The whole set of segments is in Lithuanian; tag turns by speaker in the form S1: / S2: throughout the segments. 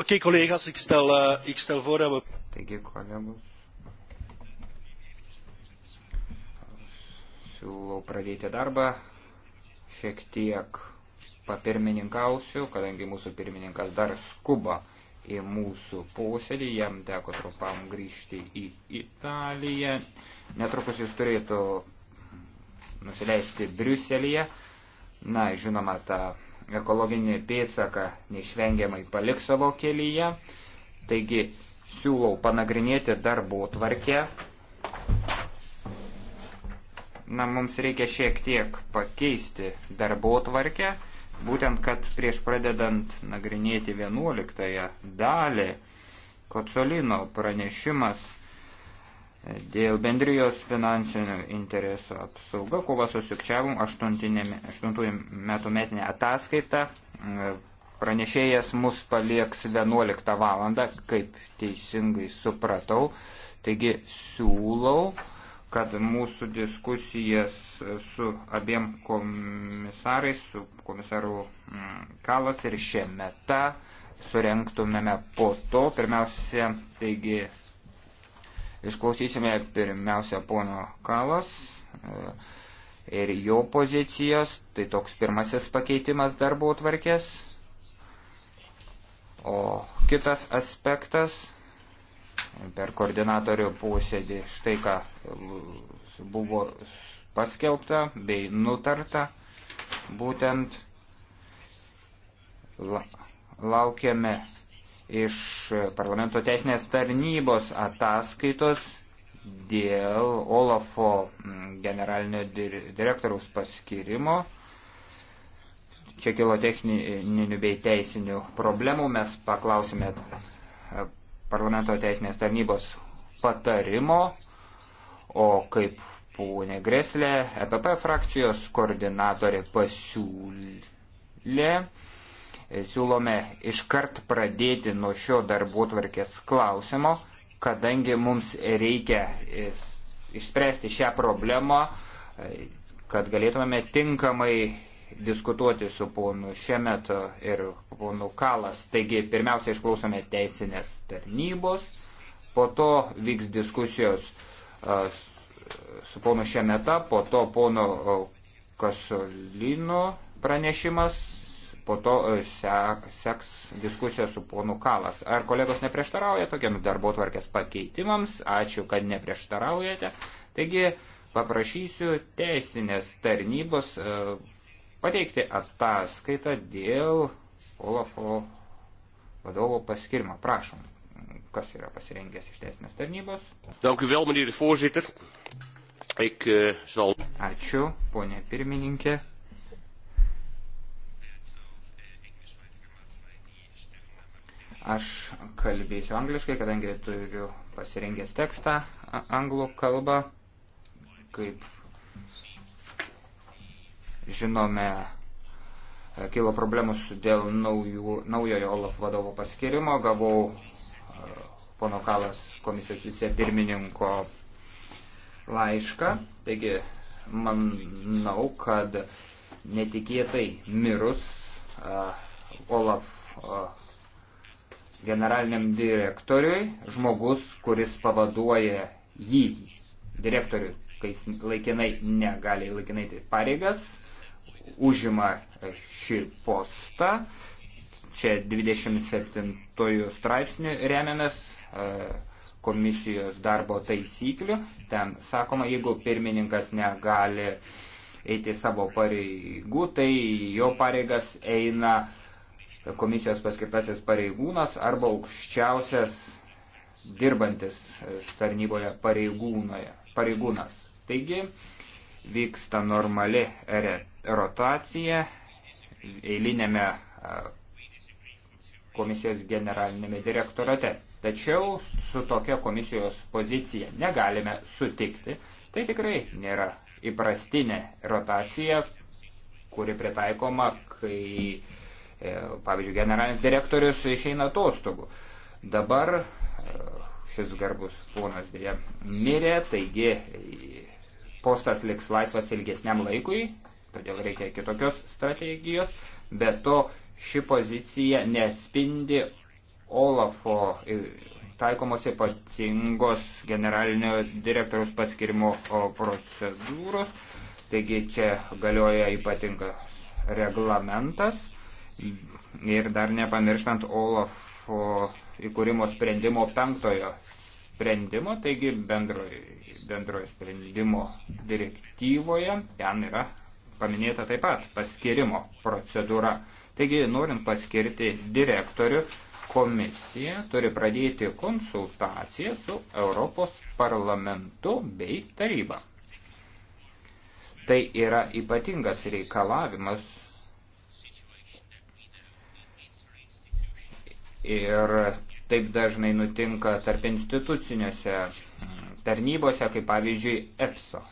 S1: Oké, okay, collega's, ik stel, uh, ik stel voor dat we. Taigi, kolegos. Siūlau pradėti darbą. Šiek tiek papirmininkausiu, kadangi mūsų pirmininkas dar skuba į mūsų posėdį, jam teko trumpam grįžti į Italiją. Netrukus jis turėtų nusileisti Briuselėje. Na, žinoma, ta ekologinį pėtsaką neišvengiamai paliks savo kelyje. Taigi siūlau panagrinėti darbo tvarkę. Na, mums reikia šiek tiek pakeisti darbo tvarkę, būtent kad prieš pradedant nagrinėti 11 dalį, Kocolino pranešimas Dėl bendrijos finansinių interesų apsauga, kova su sukčiavimu, 8 metų metinė ataskaita. E, pranešėjas mus palieks 11 valandą, kaip teisingai supratau. Taigi siūlau, kad mūsų diskusijas su abiem komisarais, su komisaru mm, Kalas ir Šemeta, surenktumėme po to. Pirmiausia, taigi Išklausysime pirmiausia pono Kalas e, ir jo pozicijos. Tai toks pirmasis pakeitimas darbo tvarkės. O kitas aspektas per koordinatorių posėdį štai ką buvo paskelbta bei nutarta. Būtent la, laukiame iš parlamento teisinės tarnybos ataskaitos dėl Olafo generalinio direktoriaus paskirimo. Čia kilo techninių bei teisinių problemų. Mes paklausime parlamento teisinės tarnybos patarimo, o kaip ponė Greslė, EPP frakcijos koordinatorė pasiūlė siūlome iškart pradėti nuo šio darbo tvarkės klausimo, kadangi mums reikia išspręsti šią problemą, kad galėtumėme tinkamai diskutuoti su ponu Šemetu ir ponu Kalas. Taigi, pirmiausia, išklausome teisinės tarnybos, po to vyks diskusijos su ponu Šemeta, po to ponu Kasolino pranešimas po to e, seks diskusija su ponu Kalas. Ar kolegos neprieštarauja tokiems darbo tvarkės pakeitimams? Ačiū, kad neprieštaraujate. Taigi paprašysiu teisinės tarnybos e, pateikti ataskaitą dėl Olafo vadovo paskirimo. Prašom, kas yra pasirengęs iš teisinės tarnybos? Dank u wel, meneer de voorzitter. Ik uh, zal. Ačiū, ponė pirmininkė. Aš kalbėsiu angliškai, kadangi turiu pasirengęs tekstą anglų kalbą. Kaip žinome, e, kilo problemus dėl naujų, naujojo OLAF vadovo paskirimo. Gavau e, pono Kalas komisijos vicepirmininko laišką. Taigi, manau, kad netikėtai mirus uh, Olaf uh, generaliniam direktoriui, žmogus, kuris pavaduoja jį direktoriui, kai laikinai negali laikinai tai pareigas, užima šį postą. Čia 27 straipsnių remiamės e, komisijos darbo taisyklių. Ten sakoma, jeigu pirmininkas negali eiti savo pareigų, tai jo pareigas eina komisijos paskirtasis pareigūnas arba aukščiausias dirbantis tarnyboje pareigūnas. Taigi vyksta normali rotacija eilinėme komisijos generalinėme direktorate. Tačiau su tokia komisijos pozicija negalime sutikti. Tai tikrai nėra įprastinė rotacija, kuri pritaikoma, kai uh, E, pavyzdžiui, generalinis direktorius išeina atostogų. Dabar e, šis garbus ponas dėja mirė, taigi e, postas liks laisvas ilgesniam laikui, todėl reikia kitokios strategijos, bet to ši pozicija nespindi Olafo taikomos ypatingos generalinio direktoriaus paskirimo procedūros, taigi čia galioja ypatingas reglamentas ir dar nepamirštant Olafo įkūrimo sprendimo penktojo sprendimo, taigi bendrojo, bendrojo sprendimo direktyvoje ten yra paminėta taip pat paskirimo procedūra. Taigi, norint paskirti direktorių, komisija turi pradėti konsultaciją su Europos parlamentu bei taryba. Tai yra ypatingas reikalavimas Ir taip dažnai nutinka tarp instituciniuose mm, tarnybose, kaip pavyzdžiui EPSO.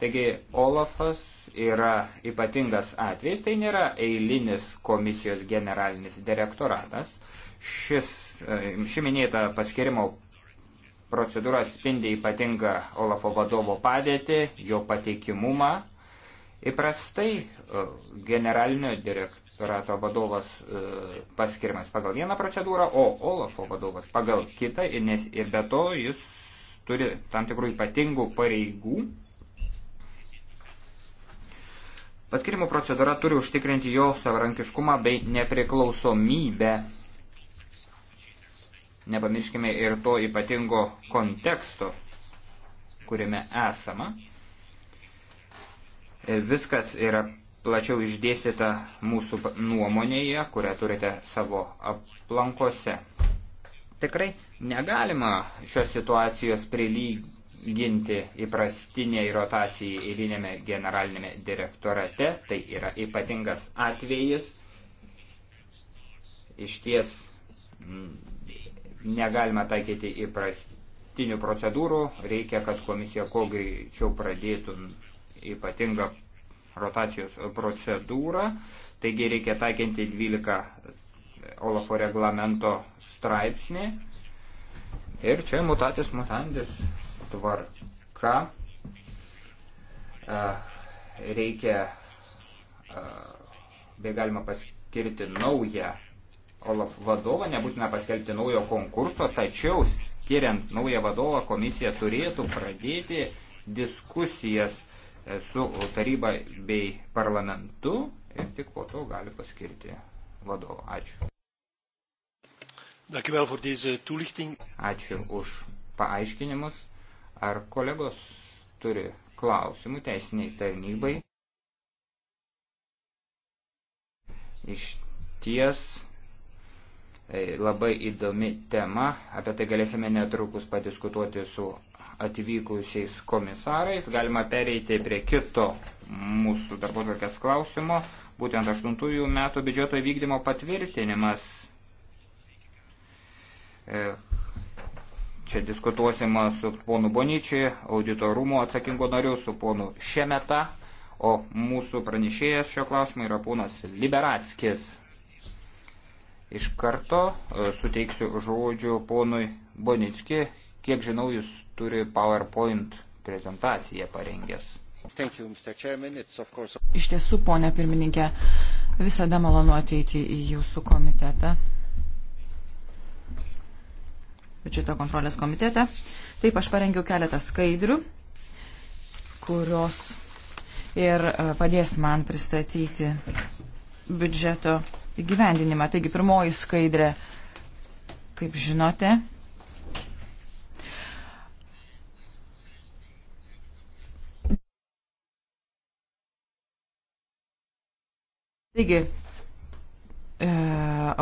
S1: Taigi Olafas yra ypatingas atvejs, tai nėra eilinis komisijos generalinis direktoratas. Šis, e, ši minėta paskirimo procedūra atspindi ypatingą Olafo vadovo padėtį, jo pateikimumą Įprastai e, generalinio direktorato vadovas e, paskirimas pagal vieną procedūrą, o Olafo vadovas pagal kitą ir be to jis turi tam tikrų ypatingų pareigų. Paskirimo procedūra turi užtikrinti jo savarankiškumą bei nepriklausomybę. Nepamirškime ir to ypatingo konteksto, kuriame esama. Viskas yra plačiau išdėstyta mūsų nuomonėje, kurią turite savo aplankose. Tikrai negalima šios situacijos prilyginti įprastiniai rotacijai eilinėme generalinėme direktorate. Tai yra ypatingas atvejis. Iš ties mm, negalima taikyti įprastinių procedūrų. Reikia, kad komisija kuo greičiau pradėtų ypatingą rotacijos procedūrą, taigi reikia taikinti 12 Olafo reglamento straipsnį. Ir čia mutatis mutandis tvarka. Reikia, bei galima paskirti naują Olaf vadovą, nebūtina paskelbti naujo konkurso, tačiau skiriant naują vadovą komisija turėtų pradėti diskusijas su taryba bei parlamentu ir tik po to gali paskirti vadovą. Ačiū.
S2: Dankjewel voor deze toelichting.
S1: Ačiū už paaiškinimus. Ar kolegos turi klausimų teisiniai tarnybai? Iš ties e, labai įdomi tema, apie tai galėsime netrukus padiskutuoti su atvykusiais komisarais. Galima pereiti prie kito mūsų darbo tvarkės klausimo, būtent 8 metų biudžeto vykdymo patvirtinimas. E, čia diskutuosima su ponu Boničiui, auditorumo atsakingo nariu, su ponu Šemeta, o mūsų pranešėjas šio klausimo yra ponas Liberatskis. Iš karto e, suteiksiu žodžių ponui Bonički, kiek žinau, jūs turi PowerPoint prezentaciją parengęs. You, course...
S3: Iš tiesų, ponė pirmininkė, visada malonu ateiti į jūsų komitetą. Biudžeto kontrolės komitete. Taip, aš parengiau keletą skaidrių, kurios ir e, padės man pristatyti biudžeto įgyvendinimą. Taigi, pirmoji skaidrė, kaip žinote, Taigi, e,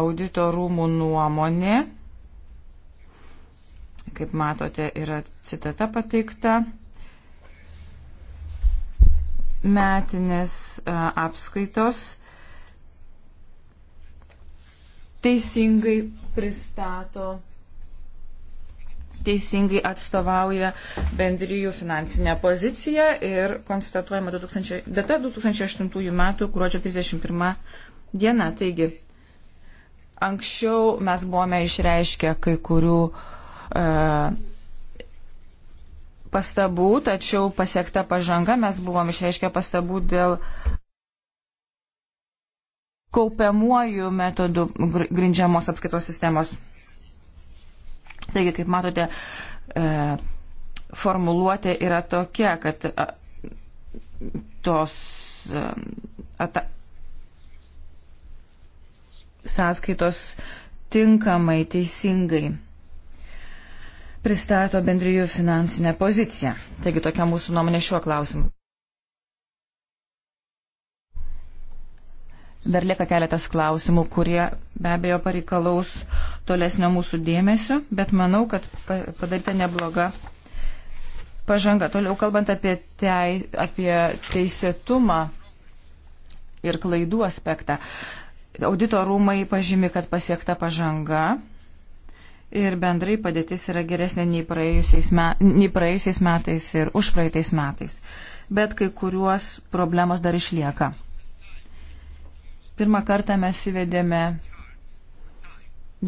S3: audito rūmų nuomonė, kaip matote, yra citata pateikta, metinės e, apskaitos teisingai pristato teisingai atstovauja bendryjų finansinę poziciją ir konstatuojama 2000, data 2008 metų gruodžio 31 diena. Taigi, anksčiau mes buvome išreiškę kai kurių e, pastabų, tačiau pasiekta pažanga mes buvom išreiškę pastabų dėl kaupiamuoju metodu grindžiamos apskaitos sistemos. Taigi, kaip matote, e, formuluotė yra tokia, kad tos e, ata, sąskaitos tinkamai, teisingai pristato bendrijų finansinę poziciją. Taigi tokia mūsų nuomonė šiuo klausimu. Dar lieka keletas klausimų, kurie be abejo pareikalaus tolesnio mūsų dėmesio, bet manau, kad padaryta nebloga pažanga. Toliau kalbant apie, tei, apie teisėtumą ir klaidų aspektą. Audito rūmai pažymi, kad pasiekta pažanga ir bendrai padėtis yra geresnė nei praėjusiais, me, nei praėjusiais metais ir užpraeitais metais. Bet kai kuriuos problemos dar išlieka. Pirmą kartą mes įvedėme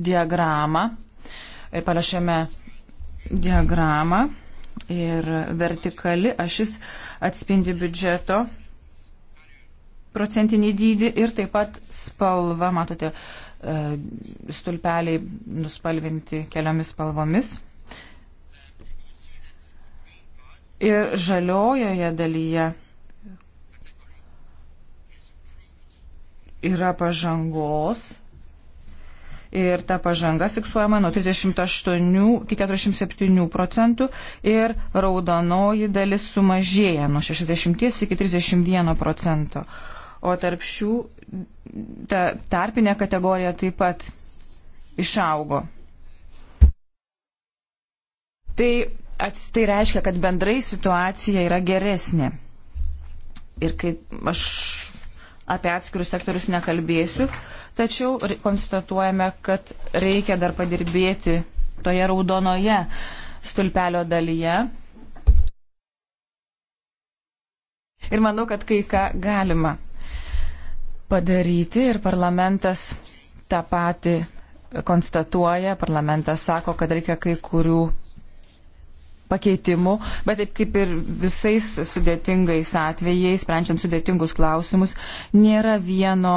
S3: diagramą ir parašėme diagramą ir vertikali ašis atspindi biudžeto procentinį dydį ir taip pat spalva, matote, e, stulpeliai nuspalvinti keliomis spalvomis. Ir žaliojoje dalyje yra pažangos ir ta pažanga fiksuojama nuo 38 iki 47 procentų ir raudonoji dalis sumažėja nuo 60 iki 31 procento. O tarp šių ta tarpinė kategorija taip pat išaugo. Tai, tai reiškia, kad bendrai situacija yra geresnė. Ir kai aš apie atskirus sektorius nekalbėsiu, tačiau konstatuojame, kad reikia dar padirbėti toje raudonoje stulpelio dalyje. Ir manau, kad kai ką galima padaryti ir parlamentas tą patį konstatuoja, parlamentas sako, kad reikia kai kurių pakeitimų, bet taip kaip ir visais sudėtingais atvejais, sprendžiant sudėtingus klausimus, nėra vieno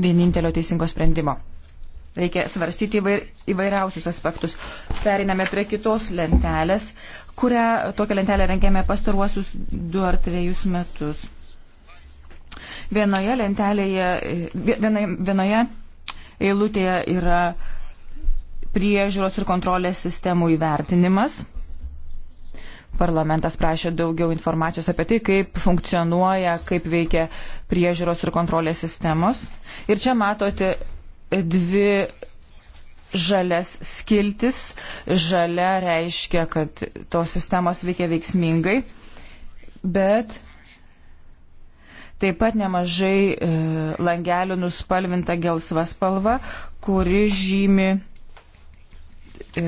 S3: vienintelio teisingo sprendimo. Reikia svarstyti įvair, įvairiausius aspektus. Periname prie kitos lentelės, kurią tokią lentelę rengėme pastaruosius du ar trejus metus. Vienoje lentelėje, vienoje, vienoje eilutėje yra priežiūros ir kontrolės sistemų įvertinimas Parlamentas prašė daugiau informacijos apie tai, kaip funkcionuoja, kaip veikia priežiūros ir kontrolės sistemos. Ir čia matote dvi žalias skiltis. Žalia reiškia, kad tos sistemos veikia veiksmingai, bet Taip pat nemažai e, langelių nuspalvinta gelsva spalva, kuri žymi, e,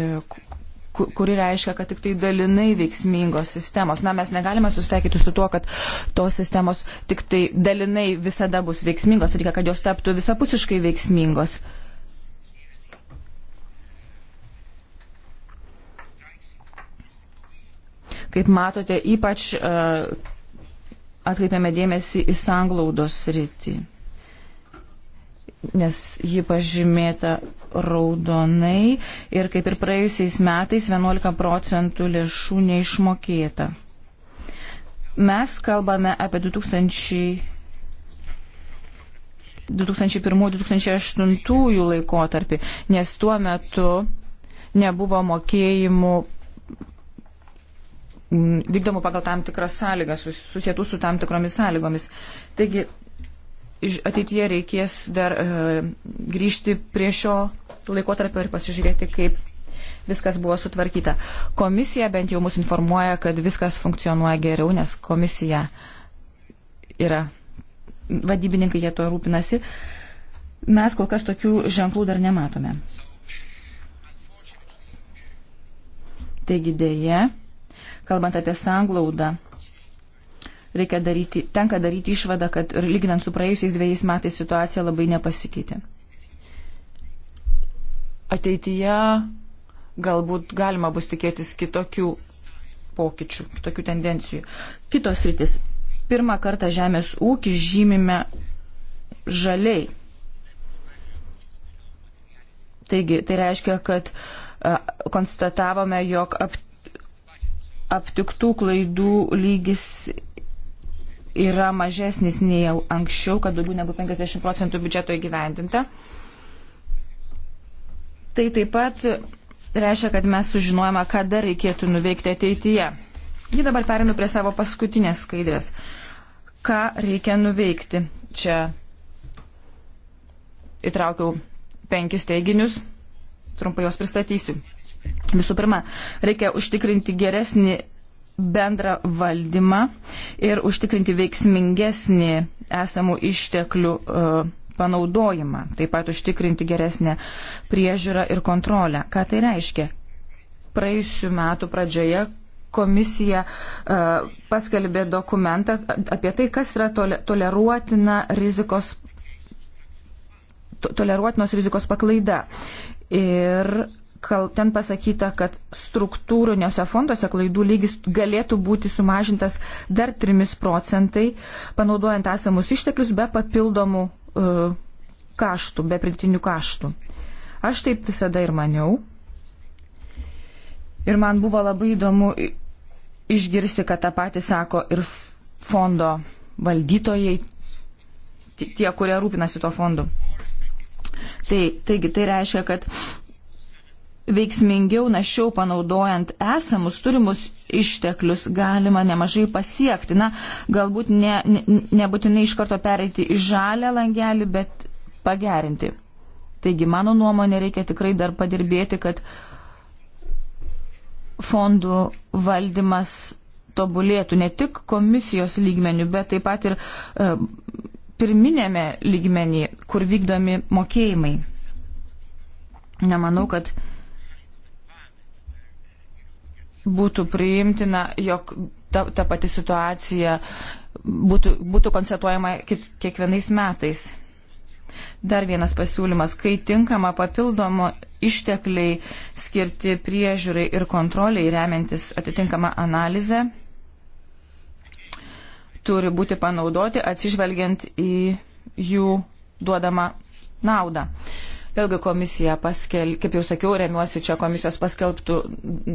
S3: kuri reiškia, kad tik tai dalinai veiksmingos sistemos. Na, mes negalime susitaikyti su tuo, kad tos sistemos tik tai dalinai visada bus veiksmingos, tai reikia, kad jos taptų visapusiškai veiksmingos. Kaip matote, ypač uh, atkreipiame dėmesį į sanglaudos rytį nes ji pažymėta raudonai ir kaip ir praėjusiais metais 11 procentų lėšų neišmokėta. Mes kalbame apie 2001-2008 laikotarpį, nes tuo metu nebuvo mokėjimų vykdomų pagal tam tikras sąlygas, susijętų su tam tikromis sąlygomis. Taigi ateityje reikės dar e, grįžti prie šio laikotarpio ir pasižiūrėti, kaip viskas buvo sutvarkyta. Komisija bent jau mus informuoja, kad viskas funkcionuoja geriau, nes komisija yra, vadybininkai jie to rūpinasi. Mes kol kas tokių ženklų dar nematome. Taigi dėje, kalbant apie sanglaudą, reikia daryti, tenka daryti išvadą, kad ir lyginant su praėjusiais dviejais metais situacija labai nepasikeitė. Ateityje galbūt galima bus tikėtis kitokių pokyčių, kitokių tendencijų. Kitos rytis. Pirmą kartą žemės ūkį žymime žaliai. Taigi, tai reiškia, kad a, konstatavome, jog ap, aptiktų klaidų lygis yra mažesnis nei anksčiau, kad daugiau negu 50 procentų biudžeto įgyvendinta. Tai taip pat reiškia, kad mes sužinojame, ką dar reikėtų nuveikti ateityje. Ji dabar perinu prie savo paskutinės skaidrės. Ką reikia nuveikti? Čia įtraukiau penkis teiginius, trumpai juos pristatysiu. Visų pirma, reikia užtikrinti geresnį bendrą valdymą ir užtikrinti veiksmingesnį esamų išteklių e, panaudojimą, taip pat užtikrinti geresnę priežiūrą ir kontrolę. Ką tai reiškia? Praėjusiu metu pradžioje komisija uh, paskelbė dokumentą apie tai, kas yra toleruotina rizikos, toleruotinos rizikos paklaida. Ir kal, ten pasakyta, kad struktūriniuose fonduose klaidų lygis galėtų būti sumažintas dar 3 procentai, panaudojant esamus išteklius be papildomų e, kaštų, be pridėtinių kaštų. Aš taip visada ir maniau. Ir man buvo labai įdomu išgirsti, kad tą patį sako ir fondo valdytojai, tie, kurie rūpinasi tuo fondu. Tai, taigi tai reiškia, kad veiksmingiau, našiau panaudojant esamus turimus išteklius galima nemažai pasiekti. Na, galbūt ne, ne, nebūtinai iš karto pereiti į žalę langelį, bet pagerinti. Taigi, mano nuomonė, reikia tikrai dar padirbėti, kad fondų valdymas tobulėtų ne tik komisijos lygmenių, bet taip pat ir e, pirminėme lygmenį, kur vykdomi mokėjimai. Nemanau, kad e, būtų priimtina, jog ta, ta pati situacija būtų, būtų konstatuojama kiekvienais metais. Dar vienas pasiūlymas, kai tinkama papildomo ištekliai skirti priežiūrai ir kontroliai remiantis atitinkamą analizę, turi būti panaudoti atsižvelgiant į jų duodamą naudą. Uh, Vėlgi komisija paskel, kaip jau sakiau, remiuosi čia komisijos paskelbtų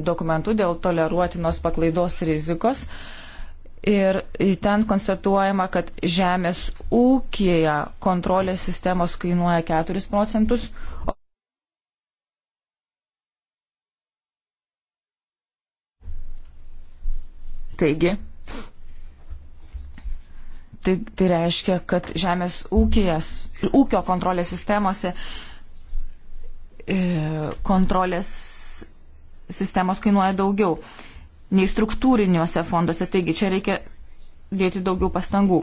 S3: dokumentų dėl toleruotinos paklaidos rizikos. Ir ten konstatuojama, kad žemės ūkėje kontrolės sistemos kainuoja 4 procentus, Taigi, tai, tai reiškia, kad žemės ūkijas, ūkio kontrolės sistemose E, kontrolės sistemos kainuoja daugiau nei struktūriniuose fonduose, taigi čia reikia dėti daugiau pastangų.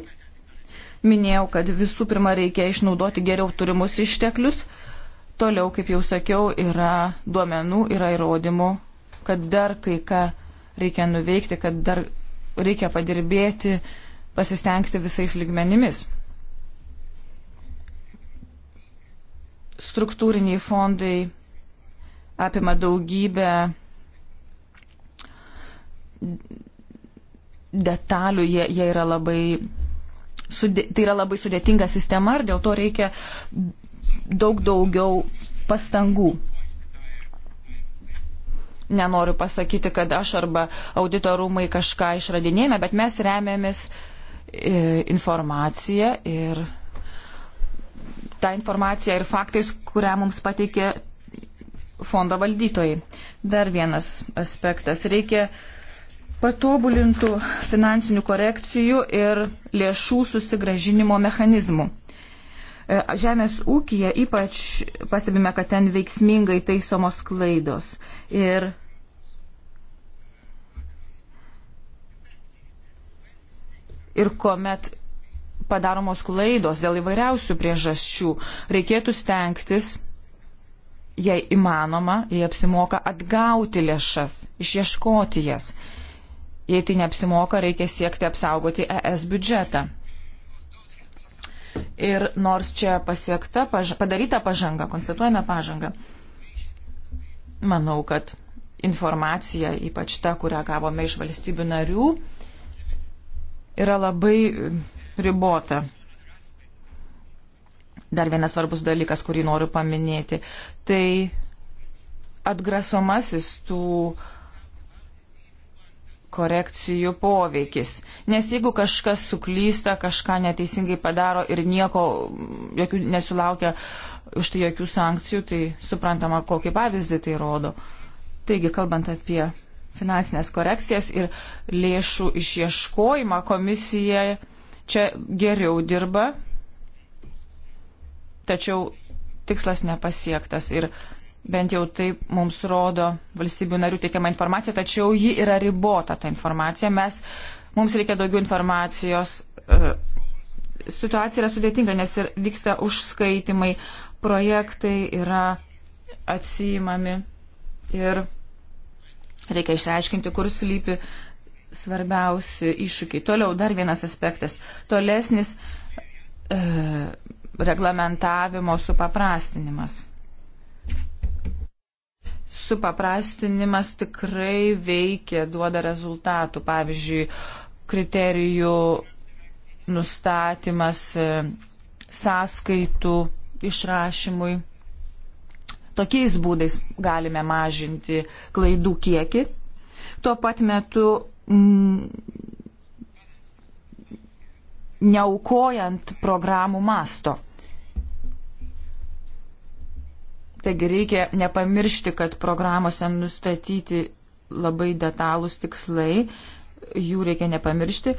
S3: Minėjau, kad visų pirma reikia išnaudoti geriau turimus išteklius, toliau, kaip jau sakiau, yra duomenų, yra įrodymų, kad dar kai ką reikia nuveikti, kad dar reikia padirbėti, pasistengti visais ligmenimis. struktūriniai fondai apima daugybę detalių, jie, jie yra labai, sudė, tai yra labai sudėtinga sistema ir dėl to reikia daug daugiau pastangų. Nenoriu pasakyti, kad aš arba auditorumai kažką išradinėjame, bet mes remiamės e, informaciją ir tą informaciją ir faktais, kurią mums pateikė fondo valdytojai. Dar vienas aspektas. Reikia patobulintų finansinių korekcijų ir lėšų susigražinimo mechanizmų. E, žemės ūkija ypač pastebime, kad ten veiksmingai taisomos klaidos. Ir ir kuomet padaromos klaidos dėl įvairiausių priežasčių. Reikėtų stengtis, jei įmanoma, jei apsimoka, atgauti lėšas, išieškoti jas. Jei tai neapsimoka, reikia siekti apsaugoti ES biudžetą. Ir nors čia pasiekta, padaryta pažanga, konstatuojame pažangą, manau, kad informacija, ypač ta, kurią gavome iš valstybių narių, yra labai ribota. Dar vienas svarbus dalykas, kurį noriu paminėti, tai atgrasomasis tų korekcijų poveikis. Nes jeigu kažkas suklysta, kažką neteisingai padaro ir nieko, jokių nesulaukia už tai jokių sankcijų, tai suprantama, kokį pavyzdį tai rodo. Taigi, kalbant apie finansinės korekcijas ir lėšų išieškojimą, komisija čia geriau dirba, tačiau tikslas nepasiektas ir bent jau taip mums rodo valstybių narių teikiama informacija, tačiau ji yra ribota ta informacija. Mes, mums reikia daugiau informacijos. E, situacija yra sudėtinga, nes ir vyksta užskaitimai, projektai yra atsijimami ir reikia išsiaiškinti, kur slypi svarbiausi iššūkiai. Toliau dar vienas aspektas - tolesnis e, reglamentavimo supaprastinimas. Supaprastinimas tikrai veikia, duoda rezultatų. Pavyzdžiui, kriterijų nustatymas e, sąskaitų išrašymui. Tokiais būdais galime mažinti klaidų kiekį. Tuo pat metu Mm, neaukojant programų masto. Taigi reikia nepamiršti, kad programuose nustatyti labai detalūs tikslai, jų reikia nepamiršti.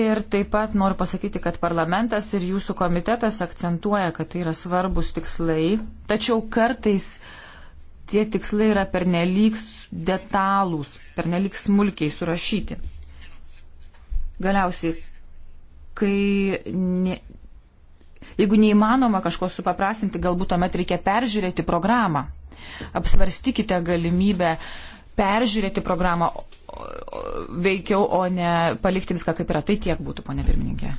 S3: Ir taip pat noriu pasakyti, kad parlamentas ir jūsų komitetas akcentuoja, kad tai yra svarbus tikslai, tačiau kartais uh, tie tikslai yra pernelyg detalūs, pernelyg smulkiai surašyti. Galiausiai, kai ne, jeigu neįmanoma kažko supaprastinti, galbūt tuomet reikia peržiūrėti programą. Apsvarstykite galimybę peržiūrėti programą veikiau, o ne palikti viską kaip yra. Tai tiek būtų, ponė pirmininkė.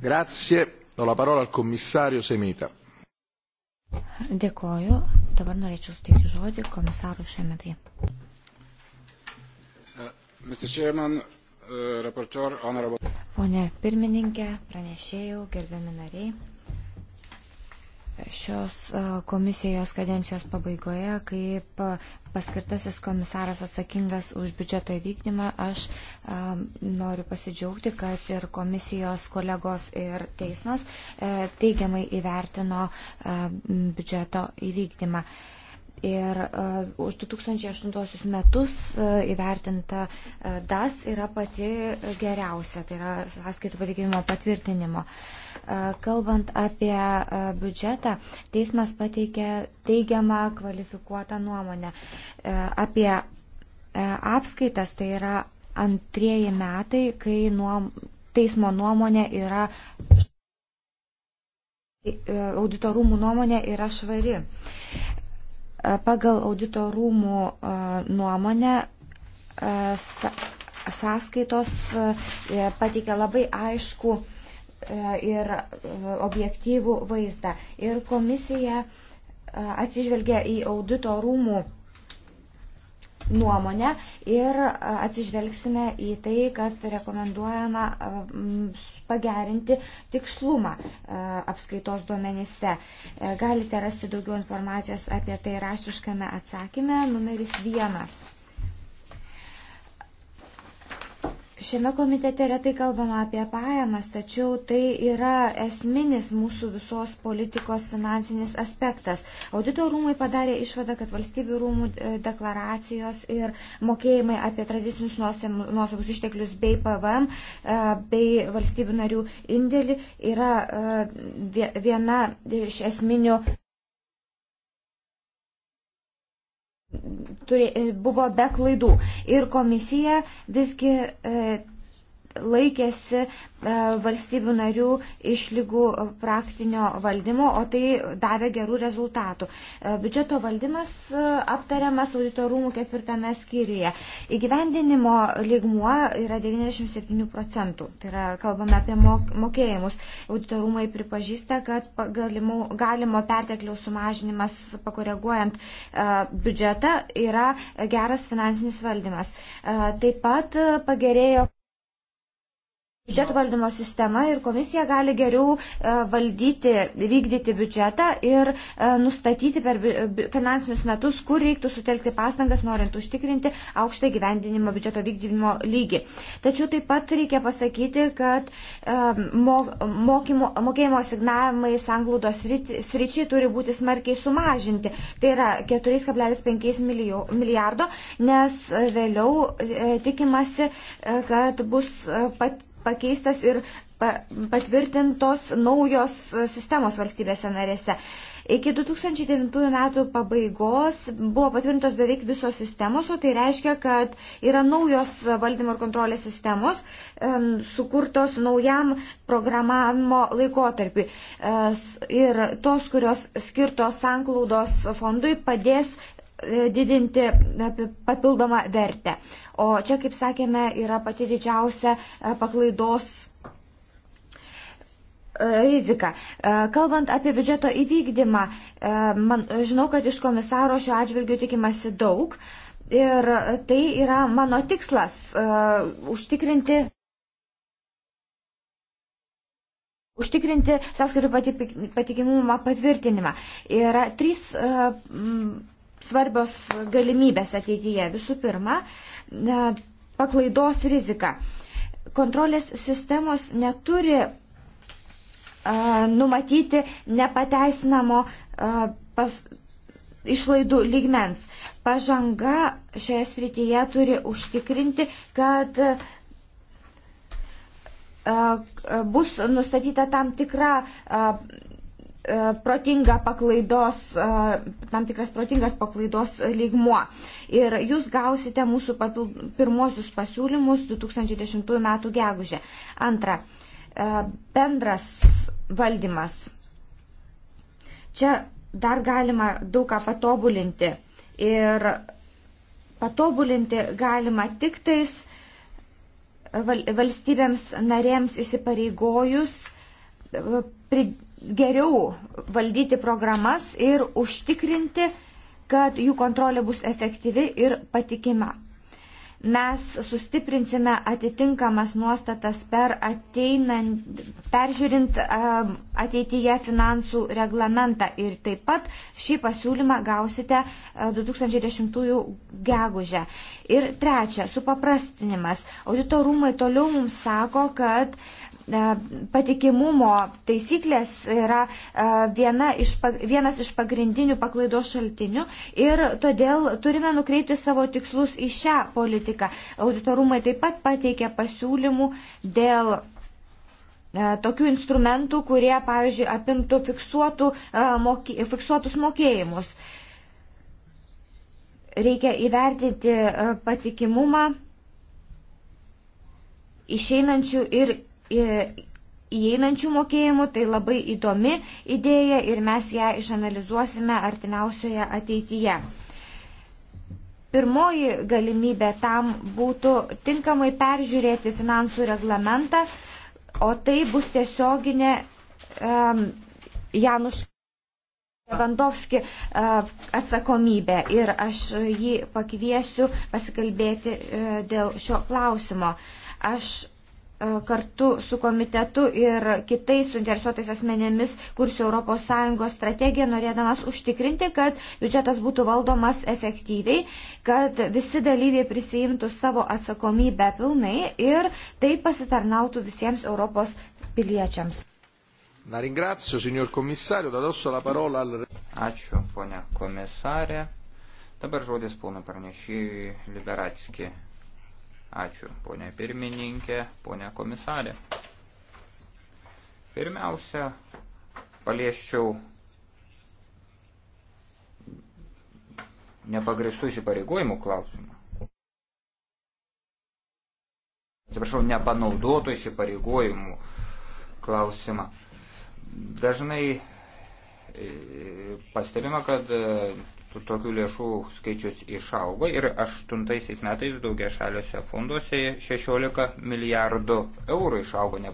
S4: Grazie. Do la parola al commissario Semita.
S5: Dėkoju. Dabar norėčiau suteikti žodį komisarų Šemetai.
S1: Uh, uh,
S5: Pone pirmininkė, pranešėjau, gerbiami nariai, šios komisijos kadencijos pabaigoje, kaip paskirtasis komisaras atsakingas už biudžeto įvykdymą, aš noriu pasidžiaugti, kad ir komisijos kolegos ir teismas e, teigiamai įvertino biudžeto įvykdymą. Ir uh, už 2008 metus uh, įvertinta uh, DAS yra pati geriausia, tai yra sąskaitų patikrinimo patvirtinimo. Uh, kalbant apie uh, biudžetą, teismas pateikė teigiamą kvalifikuotą nuomonę uh, apie uh, apskaitas, tai yra antrieji metai, kai nuom, teismo nuomonė yra auditorumų nuomonė yra švari. E, pagal audito rūmų e, nuomonę e, sąskaitos pateikia labai aišku ir objektyvų vaizdą. Ir komisija atsižvelgia į audito rūmų nuomonę ir atsižvelgsime į tai, kad rekomenduojama pagerinti tikslumą e, apskaitos duomenyse. E, galite rasti daugiau informacijos apie tai raštiškame atsakyme numeris vienas. Šiame komitete retai kalbama apie pajamas, tačiau tai yra esminis mūsų visos politikos finansinis aspektas. Audito rūmai padarė išvadą, kad valstybių rūmų e, deklaracijos ir mokėjimai apie tradicinius nuosavus išteklius bei PVM e, bei valstybių narių indėlį yra e, viena iš esminių turė, e, buvo be klaidų. Ir komisija visgi e, laikėsi e, valstybių narių išlygų praktinio valdymo, o tai davė gerų rezultatų. E, biudžeto valdymas e, aptariamas auditorumų ketvirtame skyriuje. Įgyvendinimo lygmuo yra 97 procentų. Tai yra, kalbame apie mokėjimus. Auditorumai pripažįsta, kad galimo, galimo perteklių sumažinimas pakoreguojant biudžetą yra geras finansinis valdymas. Taip pat pagerėjo biudžeto valdymo sistema ir komisija gali geriau e, valdyti, vykdyti biudžetą ir e, nustatyti per finansinius metus, kur reiktų sutelkti pastangas, norint užtikrinti aukštą gyvendinimo biudžeto vykdymo lygį. Tačiau taip pat reikia pasakyti, kad e, mokymo, mokėjimo signavimai sanglūdos sričiai turi būti smarkiai sumažinti. Tai yra 4,5 milijardo, nes vėliau tikimasi, kad bus pat pakeistas ir patvirtintos naujos sistemos valstybėse narėse. Iki 2009 metų pabaigos buvo patvirtintos beveik visos sistemos, o tai reiškia, kad yra naujos valdymo ir kontrolės sistemos sukurtos naujam programavimo laikotarpiu. Ir tos, kurios skirtos sanklaudos fondui, padės didinti papildomą vertę. O čia, kaip sakėme, yra pati didžiausia e, paklaidos e, rizika. E, kalbant apie biudžeto įvykdymą, man, žinau, kad iš komisaro šiuo atžvilgiu tikimasi daug ir tai yra mano tikslas - užtikrinti. Užtikrinti sąskaitų patikimumą patvirtinimą. Yra trys uh, m, svarbios galimybės ateityje. Visų pirma, paklaidos rizika. Kontrolės sistemos neturi a, numatyti nepateisinamo a, pas, išlaidų lygmens. Pažanga šioje srityje turi užtikrinti, kad a, bus nustatyta tam tikra E, protinga paklaidos, e, tam tikras protingas paklaidos lygmuo. Ir jūs gausite mūsų papild, pirmosius pasiūlymus 2010 m. gegužė. Antra, e, bendras valdymas. Čia dar galima daug ką patobulinti. Ir patobulinti galima tik tais valstybėms narėms įsipareigojus pridėti geriau valdyti programas ir užtikrinti, kad jų kontrolė bus efektyvi ir patikima. Mes sustiprinsime atitinkamas nuostatas per ateinant, peržiūrint um, ateityje finansų reglamentą ir taip pat šį pasiūlymą gausite 2010 uh, gegužę. Ir trečia, supaprastinimas. Auditorumai toliau mums sako, kad E, patikimumo taisyklės yra e, viena iš, vienas iš pagrindinių paklaidos šaltinių ir todėl turime nukreipti savo tikslus į šią politiką. Auditorumai taip pat pateikė pasiūlymų dėl e, tokių instrumentų, kurie, pavyzdžiui, apimtų fiksuotų, moky, fiksuotus mokėjimus. Reikia įvertinti patikimumą išeinančių ir įeinančių mokėjimų, tai labai įdomi idėja ir mes ją išanalizuosime artimiausioje ateityje. Pirmoji galimybė tam būtų tinkamai peržiūrėti finansų reglamentą, o tai bus tiesioginė um, Januš Levandovski uh, e, atsakomybė ir aš jį pakviesiu pasikalbėti uh, dėl šio klausimo. Aš E, kartu su komitetu ir kitais suinteresuotais asmenėmis kursiu ES strategiją, norėdamas užtikrinti, kad biudžetas būtų valdomas efektyviai, kad visi dalyviai prisijimtų savo atsakomybę pilnai ir tai pasitarnautų visiems Europos piliečiams.
S4: La ringrazio, signor commissario, da adesso la parola al... Ačiū, ponia komisarė.
S1: Dabar žodis pono pranešėjui Liberatski. Ačiū, ponė pirmininkė, ponė komisarė. Pirmiausia, palieščiau nepagristų įsipareigojimų klausimą. Atsiprašau, nepanaudotų įsipareigojimų klausimą. Dažnai e, pastebima, kad tokių lėšų skaičius išaugo ir 8 metais daugia šaliuose fonduose 16 milijardų eurų išaugo. Ne...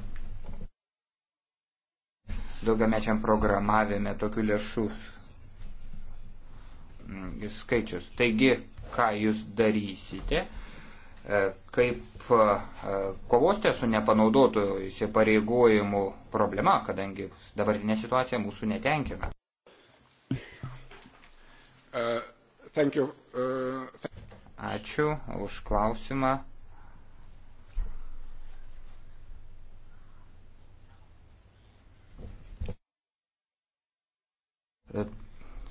S1: Daugiamečiam programavime tokių lėšų skaičius. Taigi, ką jūs darysite, e, kaip e, kovosite su nepanaudotų įsipareigojimų problema, kadangi dabartinė situacija mūsų netenkina. Uh, thank you. Uh, Ačiū už klausimą.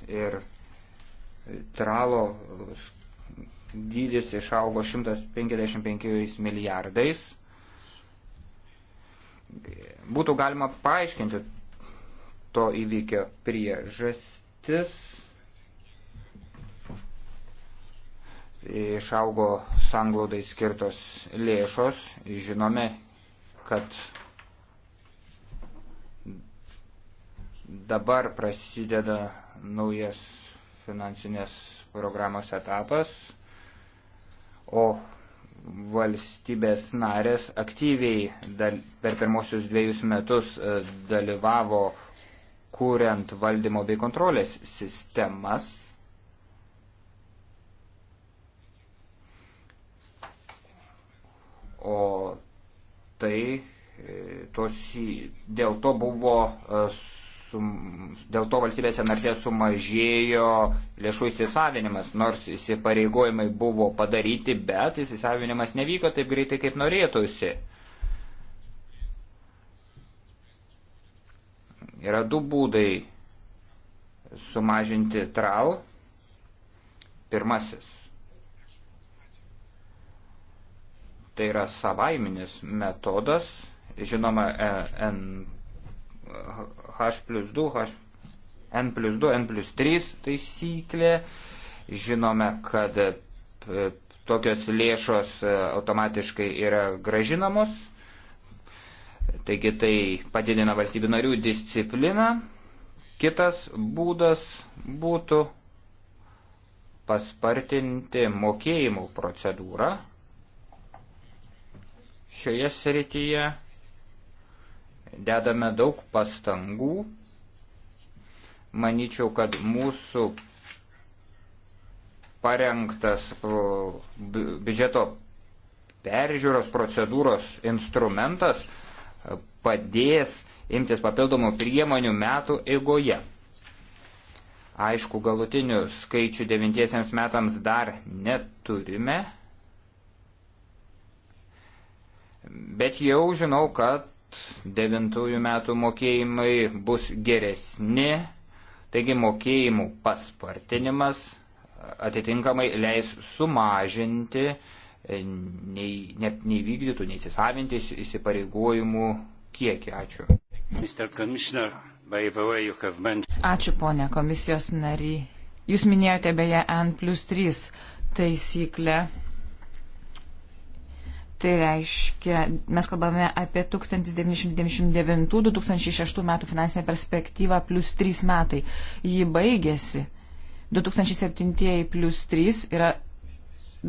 S1: Ir tralo dydis išaugo 155 milijardais. Būtų galima paaiškinti to įvykio priežastis. išaugo sanglaudai skirtos lėšos. Žinome, kad dabar prasideda naujas finansinės programos etapas, o valstybės narės aktyviai dal, per pirmosius dviejus metus e, dalyvavo kuriant valdymo bei kontrolės sistemas o tai e, tos, dėl to buvo e, sum, dėl to valstybėse narse sumažėjo lėšų įsisavinimas, nors įsipareigojimai buvo padaryti, bet įsisavinimas nevyko taip greitai, kaip norėtųsi. Yra du būdai sumažinti trau. Pirmasis Tai yra savaiminis metodas, žinoma, e, N, H plus 2, H, N plus 2, N plus 3 taisyklė. Žinome, kad e, tokios lėšos e, automatiškai yra gražinamos. Taigi tai padidina valstybių narių discipliną. Kitas būdas būtų paspartinti mokėjimų procedūrą, šioje srityje dedame daug pastangų. Manyčiau, kad mūsų parengtas biudžeto peržiūros procedūros instrumentas e, padės imtis papildomų priemonių metų eigoje. Aišku, galutinių skaičių devintiesiems metams dar neturime, bet jau žinau, kad devintųjų metų mokėjimai bus geresni, taigi mokėjimų paspartinimas atitinkamai leis sumažinti nei, ne, neįvykdytų, neįsisavinti įsipareigojimų kiekį. Ačiū.
S3: Ačiū, ponė komisijos nary. Jūs minėjote beje N plus 3 taisyklę Tai reiškia, mes kalbame apie 1999-2006 metų finansinę perspektyvą plus 3 metai. Ji baigėsi. 2007 plus 3 yra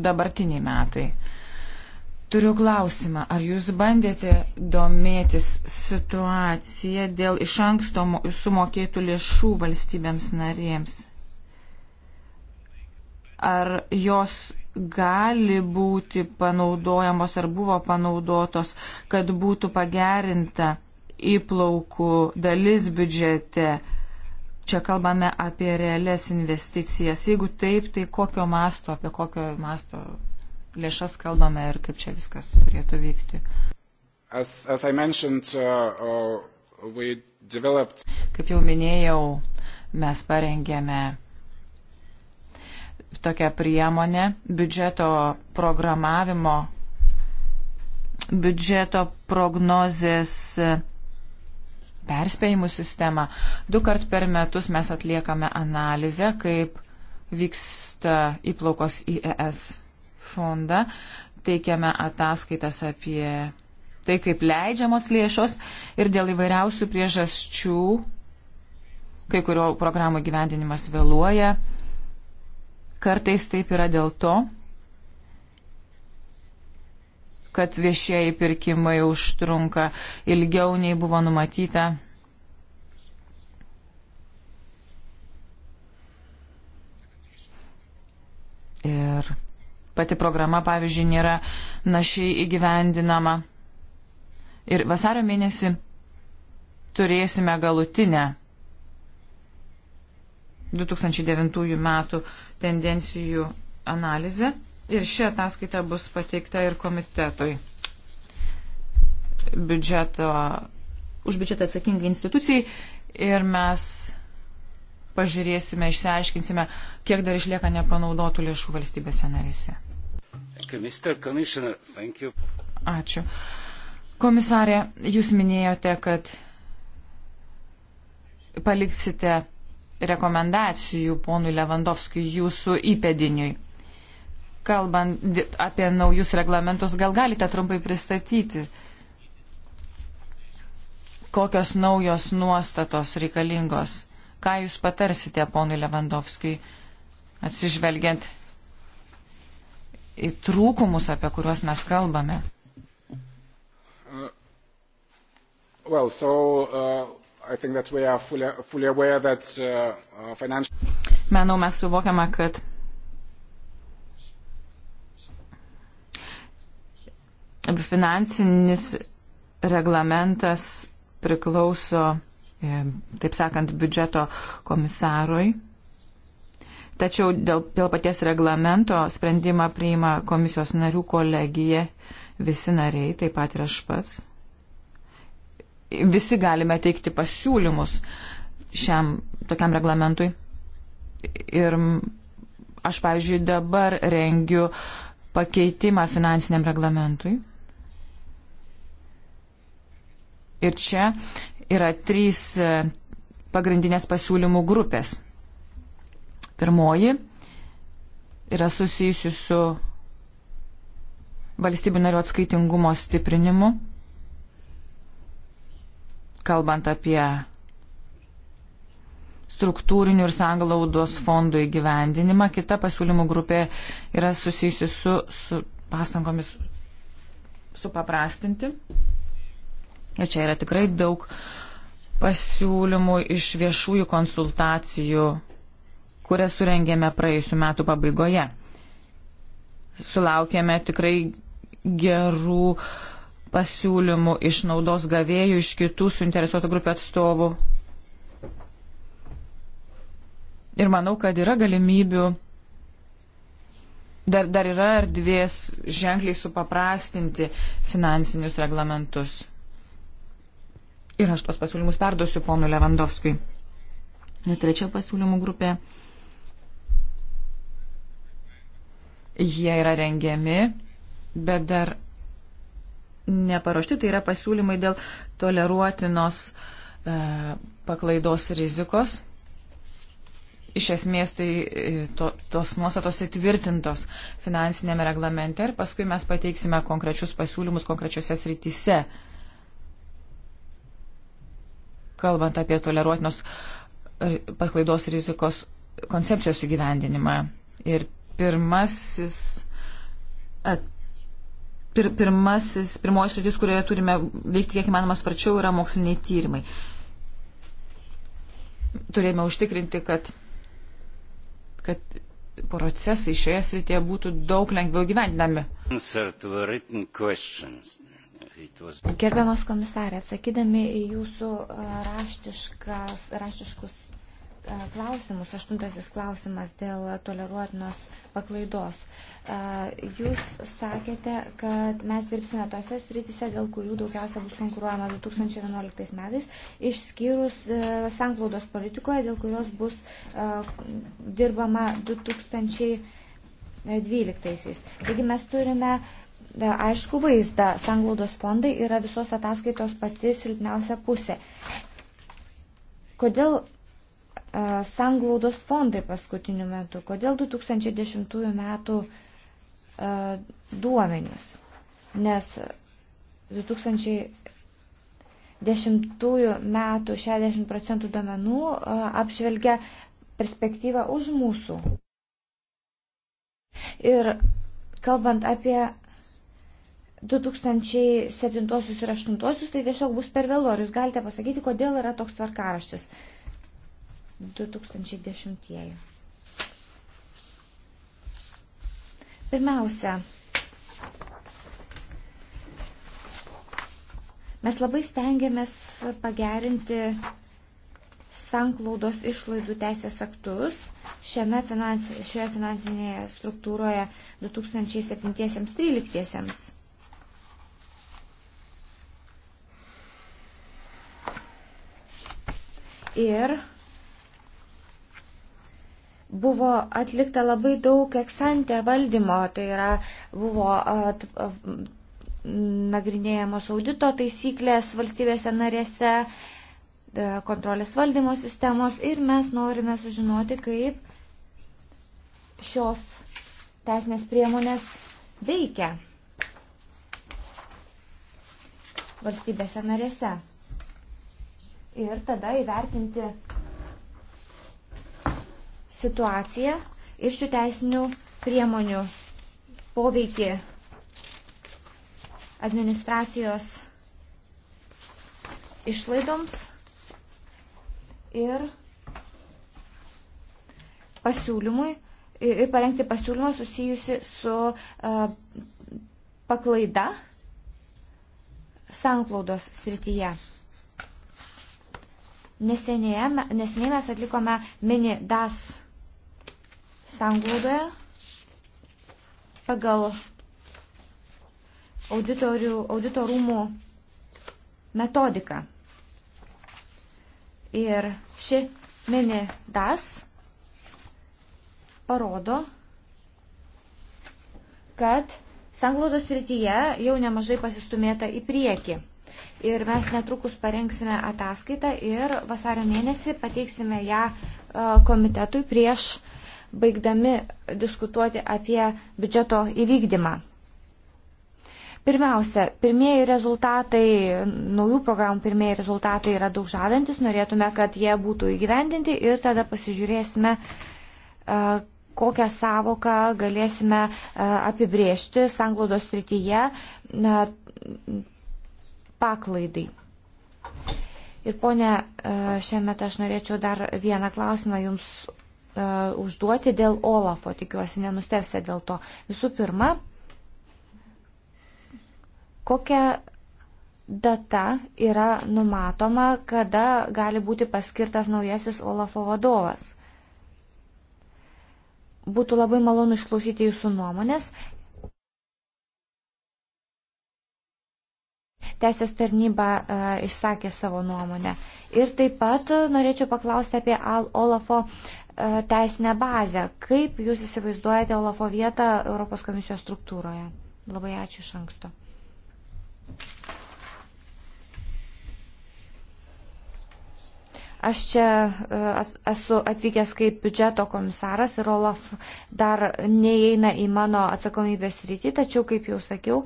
S3: dabartiniai metai. Turiu klausimą, ar jūs bandėte domėtis situaciją dėl iš anksto sumokėtų lėšų valstybėms narėms? Ar jos gali būti panaudojamos ar buvo panaudotos, kad būtų pagerinta įplaukų dalis biudžete. Čia kalbame apie realias investicijas. Jeigu taip, tai kokio masto, apie kokio masto lėšas kalbame ir kaip čia viskas turėtų vykti.
S1: As, as uh, uh, developed... Kaip jau
S3: minėjau, mes parengėme tokia priemonė biudžeto programavimo, biudžeto prognozės e, perspėjimų sistema. Du kart per metus mes atliekame analizę, kaip vyksta įplaukos į ES fondą, teikiame ataskaitas apie tai, kaip leidžiamos lėšos ir dėl įvairiausių priežasčių, kai kurio programų gyvendinimas vėluoja, Kartais taip yra dėl to, kad viešieji pirkimai užtrunka ilgiau nei buvo numatyta. Ir pati programa, pavyzdžiui, nėra našiai įgyvendinama. Ir vasario mėnesį turėsime galutinę 2009 metų tendencijų analizę ir ši ataskaita bus pateikta ir komitetui. Biudžeto, už biudžetą atsakingai institucijai ir mes pažiūrėsime, išsiaiškinsime, kiek dar išlieka nepanaudotų lėšų valstybėse narėse. Ačiū. Komisarė, jūs minėjote, kad paliksite rekomendacijų ponui Levandovskijui jūsų įpėdiniui. Kalbant apie naujus reglamentus, gal galite trumpai pristatyti, kokios naujos nuostatos reikalingos, ką jūs patarsite ponui Levandovskijui, atsižvelgiant į trūkumus, apie kuriuos mes kalbame.
S1: Uh, well, so, uh... I think that we are fully, fully aware that uh, uh financial.
S3: Manau, mes suvokiame, kad finansinis reglamentas priklauso, e, taip sakant, biudžeto komisarui. Tačiau dėl, dėl paties reglamento sprendimą priima komisijos narių kolegija, visi nariai, taip pat ir aš pats visi galime teikti pasiūlymus šiam tokiam reglamentui. Ir aš, pavyzdžiui, dabar rengiu pakeitimą finansiniam reglamentui. Ir čia yra trys e, pagrindinės pasiūlymų grupės. Pirmoji yra susijusi su valstybių narių atskaitingumo stiprinimu kalbant apie struktūrinių ir sanglaudos fondų įgyvendinimą. Kita pasiūlymų grupė yra susijusi su, su pastangomis supaprastinti. Ir čia yra tikrai daug pasiūlymų iš viešųjų konsultacijų, kurias surengėme praėjusiu metu pabaigoje. Sulaukėme tikrai gerų uh, pasiūlymų iš naudos gavėjų, iš kitų suinteresuotų grupių atstovų. Ir manau, kad yra galimybių, dar, dar yra erdvės ženkliai supaprastinti finansinius reglamentus. Ir aš tos pasiūlymus perduosiu ponui Levandovskui. Ir trečia pasiūlymų grupė. Jie yra rengiami, bet dar neparuošti, tai yra pasiūlymai dėl toleruotinos e, paklaidos rizikos. Iš esmės tai e, to, tos nuostatos įtvirtintos finansinėme reglamente ir paskui mes pateiksime konkrečius pasiūlymus konkrečiose srityse. Kalbant apie toleruotinos e, paklaidos rizikos koncepcijos įgyvendinimą. Ir pirmasis at, pir, pirmasis, pirmoji sritis, kurioje turime veikti kiek įmanoma sparčiau, yra moksliniai tyrimai. Turėjome užtikrinti, kad, kad procesai šioje srityje būtų daug lengviau gyvendinami.
S2: Gerbiamas
S5: komisarė, atsakydami į jūsų raštiškus E, klausimus. Aštuntasis klausimas dėl toleruotinos paklaidos. E, jūs sakėte, kad mes dirbsime tose sritise, dėl kurių daugiausia bus konkuruojama 2011 metais, išskyrus e, sanklaudos politikoje, dėl kurios bus dirbama 2012. Taigi mes turime aišku vaizdą. Sanglaudos fondai yra visos ataskaitos pati silpniausia pusė. Kodėl E, sanglaudos fondai paskutiniu metu. Kodėl 2010 metų e, duomenys? Nes 2010 metų 60 procentų duomenų e, apžvelgia perspektyvą už mūsų. Ir kalbant apie 2007 ir 2008, tai tiesiog bus per vėlu. Ar jūs galite pasakyti, kodėl yra toks tvarkaraštis? Uh, 2010. Pirmiausia, mes labai stengiamės pagerinti sanklaudos išlaidų teisės aktus šiame finans, šioje finansinėje struktūroje 2007-2013. Ir buvo atlikta labai daug eksantė valdymo, tai yra buvo at, at, nagrinėjamos audito taisyklės valstybėse narėse, e, kontrolės valdymo sistemos ir mes norime sužinoti, kaip šios teisinės priemonės veikia valstybėse narėse. Ir tada įvertinti situaciją ir šių teisinių priemonių poveikį administracijos išlaidoms ir pasiūlymui ir parengti pasiūlymą susijusi su uh, paklaida sanklaudos srityje. Neseniai mes atlikome mini DAS sanglaudoje pagal audito rūmų metodiką. Ir ši mini DAS parodo, kad sanglaudos rytyje jau nemažai pasistumėta į priekį. Ir mes netrukus parengsime ataskaitą ir vasario mėnesį pateiksime ją e, komitetui prieš uh, baigdami diskutuoti apie biudžeto įvykdymą. Pirmiausia, pirmieji rezultatai, naujų programų pirmieji rezultatai yra daug žadantis, norėtume, kad jie būtų įgyvendinti ir tada pasižiūrėsime, e, kokią savoką galėsime e, apibriežti sanglaudos srityje paklaidai. Ir ponė, e, šiame aš norėčiau dar vieną klausimą Jums E, užduoti dėl Olafo, tikiuosi, nenustepsite dėl to. Visų pirma, kokia data yra numatoma, kada gali būti paskirtas naujasis Olafo vadovas? Būtų labai malonu išklausyti jūsų nuomonės teisės tarnyba e, išsakė savo nuomonę. Ir taip pat norėčiau paklausti apie Al Olafo E, teisinę bazę. Kaip Jūs įsivaizduojate Olafo vietą Europos komisijos struktūroje? Labai ačiū iš anksto. Aš čia e, esu atvykęs kaip biudžeto komisaras ir Olaf dar neįeina į mano atsakomybės rytį, tačiau, kaip jau sakiau,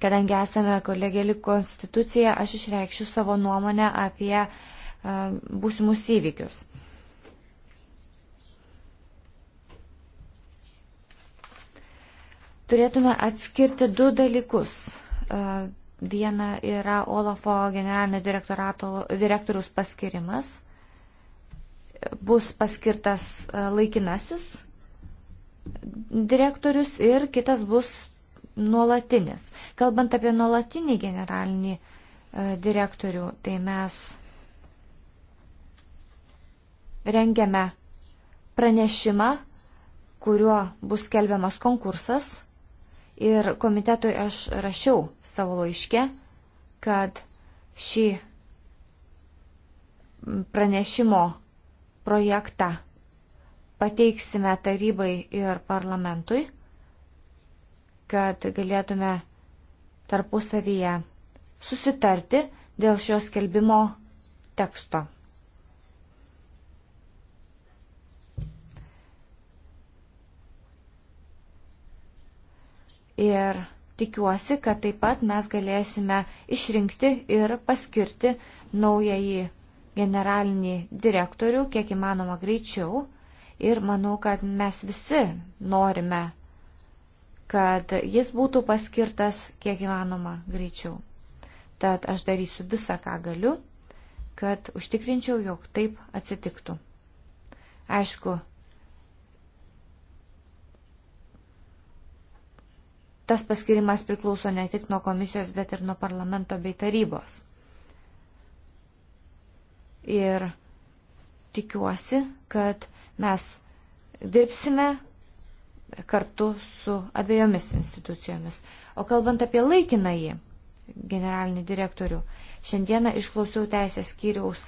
S5: kadangi esame kolegėlį konstituciją, aš išreikščiu savo nuomonę apie e, būsimus įvykius. turėtume atskirti du dalykus. E, viena yra Olafo generalinio direktoriaus paskirimas. Bus paskirtas e, laikinasis direktorius ir kitas bus nuolatinis. Kalbant apie nuolatinį generalinį e, direktorių, tai mes rengiame pranešimą, kuriuo bus skelbiamas konkursas Ir komitetui aš rašiau savo laiške, kad šį pranešimo projektą pateiksime tarybai ir parlamentui, kad galėtume tarpusavyje susitarti dėl šios kelbimo teksto. Ir tikiuosi, kad taip pat mes galėsime išrinkti ir paskirti naująjį generalinį direktorių, kiek įmanoma greičiau. Ir manau, kad mes visi norime, kad jis būtų paskirtas kiek įmanoma greičiau. Tad aš darysiu visą, ką galiu, kad užtikrinčiau, jog taip atsitiktų. Aišku, tas paskirimas priklauso ne tik nuo komisijos, bet ir nuo parlamento bei tarybos. Ir tikiuosi, kad mes dirbsime kartu su abiejomis institucijomis. O kalbant apie laikinąjį generalinį direktorių, šiandieną išklausiau teisės skyriaus,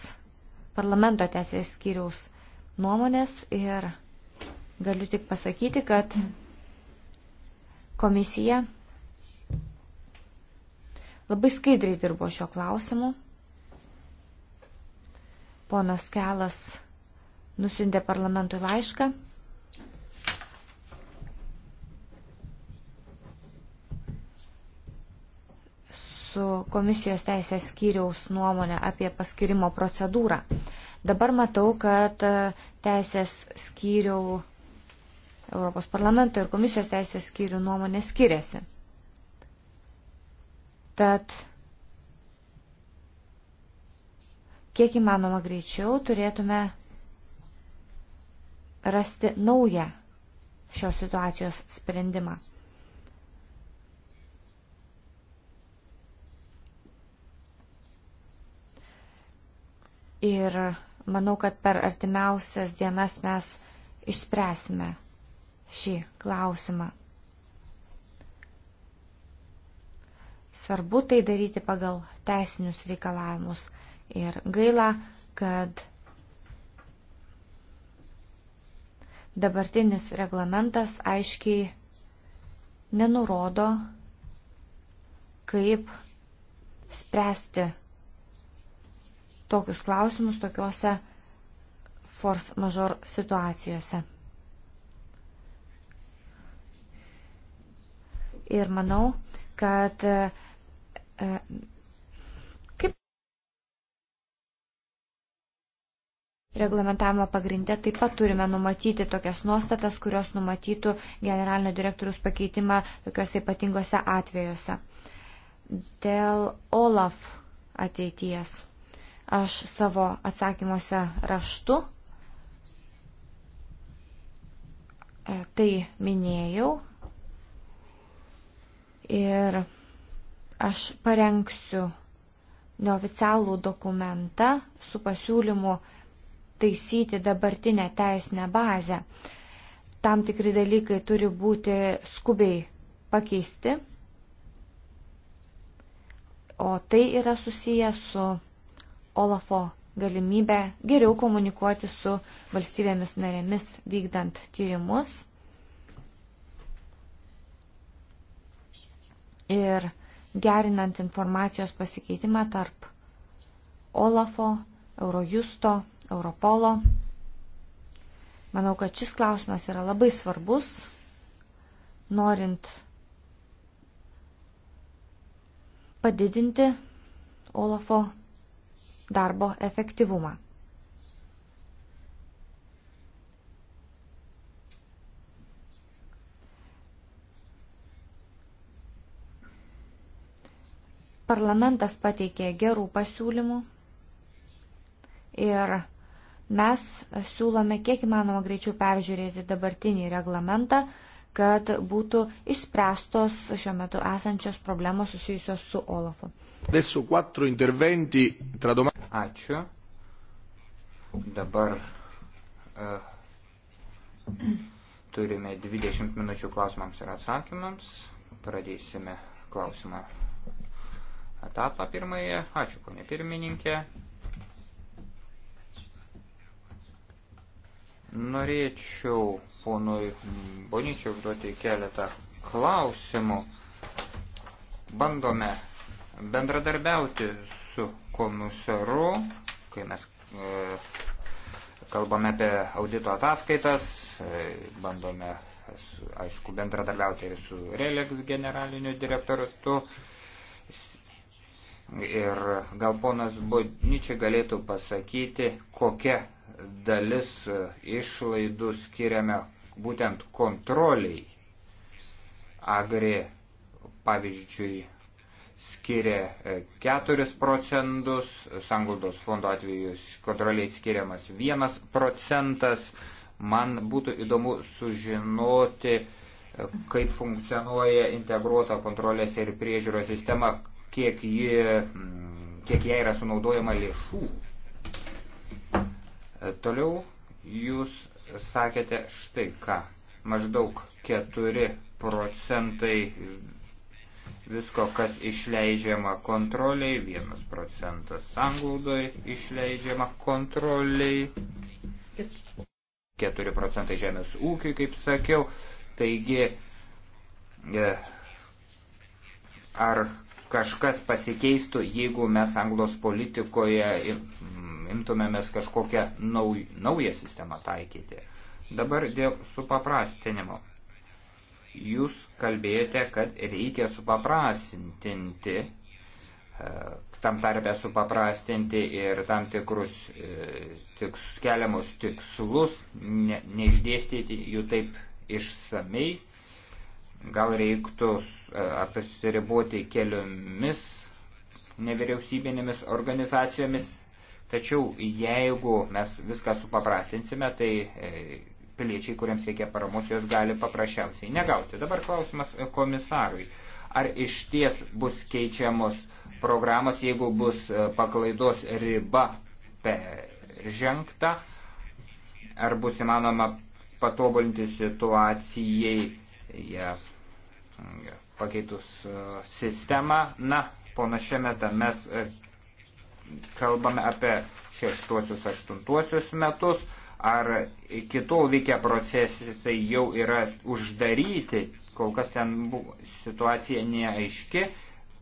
S5: parlamento teisės skyriaus nuomonės ir galiu tik pasakyti, kad Komisija labai skaidriai dirbo šio klausimu. Ponas Kelas nusintė parlamentui laišką. su komisijos teisės skyriaus nuomonė apie paskirimo procedūrą. Dabar matau, kad teisės skyriaus Europos parlamento ir komisijos teisės skyrių nuomonė skiriasi. Tad kiek įmanoma greičiau turėtume rasti naują šios situacijos sprendimą. Ir manau, kad per artimiausias dienas mes išspręsime šį klausimą. Svarbu tai daryti pagal teisinius reikalavimus. Ir gaila, kad dabartinis reglamentas aiškiai nenurodo, kaip spręsti tokius klausimus tokiuose force major situacijose. Ir manau, kad e, e, kaip reglamentavimo pagrindė taip pat turime numatyti tokias nuostatas, kurios numatytų generalinio direktorius pakeitimą tokiuose ypatingose atvejuose. Dėl OLAF ateities aš savo atsakymuose raštu e, tai minėjau Ir aš parengsiu neoficialų dokumentą su pasiūlymu taisyti dabartinę teisinę bazę. Tam tikri dalykai turi būti skubiai pakeisti, o tai yra susiję su Olafo galimybė geriau komunikuoti su valstybėmis narėmis vykdant tyrimus ir gerinant informacijos pasikeitimą tarp Olafo, Eurojusto, Europolo. Manau, kad šis klausimas yra labai svarbus, norint padidinti Olafo darbo efektyvumą. Parlamentas pateikė gerų pasiūlymų ir mes siūlome kiek įmanoma greičiau peržiūrėti dabartinį reglamentą, kad būtų išspręstos šiuo metu esančios problemos susijusios su Olafu.
S4: Ačiū.
S1: Dabar uh, turime 20 minučių klausimams ir atsakymams. Pradėsime klausimą etapą pirmąją. Ačiū, ponė pirmininkė. Norėčiau ponui Boničiau užduoti keletą klausimų. Bandome bendradarbiauti su komisaru, kai mes e, kalbame apie audito ataskaitas, e, bandome, aišku, bendradarbiauti ir su RELEX generaliniu direktoriu. Ir gal ponas Bodničiai galėtų pasakyti, kokia dalis e, išlaidų skiriame būtent kontroliai. Agri, pavyzdžiui, skiria 4 e, procentus, sanglaudos fondo atveju kontroliai skiriamas 1 procentas. Man būtų įdomu sužinoti, e, kaip funkcionuoja integruota kontrolės ir priežiūros sistema, kiek, ji, kiek jai yra sunaudojama lėšų. Toliau jūs sakėte štai ką. Maždaug 4 procentai visko, kas išleidžiama kontroliai, 1 procentas sanglaudoje išleidžiama kontroliai, 4 procentai žemės ūkiui, kaip sakiau. Taigi, e, ar kažkas pasikeistų, jeigu mes anglos politikoje mm, imtumėmės kažkokią nauj, naują sistemą taikyti. Dabar dėl supaprastinimo. Jūs kalbėjote, kad reikia supaprastinti, e, tam tarpę supaprastinti ir tam tikrus e, tiks, keliamus tikslus, ne, neišdėstyti jų taip išsamei Gal reiktų e, apsiriboti keliomis nevyriausybinėmis organizacijomis, tačiau jeigu mes viską supaprastinsime, tai e, piliečiai, kuriems reikia paramos, jos gali paprasčiausiai negauti. Dabar klausimas komisarui. Ar iš ties bus keičiamos programos, jeigu bus e, paklaidos riba peržengta, ar bus įmanoma patobulinti situacijai ją pakeitus e, sistemą. Na, panašiame tam mes e, kalbame apie šeštuosius, aštuntuosius metus. Ar iki tol vykę procesai jau yra uždaryti, kol kas ten buvo, situacija neaiški,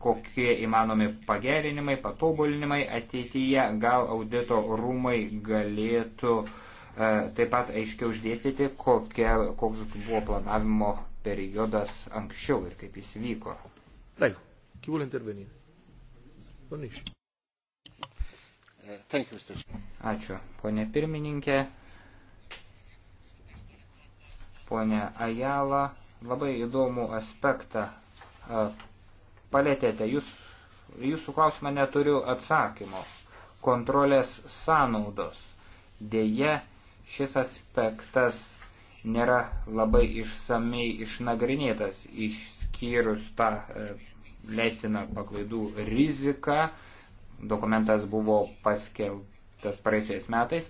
S1: kokie įmanomi pagerinimai, patobulinimai ateityje, gal audito rūmai galėtų e, taip pat aiškiau uždėstyti, kokia, koks buvo planavimo periodas anksčiau ir kaip jis vyko. Prego, chi vuole intervenire? Bonisci. Eh, Ačiū, ponė pirmininkė. Pone Ajala, labai įdomų aspektą palėtėte. Jūs, jūsų klausimą neturiu atsakymo. Kontrolės sąnaudos. Deja, šis aspektas nėra labai išsamei išnagrinėtas, išskyrus tą e, leisiną paklaidų riziką. Dokumentas buvo paskelbtas praeisiais metais.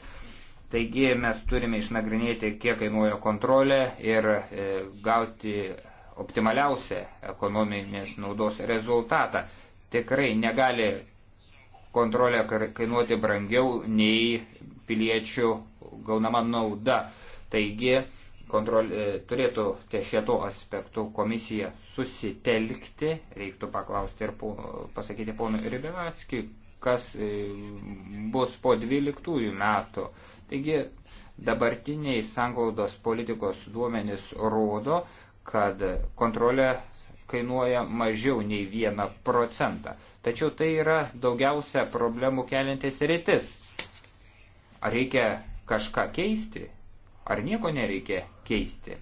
S1: Taigi mes turime išnagrinėti, kiek kainuoja kontrolė ir e, gauti optimaliausią ekonominės naudos rezultatą. Tikrai negali kontrolė kainuoti brangiau nei piliečių gaunama nauda. Taigi kontrol, e, turėtų ties šietu aspektu komisija susitelkti, reiktų paklausti ir po, pasakyti ponui Ribinatskiui, kas e, bus po 12 metų. Taigi dabartiniai sanglaudos politikos duomenys rodo, kad kontrolė kainuoja mažiau nei vieną procentą. Tačiau tai yra daugiausia problemų keliantis rytis. Ar reikia kažką keisti? Ar nieko nereikia keisti?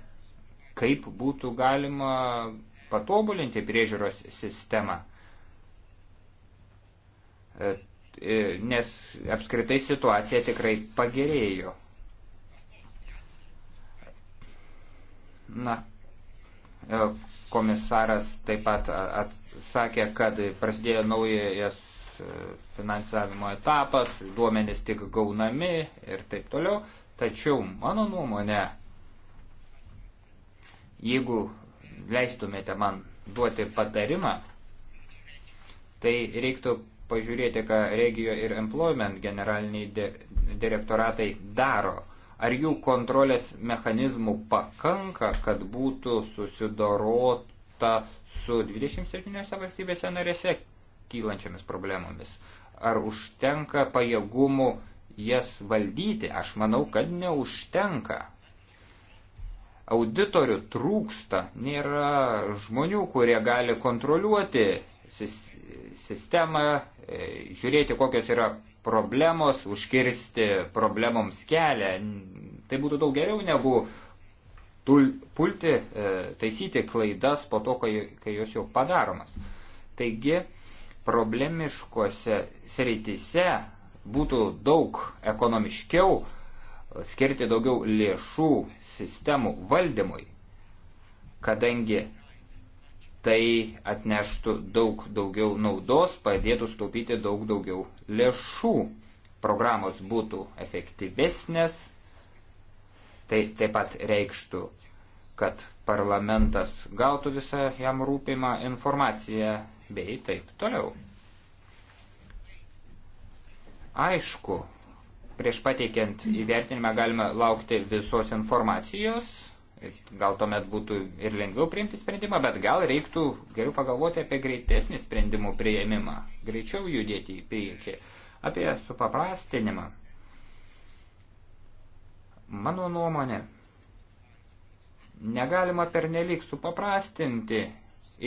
S1: Kaip būtų galima patobulinti priežiūros sistemą? E, e, nes apskritai situacija tikrai pagerėjo. Na, e, komisaras taip pat atsakė, kad prasidėjo naujas finansavimo etapas, duomenys tik gaunami ir taip toliau. Tačiau mano nuomonė, jeigu leistumėte man duoti patarimą, tai reiktų pažiūrėti, ką regijo ir employment generaliniai di direktoratai daro. Ar jų kontrolės mechanizmų pakanka, kad būtų susidorota su 27 valstybėse narėse kylančiamis problemomis? Ar užtenka pajėgumų jas valdyti, aš manau, kad neužtenka. Auditorių trūksta, nėra žmonių, kurie gali kontroliuoti sistemą, e, žiūrėti, kokios yra problemos, užkirsti problemoms kelią. Tai būtų daug geriau negu pulti, e, taisyti klaidas po to, kai, kai jos jau padaromas. Taigi, problemiškose sritise būtų daug ekonomiškiau e, skirti daugiau lėšų sistemų valdymui, kadangi tai atneštų daug daugiau naudos, padėtų staupyti daug daugiau lėšų. Programos būtų efektyvesnės, tai taip pat reikštų, kad parlamentas gautų visą jam rūpimą informaciją bei taip toliau. Aišku, prieš pateikiant įvertinimą galime laukti visos informacijos, gal tuomet būtų ir lengviau priimti sprendimą, bet gal reiktų geriau pagalvoti apie greitesnį sprendimų prieimimą, greičiau judėti į priekį, apie supaprastinimą. Mano nuomonė, negalima pernelik supaprastinti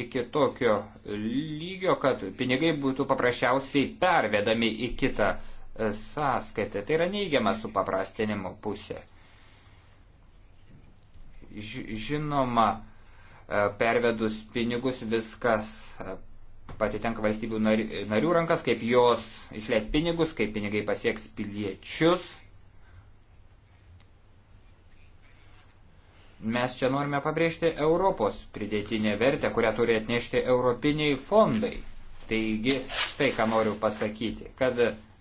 S1: iki tokio lygio, kad pinigai būtų paprasčiausiai pervedami į kitą sąskaitą. Tai yra neigiama supaprastinimo pusė. Žinoma, e, pervedus pinigus viskas e, patitenka valstybių narių rankas, kaip jos išleis pinigus, kaip pinigai pasieks piliečius. Mes čia norime pabrėžti Europos pridėtinę vertę, kurią turi atnešti europiniai fondai. Taigi, štai ką noriu pasakyti, kad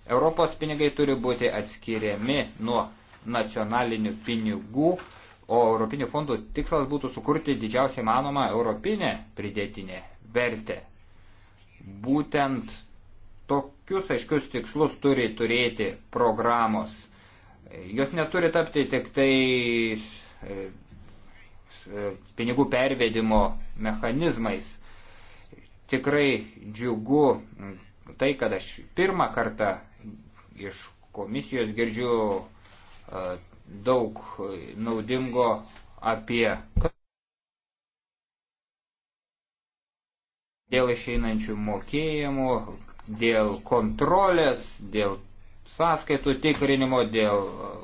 S1: Europos pinigai turi būti atskiriami nuo nacionalinių pinigų, o Europinių fondų tikslas būtų sukurti didžiausiai manoma europinę pridėtinę vertę. Būtent tokius aiškius tikslus turi turėti programos. Jos neturi tapti tik tai pinigų pervedimo mechanizmais. Tikrai džiugu tai, kad aš pirmą kartą Iš komisijos girdžiu e, daug naudingo apie dėl išeinančių mokėjimų, dėl kontrolės, dėl sąskaitų tikrinimo, dėl e,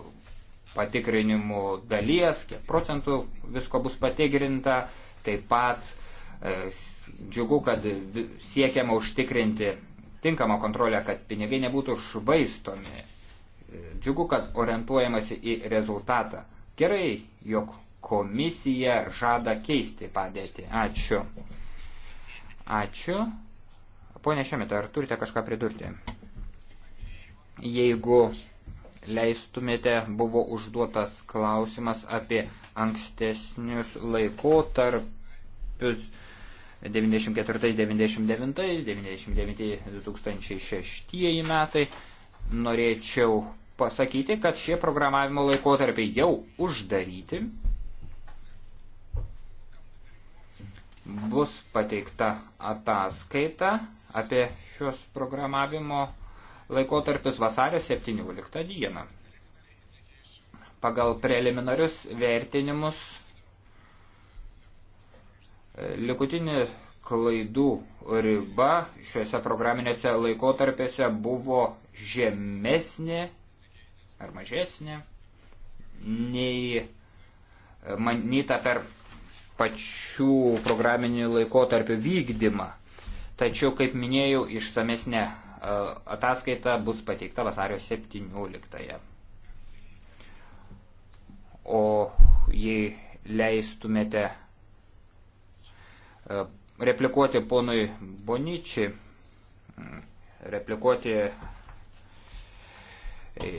S1: patikrinimų dalies, kiek procentų visko bus patikrinta, taip pat e, džiugu, kad siekiama užtikrinti tinkamą kontrolę, kad pinigai nebūtų švaistomi. Džiugu, kad orientuojamasi į rezultatą. Gerai, jog komisija žada keisti padėtį. Ačiū. Ačiū. Pone Šemita, ar turite kažką pridurti? Jeigu leistumėte, buvo užduotas klausimas apie ankstesnius laikotarpius 94-99-99-2006 metai. Norėčiau pasakyti, kad šie programavimo laikotarpiai jau uždaryti. Bus pateikta ataskaita apie šios programavimo laikotarpius vasario 17 dieną. Pagal preliminarius vertinimus Likutinė klaidų riba šiuose programinėse laikotarpiuose buvo žemesnė ar mažesnė nei manyta per pačių programinių laikotarpių vykdymą. Tačiau, kaip minėjau, išsamesnė e, ataskaita bus pateikta vasario 17. O jei leistumėte E, replikuoti ponui Boničiui, replikuoti e, e,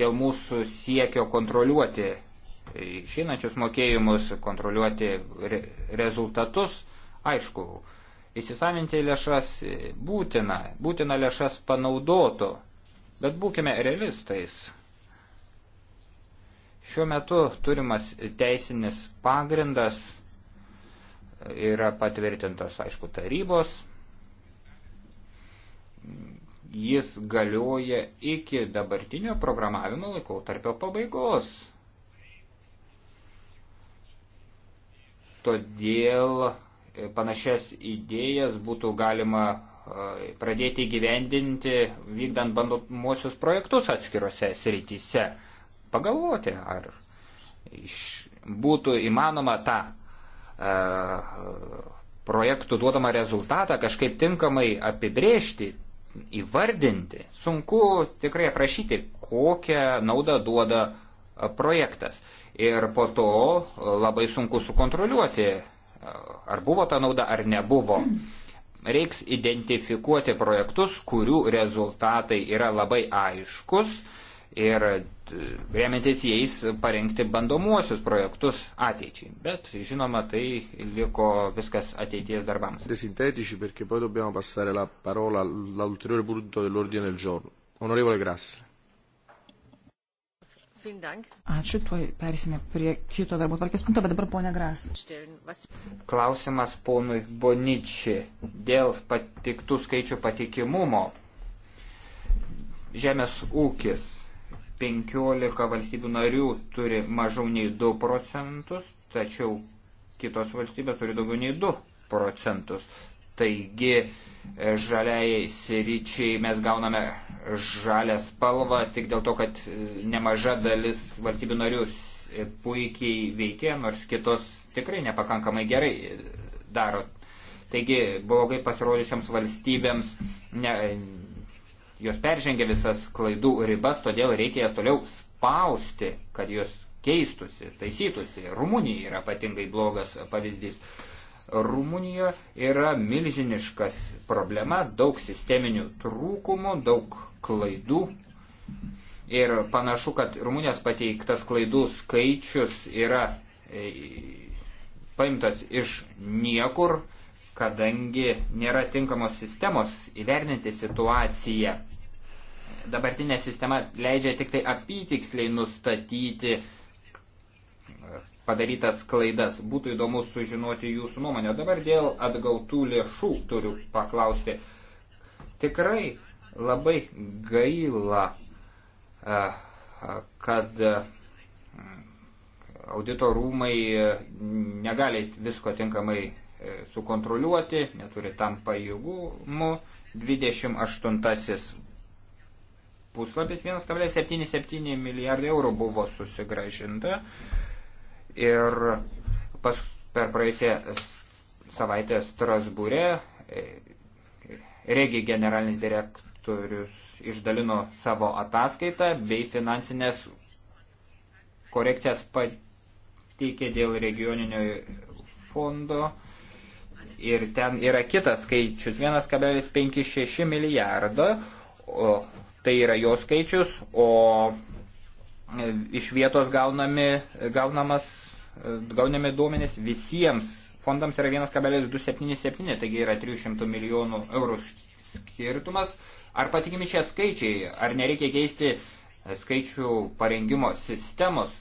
S1: dėl mūsų siekio kontroliuoti išinačius mokėjimus, kontroliuoti re rezultatus. Aišku, įsisavinti lėšas būtina, būtina lėšas panaudotų, bet būkime realistais. Šiuo metu turimas teisinis pagrindas yra patvirtintas, aišku, tarybos. Jis galioja iki dabartinio programavimo laikotarpio pabaigos. Todėl panašias idėjas būtų galima e, pradėti gyvendinti vykdant bandomuosius projektus atskirose srityse pagalvoti, ar iš, būtų įmanoma tą e, projektų duodamą rezultatą kažkaip tinkamai apibrėžti, įvardinti. Sunku tikrai aprašyti, kokią naudą duoda e, projektas. Ir po to e, labai sunku sukontroliuoti, e, ar buvo ta nauda ar nebuvo. Reiks identifikuoti projektus, kurių rezultatai yra labai aiškus ir remiantis jais parengti bandomuosius projektus ateičiai. Bet, žinoma, tai liko viskas ateities darbams. Sintetici,
S4: perché poi dobbiamo passare la parola all'ulteriore punto dell'ordine del giorno.
S1: Onorevole Grassle.
S4: Ačiū,
S3: tuoj persime prie kito darbo tvarkės punkto, bet dabar ponia Gras.
S1: Klausimas ponui Boničiui dėl patiktų skaičių patikimumo. Žemės ūkis 15 valstybių narių turi mažiau nei 2 procentus, tačiau kitos valstybės turi daugiau nei 2 procentus. Taigi e, žaliai sričiai mes gauname žalę spalvą tik dėl to, kad e, nemaža dalis valstybių narių e, puikiai veikia, nors kitos tikrai nepakankamai gerai daro. Taigi blogai pasirodžiusiams valstybėms ne, jos peržengia visas klaidų ribas, todėl reikia jas toliau spausti, kad jos keistusi, taisytusi. Rumunija yra ypatingai blogas pavyzdys. Rumunijoje yra milžiniškas problema, daug sisteminių trūkumų, daug klaidų. Ir panašu, kad Rumunijos pateiktas klaidų skaičius yra e, paimtas iš niekur, kadangi nėra tinkamos sistemos įvertinti situaciją dabartinė sistema leidžia tik tai apytiksliai nustatyti e, padarytas klaidas. Būtų įdomu sužinoti jūsų nuomonę. Dabar dėl atgautų lėšų turiu paklausti. Tikrai labai gaila, e, kad e, audito rūmai negali visko tinkamai sukontroliuoti, neturi tam pajėgumų. 28 puslapis 1,77 milijardai eurų buvo susigražinta ir pas, per praėjusią savaitę Strasbūre e, Regi generalinis direktorius išdalino savo ataskaitą bei finansinės korekcijas pateikė dėl regioninio fondo ir ten yra kitas skaičius 1,56 milijardo, o tai yra jo skaičius, o e, iš vietos gaunami, gaunamas, e, gaunami duomenys visiems fondams yra 1,277, taigi yra 300 milijonų eurų skirtumas. Ar patikimi šie skaičiai, ar nereikia keisti e, skaičių parengimo sistemos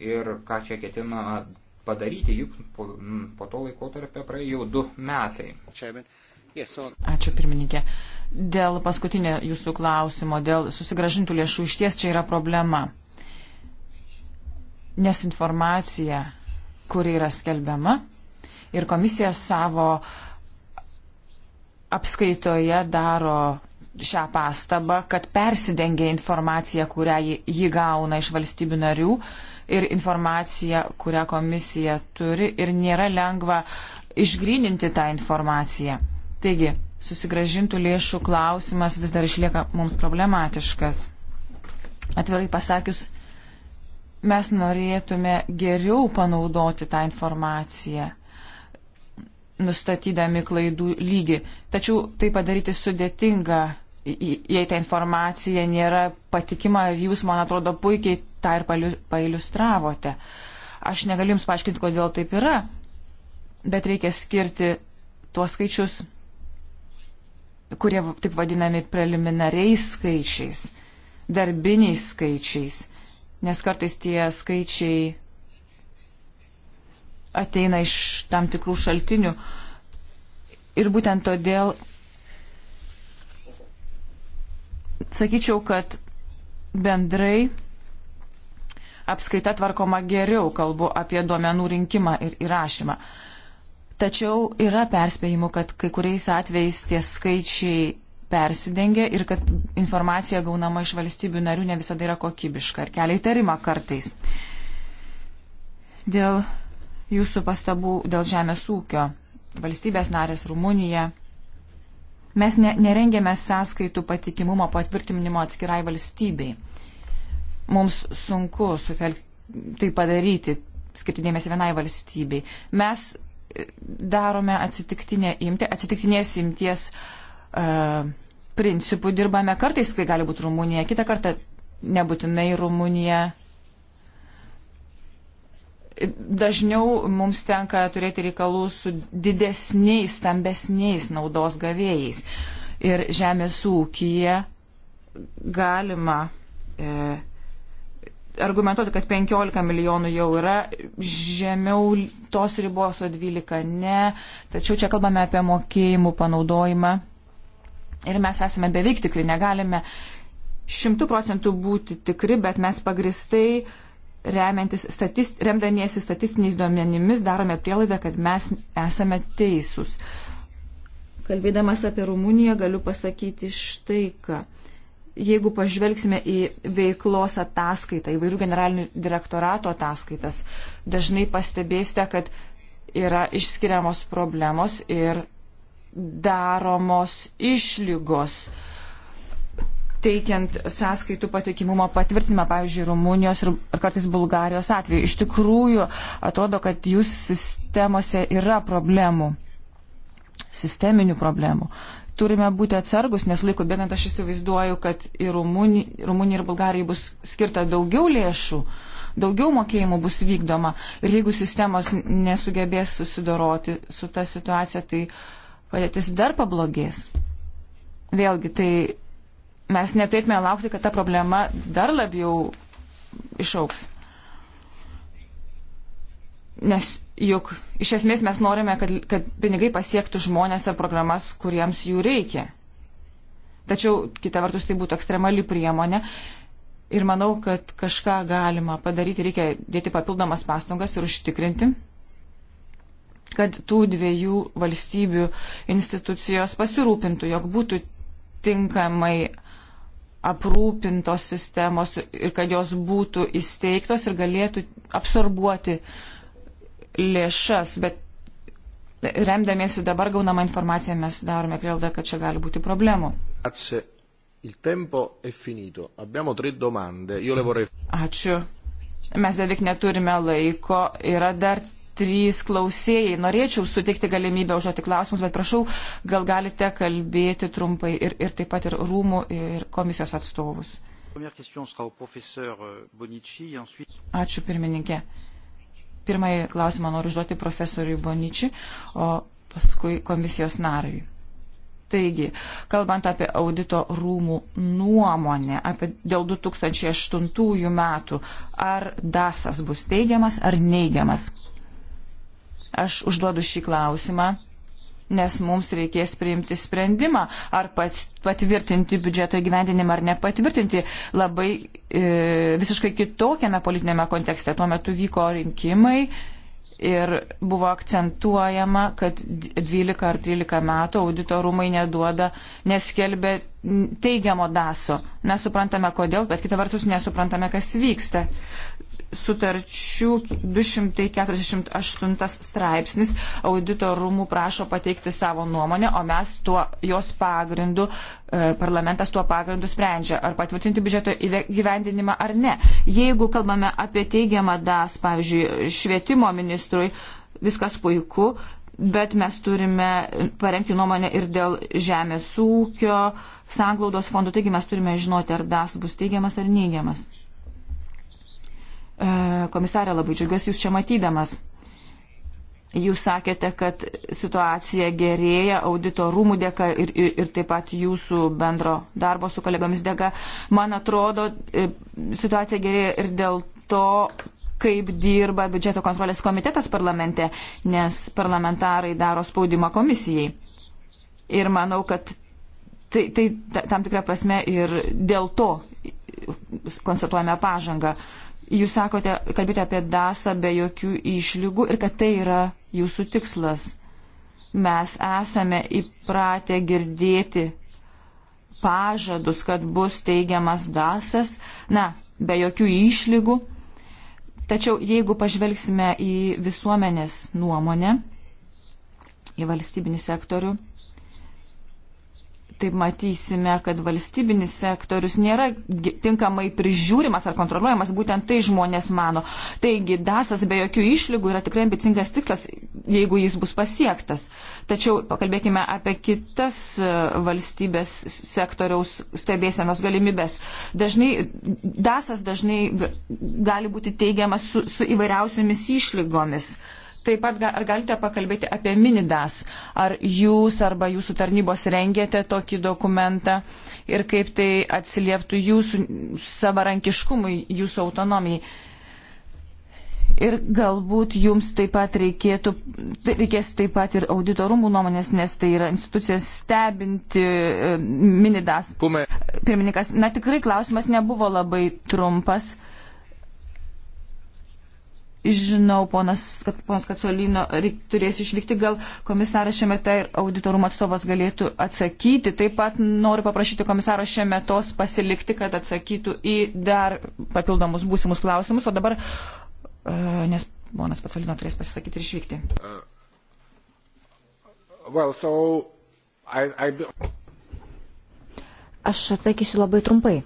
S1: ir ką čia ketina padaryti, juk po, po to laiko tarp praėjo jau du metai. Ačiū
S3: pirmininkė. Dėl paskutinio jūsų klausimo, dėl susigražintų lėšų išties čia yra problema. Nes informacija, kuri yra skelbiama ir komisija savo apskaitoje daro šią pastabą, kad persidengia informacija, kurią ji gauna iš valstybių narių ir informacija, kurią komisija turi ir nėra lengva išgryninti tą informaciją. Taigi, susigražintų lėšų klausimas vis dar išlieka mums problematiškas. Atvirai pasakius, mes norėtume geriau panaudoti tą informaciją, nustatydami klaidų lygį. Tačiau tai padaryti sudėtinga, jei ta informacija nėra patikima ir jūs, man atrodo, puikiai tą ir pailustravote. Aš negaliu jums paaiškinti, kodėl taip yra, bet reikia skirti tuos skaičius kurie taip vadinami preliminariais skaičiais, darbiniais skaičiais, nes kartais tie skaičiai ateina iš tam tikrų šaltinių. Ir būtent todėl sakyčiau, kad bendrai apskaita tvarkoma geriau, kalbu apie duomenų rinkimą ir įrašymą. Tačiau yra perspėjimų, kad kai kuriais atvejais tie skaičiai persidengia ir kad informacija gaunama iš valstybių narių ne visada yra kokybiška ir kelia įtarimą kartais. Dėl jūsų pastabų dėl žemės ūkio valstybės narės Rumunija. Mes ne, nerengėme sąskaitų patikimumo patvirtinimo atskirai valstybei. Mums sunku sutelk, tai padaryti, skirti dėmesį vienai valstybei. Mes darome atsitiktinę imtį, atsitiktinės imties uh, principų dirbame. Kartais tai gali būti Rumunija, kitą kartą nebūtinai Rumunija. Dažniau mums tenka turėti reikalų su didesniais, stambesniais naudos gavėjais. Ir žemės ūkija galima e, argumentuoti, kad 15 milijonų jau yra, žemiau tos ribos, o 12 ne. Tačiau čia kalbame apie mokėjimų panaudojimą. Ir mes esame beveik tikri, negalime šimtų procentų būti tikri, bet mes pagristai statist, remdamiesi statistiniais duomenimis darome prielaidą, kad mes esame teisūs. Kalbėdamas apie Rumuniją galiu pasakyti štai ką jeigu pažvelgsime į veiklos ataskaitą, įvairių generalinių direktorato ataskaitas, dažnai pastebėsite, kad yra išskiriamos problemos ir daromos išlygos teikiant sąskaitų patikimumo patvirtinimą, pavyzdžiui, Rumunijos ir kartais Bulgarijos atveju. Iš tikrųjų, atrodo, kad jūs sistemose yra problemų, sisteminių problemų turime būti atsargus, nes laiko bėgant aš įsivaizduoju, kad ir Rumunijai, Rumunijai ir Bulgarijai bus skirta daugiau lėšų, daugiau mokėjimų bus vykdoma. Ir jeigu sistemos nesugebės susidoroti su ta situacija, tai padėtis dar pablogės. Vėlgi, tai mes neturėtume laukti, kad ta problema dar labiau išauks. Nes juk iš esmės mes norime, kad, kad pinigai pasiektų žmonės ar programas, kuriems jų reikia. Tačiau, kita vertus, tai būtų ekstremali priemonė. Ir manau, kad kažką galima padaryti, reikia dėti papildomas pastangas ir užtikrinti, kad tų dviejų valstybių institucijos pasirūpintų, jog būtų tinkamai aprūpintos sistemos ir kad jos būtų įsteigtos ir galėtų absorbuoti uh, lėšas, bet remdamiesi dabar gaunamą informaciją mes darome prielaidą, kad čia gali būti problemų.
S4: Grazie. Il tempo è finito. Abbiamo tre domande. Io le vorrei. Ačiū.
S3: Mes beveik neturime laiko. Yra dar trys klausėjai. Norėčiau sutikti galimybę užduoti klausimus, bet prašau, gal galite kalbėti trumpai ir, ir taip pat ir rūmų, ir komisijos atstovus.
S1: Euh,
S3: Ačiū pirmininkė pirmąjį klausimą noriu užduoti profesoriui Boničiui, o paskui komisijos nariui. Taigi, kalbant apie audito rūmų nuomonę apie dėl 2008 metų, ar dasas bus teigiamas ar neigiamas? Aš užduodu šį klausimą nes mums reikės priimti sprendimą, ar pats patvirtinti biudžeto įgyvendinimą ar nepatvirtinti labai e, visiškai kitokiame politinėme kontekste. Tuo metu vyko rinkimai ir buvo akcentuojama, kad 12 ar 13 metų audito rūmai neduoda, neskelbė teigiamo daso. Mes suprantame kodėl, bet kitą vertus nesuprantame, kas vyksta sutarčių 248 straipsnis audito rūmų prašo pateikti savo nuomonę, o mes tuo, jos pagrindu, e, parlamentas tuo pagrindu sprendžia, ar patvirtinti biudžeto gyvendinimą ar ne. Jeigu kalbame apie teigiamą das, pavyzdžiui, švietimo ministrui, viskas puiku, bet mes turime parengti nuomonę ir dėl žemės ūkio, sanglaudos fondų, taigi mes turime žinoti, ar das bus teigiamas ar neigiamas. E, komisarė, labai džiugiuosi jūs čia matydamas. Jūs sakėte, kad situacija gerėja audito rūmų dėka ir, ir, ir taip pat jūsų bendro darbo su kolegomis dėka. Man atrodo, e, situacija gerėja ir dėl to, kaip dirba biudžeto kontrolės komitetas parlamente, nes parlamentarai daro spaudimą komisijai. Ir manau, kad tai, tai tam tikrą prasme ir dėl to konstatuojame pažangą. Uh, Jūs sakote, kalbite apie dasą be jokių išlygų ir kad tai yra jūsų tikslas. Mes esame įpratę girdėti pažadus, kad bus teigiamas dasas, na, be jokių išlygų. Tačiau jeigu pažvelgsime į visuomenės nuomonę, į valstybinį sektorių, Taip matysime, kad valstybinis sektorius nėra tinkamai prižiūrimas ar kontroliuojamas, būtent tai žmonės mano. Taigi, dasas be jokių išlygų yra tikrai ambicingas tikslas, jeigu jis bus pasiektas. Tačiau pakalbėkime apie kitas e, valstybės sektoriaus stebėsenos galimybės. Dažnai, dasas dažnai gali būti teigiamas su, su įvairiausiamis išlygomis. Uh, Taip pat ar galite pakalbėti apie minidas? Ar jūs arba jūsų tarnybos rengėte tokį dokumentą ir kaip tai atsilieptų jūsų savarankiškumui, jūsų autonomijai? Ir galbūt jums taip pat reikėtų, tai reikės taip pat ir auditorumų nuomonės, nes tai yra institucijas stebinti e, minidas. Pume. Pirmininkas, na tikrai klausimas nebuvo labai trumpas. Žinau, ponas, kad ponas Kacolino turės išvykti, gal komisaras šiame tai ir auditorumo atstovas galėtų atsakyti. Taip pat noriu paprašyti komisaro šiame tos pasilikti, kad atsakytų į dar papildomus būsimus klausimus. O dabar, e, nes ponas Kacolino turės pasisakyti ir išvykti.
S1: Uh, well, so I, I...
S5: Aš atsakysiu labai trumpai.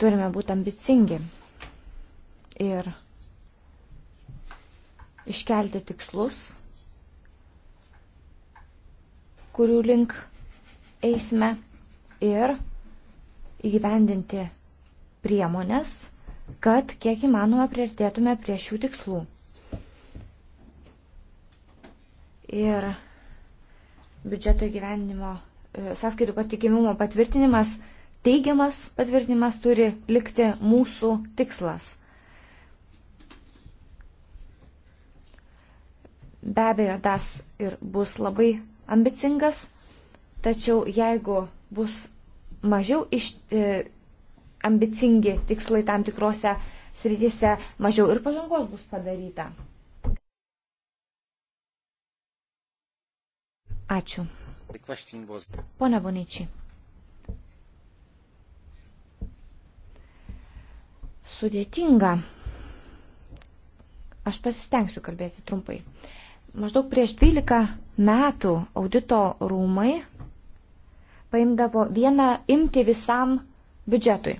S5: Turime būti ambicingi ir iškelti tikslus, kurių link eisme ir įgyvendinti priemonės, kad kiek įmanoma priartėtume prie šių tikslų. Ir biudžeto įgyvendinimo e, sąskaitų patikimimumo patvirtinimas teigiamas patvirtinimas turi likti mūsų tikslas. Be abejo, tas ir bus labai ambicingas, tačiau jeigu bus mažiau iš, e, ambicingi tikslai tam tikrose srityse, mažiau ir pažangos bus padaryta. Ačiū. Pone Boničiai. sudėtinga. Aš pasistengsiu kalbėti trumpai. Maždaug prieš 12 metų audito rūmai paimdavo vieną imti visam biudžetui.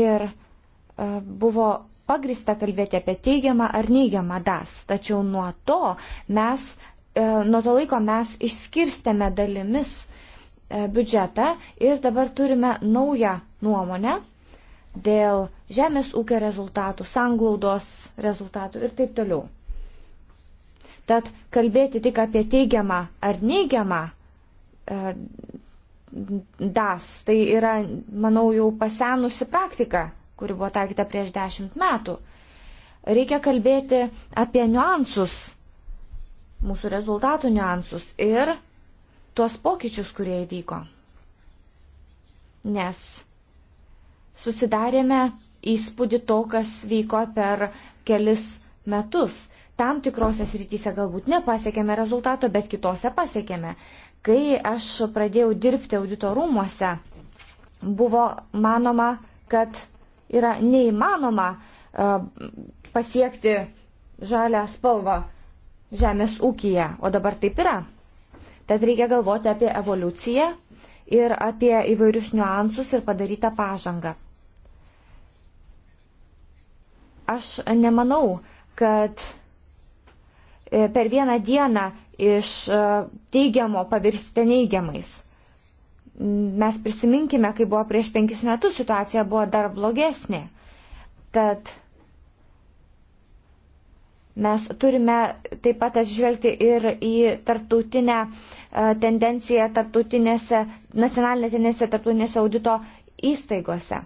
S5: Ir e, buvo pagrista kalbėti apie teigiamą ar neigiamą das. Tačiau nuo to mes, e, nuo to laiko mes išskirstėme dalimis e, biudžetą ir dabar turime naują nuomonę dėl žemės ūkio rezultatų, sanglaudos rezultatų ir taip toliau. Tad kalbėti tik apie teigiamą ar neigiamą e, das, tai yra, manau, jau pasenusi praktika, kuri buvo taikyta prieš dešimt metų. Reikia kalbėti apie niuansus, mūsų rezultatų niuansus ir tuos pokyčius, kurie įvyko. Nes susidarėme įspūdį to, kas vyko per kelis metus. Tam tikrose srityse galbūt nepasiekėme rezultato, bet kitose pasiekėme. Kai aš pradėjau dirbti auditorumuose, buvo manoma, kad yra neįmanoma e, pasiekti žalę spalvą žemės ūkyje, o dabar taip yra. Tad reikia galvoti apie evoliuciją ir apie įvairius niuansus ir padarytą pažangą. Aš nemanau, kad e, per vieną dieną iš e, teigiamo pavirsti neigiamais. Mes prisiminkime, kai buvo prieš penkis metus situacija buvo dar blogesnė. Tad mes turime taip pat atsižvelgti ir į tarptautinę e, tendenciją tarptautinėse, nacionalinėse tendencija tarptautinėse audito įstaigose.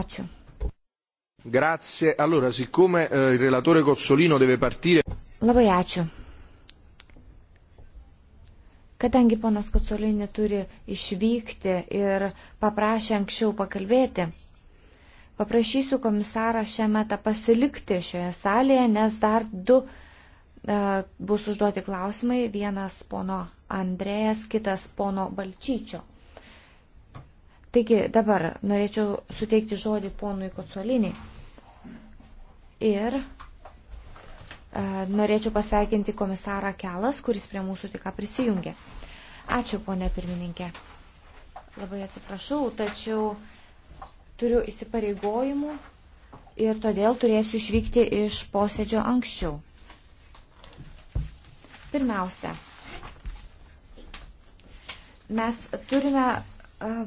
S5: Ačiū.
S4: Grazie. Allora, siccome eh, il relatore Cozzolino deve partire.
S5: Labai ačiū. Kadangi ponas Kocolinė turi išvykti ir paprašė anksčiau pakalbėti, paprašysiu komisarą šiame metą pasilikti šioje salėje, nes dar du e, bus užduoti klausimai, vienas pono Andrėjas, kitas pono Balčyčio. Taigi dabar norėčiau suteikti žodį ponui Kocoliniai. Ir e, norėčiau pasveikinti komisarą Kelas, kuris prie mūsų tik prisijungė. Ačiū, ponė pirmininkė. Labai atsiprašau, tačiau turiu įsipareigojimų ir todėl turėsiu išvykti iš posėdžio anksčiau. Pirmiausia, mes turime e,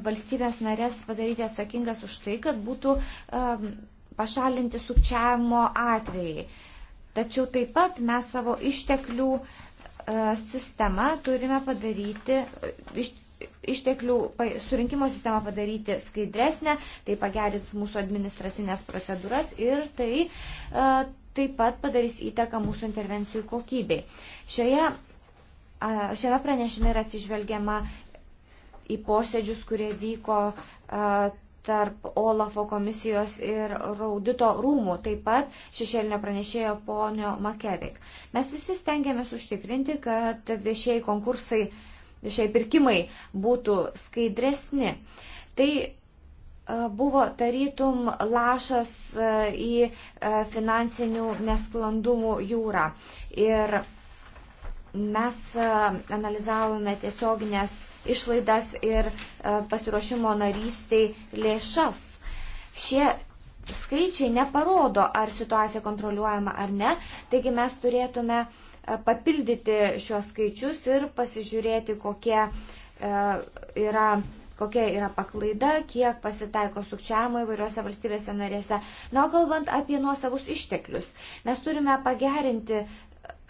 S5: valstybės narės padaryti atsakingas už tai, kad būtų e, pašalinti sukčiavimo atvejai. Tačiau taip pat mes savo išteklių e, sistemą turime padaryti, e, iš, išteklių surinkimo sistemą padaryti skaidresnę, tai pagerins mūsų administracinės procedūras ir tai e, taip pat padarys įtaką mūsų intervencijų kokybei. Šioje, šiame pranešime yra atsižvelgiama į posėdžius, kurie vyko tarp Olafo komisijos ir Raudito rūmų, taip pat šešėlinio pranešėjo ponio Makevik. Mes visi stengiamės užtikrinti, kad viešieji konkursai, viešieji pirkimai būtų skaidresni. Tai e, buvo tarytum lašas e, į e, finansinių nesklandumų jūrą. Ir Mes e, analizavome tiesioginės išlaidas ir e, pasiruošimo narystiai lėšas. Šie skaičiai neparodo, ar situacija kontroliuojama ar ne, taigi mes turėtume e, papildyti šios skaičius ir pasižiūrėti, kokie yra kokia yra paklaida, kiek pasitaiko sukčiavimo įvairiuose valstybėse narėse. Na, kalbant apie nuosavus išteklius, mes turime pagerinti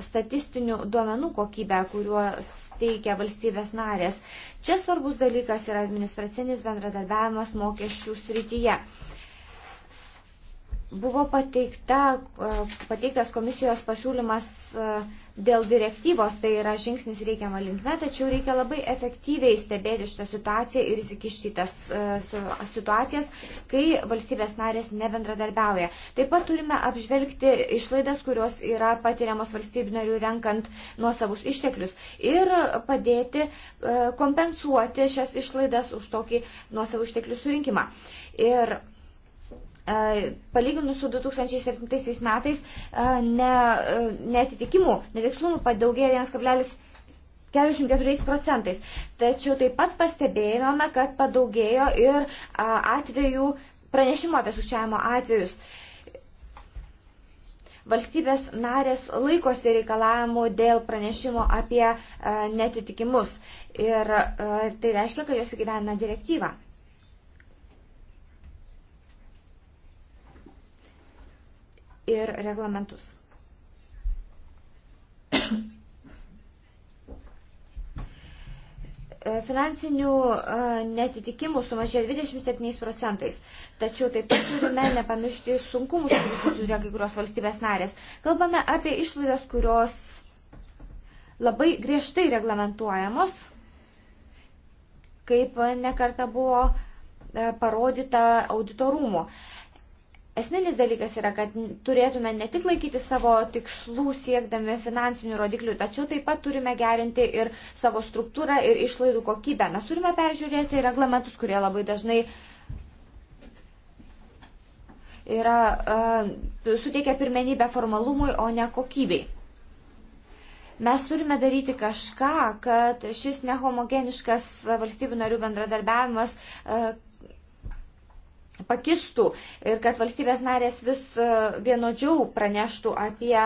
S5: statistinių duomenų kokybę, kuriuos teikia valstybės narės. Čia svarbus dalykas yra administracinis bendradarbiavimas mokesčių srityje. Uh, Buvo pateikta, e, pateiktas komisijos pasiūlymas e, dėl direktyvos, tai yra žingsnis reikiamą linkme, tačiau reikia labai efektyviai stebėti šitą situaciją ir įsikišti tas e, situacijas, kai valstybės narės nebendradarbiauja. Taip pat turime apžvelgti išlaidas, kurios yra patiriamos valstybių narių renkant nuosavus išteklius ir padėti kompensuoti šias išlaidas už tokį nuosavų išteklių surinkimą. Ir Palyginus su 2007 metais ne, netitikimų, netikslumų padaugėjo 1,44 procentais. Tačiau taip pat pastebėjome, kad padaugėjo ir atvejų pranešimo apie sukčiavimo atvejus. Valstybės narės laikosi reikalavimų dėl pranešimo apie netitikimus ir tai reiškia, kad jos įgyvena direktyvą. ir reglamentus. Finansinių e, netitikimų sumažėjo 27 procentais, tačiau taip pat turime nepamiršti sunkumų, kuriuos žiūrėjo kai kurios valstybės narės. Kalbame apie išlaidas, kurios labai griežtai reglamentuojamos, kaip nekarta buvo e, parodyta auditorumų. rūmų. Esminis dalykas yra, kad turėtume ne tik laikyti savo tikslų siekdami finansinių rodiklių, tačiau taip pat turime gerinti ir savo struktūrą ir išlaidų kokybę. Mes turime peržiūrėti reglamentus, kurie labai dažnai yra uh, suteikia pirmenybę formalumui, o ne kokybei. Mes turime daryti kažką, kad šis nehomogeniškas valstybių narių bendradarbiavimas uh, pakistų ir kad valstybės narės vis e, vienodžiau praneštų apie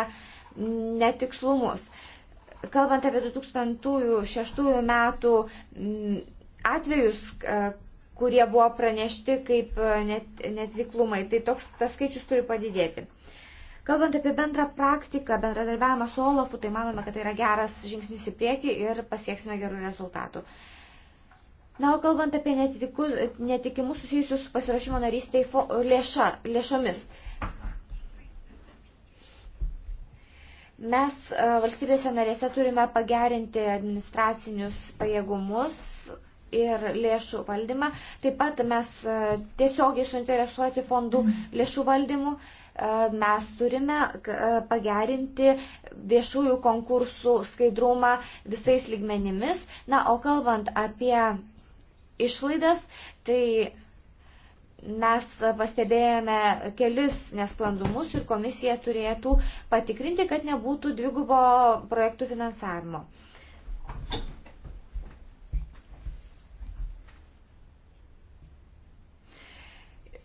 S5: netikslumus. Kalbant apie 2006 metų atvejus, e, kurie buvo pranešti kaip e, net, netviklumai, tai toks tas skaičius turi padidėti. Kalbant apie bendrą praktiką, bendradarbiavimą su Olafu, tai manome, kad tai yra geras žingsnis į priekį ir pasieksime gerų rezultatų. Uh, Na, o kalbant apie netitiku, netikimus susijusius su pasirašymo narystai lėša, lėšomis. Mes e, valstybėse narėse turime pagerinti administracinius pajėgumus ir lėšų valdymą. Taip pat mes e, tiesiogiai suinteresuoti fondų lėšų valdymu. E, mes turime pagerinti viešųjų konkursų skaidrumą visais lygmenimis. Na, o kalbant apie išlaidas, tai mes pastebėjome kelis nesklandumus ir komisija turėtų patikrinti, kad nebūtų dvigubo projektų finansavimo.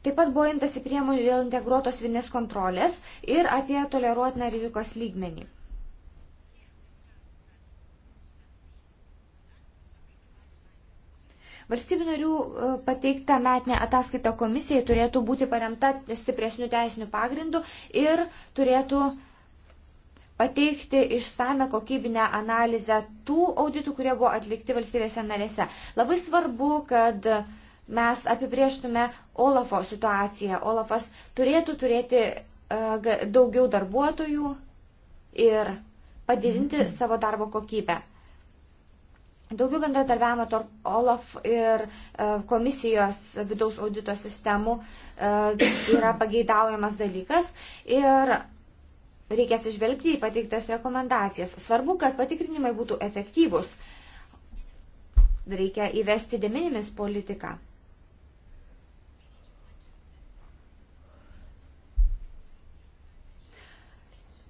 S5: Taip pat buvo imtasi priemonių dėl integruotos vidinės kontrolės ir apie toleruotiną rizikos lygmenį. Valstybių narių e, pateikta metinė ataskaita komisijai turėtų būti paremta stipresnių teisinių pagrindų ir turėtų pateikti išsame kokybinę analizę tų auditų, kurie buvo atlikti valstybėse narėse. Labai svarbu, kad mes apibrieštume Olafo situaciją. Olafas turėtų turėti e, daugiau darbuotojų ir padidinti savo darbo kokybę. Daugiau bendradarbiavimo tarp OLAF ir e, komisijos vidaus audito sistemų e, yra pageidaujamas dalykas ir reikia atsižvelgti į pateiktas rekomendacijas. Svarbu, kad patikrinimai būtų efektyvūs. Reikia įvesti deminimis politiką.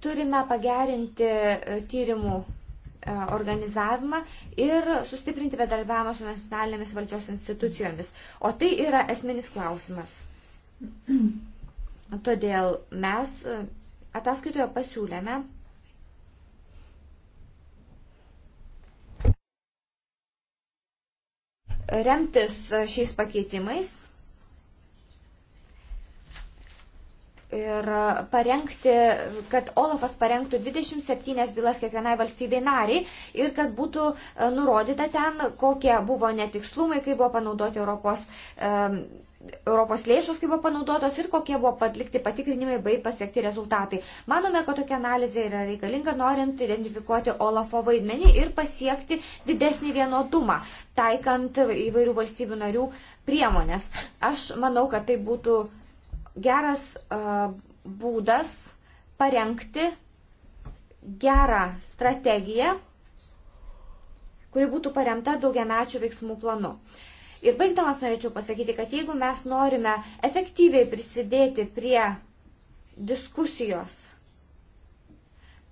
S5: Turime pagerinti e, tyrimų E, organizavimą ir sustiprinti bedarbiavimą su nacionalinėmis valdžios institucijomis. O tai yra esminis klausimas. Todėl mes e, ataskaitoje pasiūlėme remtis e, šiais pakeitimais ir e, parengti, kad Olafas parengtų 27 bylas kiekvienai valstybei nariai ir kad būtų e, nurodyta ten, kokie buvo netikslumai, kaip buvo panaudoti Europos, um, Europos lėšos, kaip buvo panaudotos ir kokie buvo atlikti patikrinimai bei pasiekti rezultatai. Manome, kad tokia analizė yra reikalinga, norint identifikuoti Olafo vaidmenį ir pasiekti didesnį vienodumą, taikant įvairių valstybių narių priemonės. Aš manau, kad tai būtų geras uh, būdas parengti gerą strategiją, kuri būtų paremta daugiamečių veiksmų planu. Ir baigdamas norėčiau pasakyti, kad jeigu mes norime efektyviai prisidėti prie diskusijos,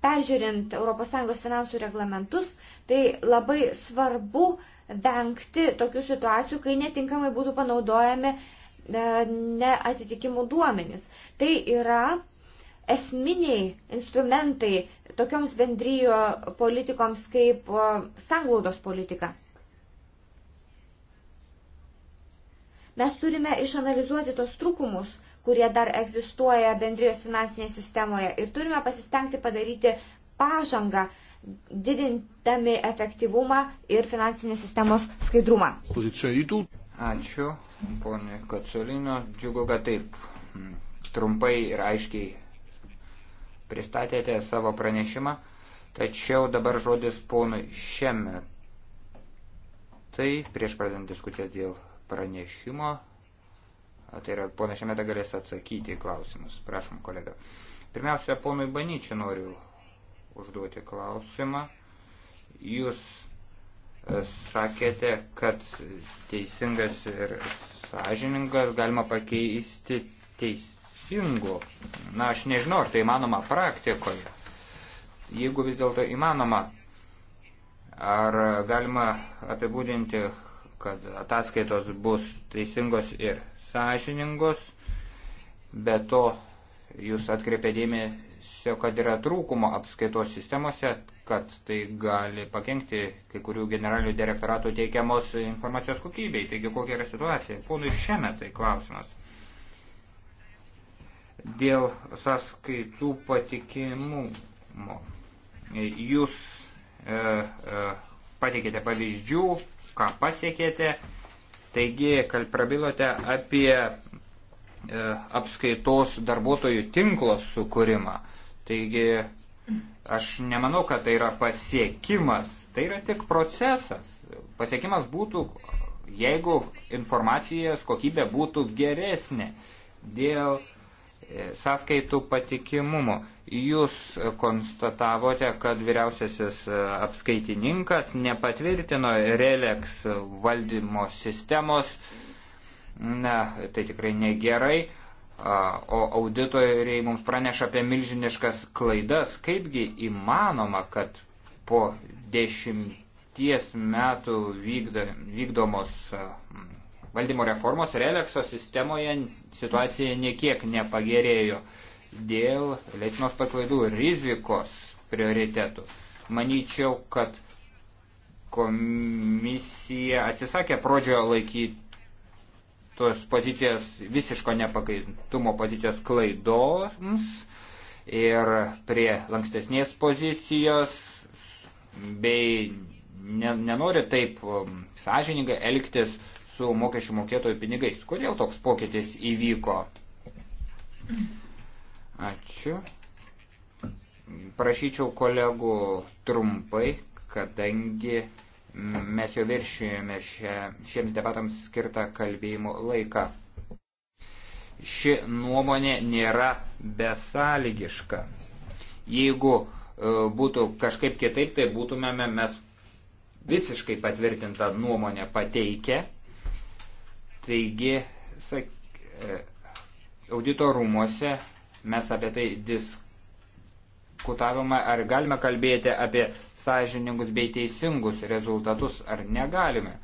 S5: peržiūrint ES finansų reglamentus, tai labai svarbu vengti tokių situacijų, kai netinkamai būtų panaudojami E, neatitikimų duomenys. Tai yra esminiai instrumentai tokioms bendryjo politikoms kaip e, sanglaudos politika. Mes turime išanalizuoti tos trūkumus, kurie dar egzistuoja bendrijos finansinėje sistemoje ir turime pasistengti padaryti pažangą, didintami efektyvumą ir finansinės sistemos skaidrumą.
S1: Ačiū ponė Katsolino. Džiugu, kad taip mm, trumpai ir aiškiai pristatėte savo pranešimą. Tačiau dabar žodis ponui šiame. Tai prieš pradant diskutę dėl pranešimo, tai yra ponas šiame galės atsakyti į klausimus. Prašom, kolega. Pirmiausia, ponui Banyčiui noriu užduoti klausimą. Jūs sakėte, kad teisingas ir sąžiningas galima pakeisti teisingu. Na, aš nežinau, ar tai įmanoma praktikoje. Jeigu vis dėlto įmanoma, ar galima apibūdinti, kad ataskaitos bus teisingos ir sąžiningos, bet to jūs atkreipėdėmėsio, kad yra trūkumo apskaitos sistemose, kad tai gali pakengti kai kurių generalinių direktoratų teikiamos informacijos kokybei. Taigi, kokia yra situacija? Ponui šiame tai klausimas. Dėl sąskaitų patikimumo. Jūs e, e, pateikėte pavyzdžių, ką pasiekėte. Taigi, kad prabilote apie e, apskaitos darbuotojų tinklo sukūrimą. Taigi, Aš nemanau, kad tai yra pasiekimas, tai yra tik procesas. Pasiekimas būtų, jeigu informacijos kokybė būtų geresnė dėl e, sąskaitų patikimumo. Jūs konstatavote, kad vyriausiasis e, apskaitininkas nepatvirtino Relex valdymo sistemos. Na, tai tikrai negerai o auditoriai mums praneša apie milžiniškas klaidas. Kaipgi įmanoma, kad po dešimties metų vykda, vykdomos valdymo reformos Relekso sistemoje situacija niekiek nepagerėjo dėl leitinos paklaidų rizikos prioritetų. Manyčiau, kad komisija atsisakė pradžioje laikyti tos pozicijos visiško nepakaitumo pozicijos klaidoms ir prie lankstesnės pozicijos bei nenori taip um, sąžiningai elgtis su mokesčių mokėtojų pinigais. Kodėl toks pokytis įvyko? Ačiū. Prašyčiau kolegų trumpai, kadangi Mes jau viršijome šiems debatams skirtą kalbėjimo laiką. Ši nuomonė nėra besąlygiška. Jeigu e, būtų kažkaip kitaip, tai būtumėme mes visiškai patvirtintą nuomonę pateikę. Taigi, sak, e, audito rūmose mes apie tai diskutavome, ar galime kalbėti apie sąžiningus bei teisingus rezultatus ar negalime.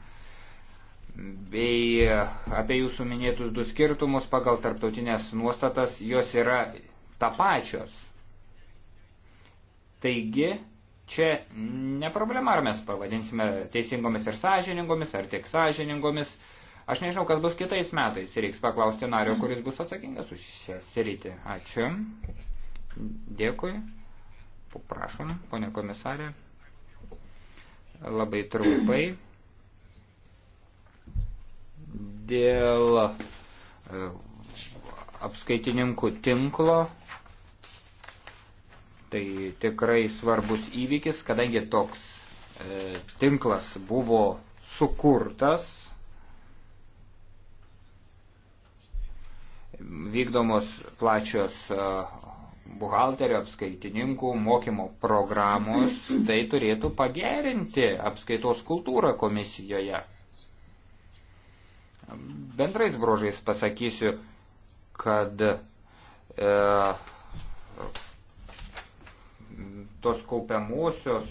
S1: Bei apie jūsų minėtus du skirtumus pagal tarptautinės nuostatas, jos yra tapačios. Taigi, čia ne problema, ar mes pavadinsime teisingomis ir sąžiningomis, ar tik sąžiningomis. Aš nežinau, kas bus kitais metais. Reiks paklausti nario, kuris bus atsakingas už šią sritį. Ačiū. Dėkui. Prašom, ponė komisarė labai trumpai. Dėl e, apskaitininkų tinklo tai tikrai svarbus įvykis, kadangi toks e, tinklas buvo sukurtas, vykdomos plačios e, buhalterio apskaitininkų mokymo programos, tai turėtų pagerinti apskaitos kultūrą komisijoje. Bendrais brožais pasakysiu, kad e, tos kaupiamosios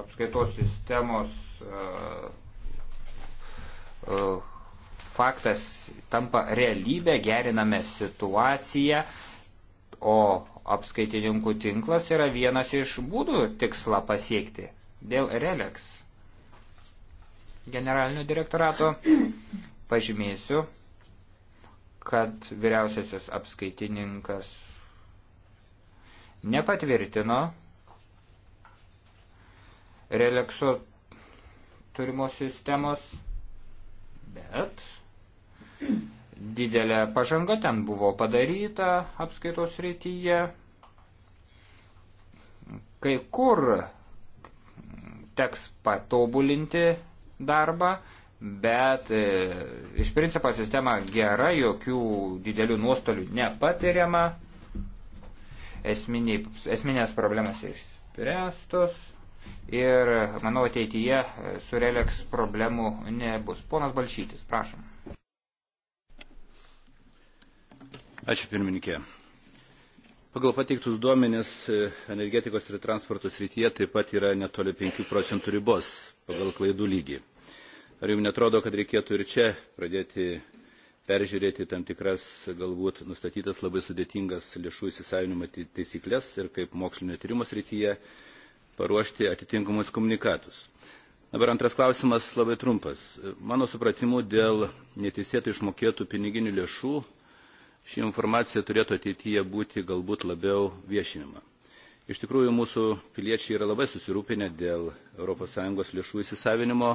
S1: apskaitos sistemos e, e, faktas tampa realybė, geriname situaciją, o apskaitininkų tinklas yra vienas iš būdų tikslą pasiekti dėl Relex. Generalinio direktorato pažymėsiu, kad vyriausiasis apskaitininkas nepatvirtino Relexo turimos sistemos, bet didelė pažanga ten buvo padaryta apskaitos rytyje. Kai kur teks patobulinti darbą, bet e, iš principo sistema gera, jokių didelių nuostolių nepatiriama, esminiai, esminės problemas išspręstos ir manau ateityje e, su Relex problemų nebus.
S2: Ponas Balšytis, prašom. Ačiū pirmininkė. Pagal pateiktus duomenis e, energetikos ir transporto srityje taip pat yra netoli 5 procentų ribos pagal klaidų lygį. Ar jums netrodo, kad reikėtų ir čia pradėti peržiūrėti tam tikras galbūt nustatytas labai sudėtingas lėšų įsisavinimo taisyklės ir kaip mokslinio tyrimo srityje paruošti atitinkamus komunikatus. Dabar antras klausimas labai trumpas. Mano supratimu, dėl neteisėtų išmokėtų piniginių lėšų ši informacija turėtų ateityje būti galbūt labiau viešinima. Iš tikrųjų, mūsų piliečiai yra labai susirūpinę dėl ES lėšų įsisavinimo,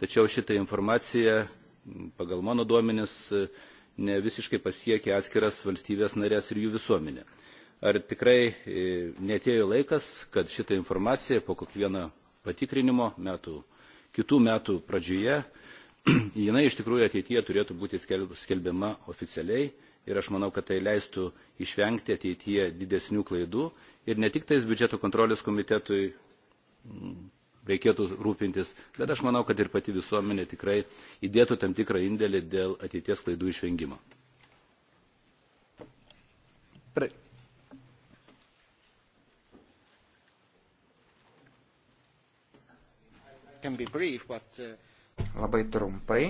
S2: tačiau šitą informaciją, pagal mano duomenis, ne visiškai pasiekia atskiras valstybės narės ir jų visuomenė. Ar tikrai e, netėjo laikas, kad šitą informaciją po kiekvieno patikrinimo metų, kitų metų pradžioje, jinai iš tikrųjų ateityje turėtų būti skelbiama oficialiai ir aš manau, kad tai leistų išvengti ateityje didesnių klaidų ir ne tik tais biudžeto kontrolės komitetui mm, reikėtų rūpintis, bet aš manau, kad ir pati visuomenė tikrai įdėtų tam tikrą indėlį dėl ateities klaidų išvengimo. Pre.
S1: Uh, Labai trumpai.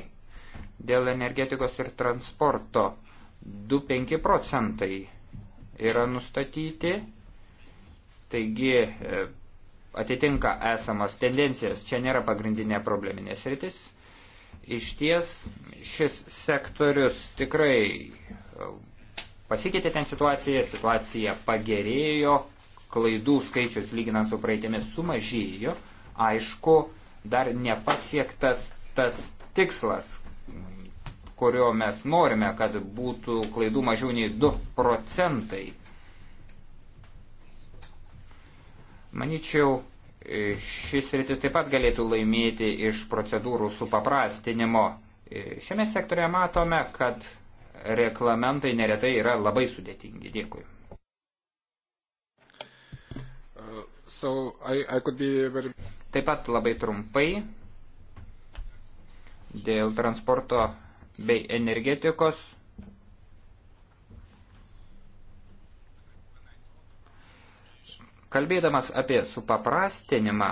S1: Dėl energetikos ir transporto 2-5 procentai yra nustatyti, taigi e, atitinka esamas tendencijas, čia nėra pagrindinė probleminė sritis. Iš ties šis sektorius tikrai e, pasikeitė ten situacija, situacija pagerėjo, klaidų skaičius lyginant su praeitėmis sumažėjo, aišku, dar nepasiektas tas tikslas, kurio mes norime, kad būtų klaidų mažiau nei 2 procentai. Maničiau, šis rytis taip pat galėtų laimėti iš procedūrų supaprastinimo. Šiame sektorėje matome, kad reglamentai neretai yra labai sudėtingi. Dėkui. Uh, so I, I very... Taip pat labai trumpai dėl transporto bei energetikos. Kalbėdamas apie supaprastinimą,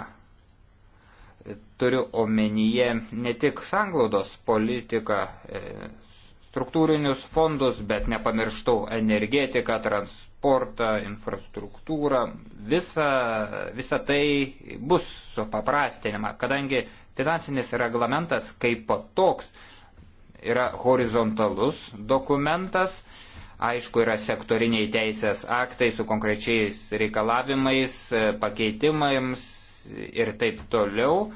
S1: turiu omenyje ne tik sanglaudos politiką, e, struktūrinius fondus, bet nepamirštau energetiką, transportą, infrastruktūrą. Visa, visa tai bus supaprastinima, kadangi finansinis reglamentas kaip toks yra horizontalus dokumentas, aišku, yra sektoriniai teisės aktai su konkrečiais reikalavimais, e, pakeitimams ir taip toliau,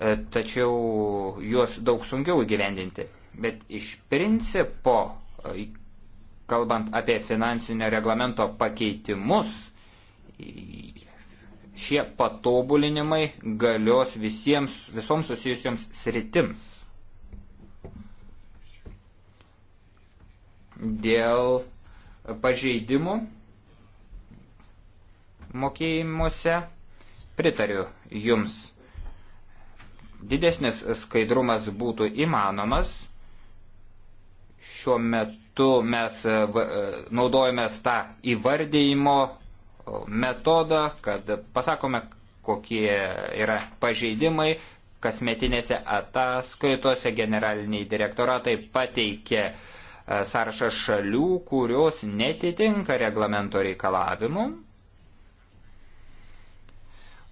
S1: e, tačiau juos daug sunkiau įgyvendinti. Bet iš principo, e, kalbant apie finansinio reglamento pakeitimus, šie patobulinimai galios visiems, visoms susijusioms sritims. dėl pažeidimų mokėjimuose. Pritariu jums. Didesnis skaidrumas būtų įmanomas. Šiuo metu mes e, e, naudojame tą įvardėjimo metodą, kad pasakome, kokie yra pažeidimai. Kasmetinėse ataskaitose generaliniai direktoratai pateikė uh, E, sąrašas šalių, kurios netitinka reglamento reikalavimu,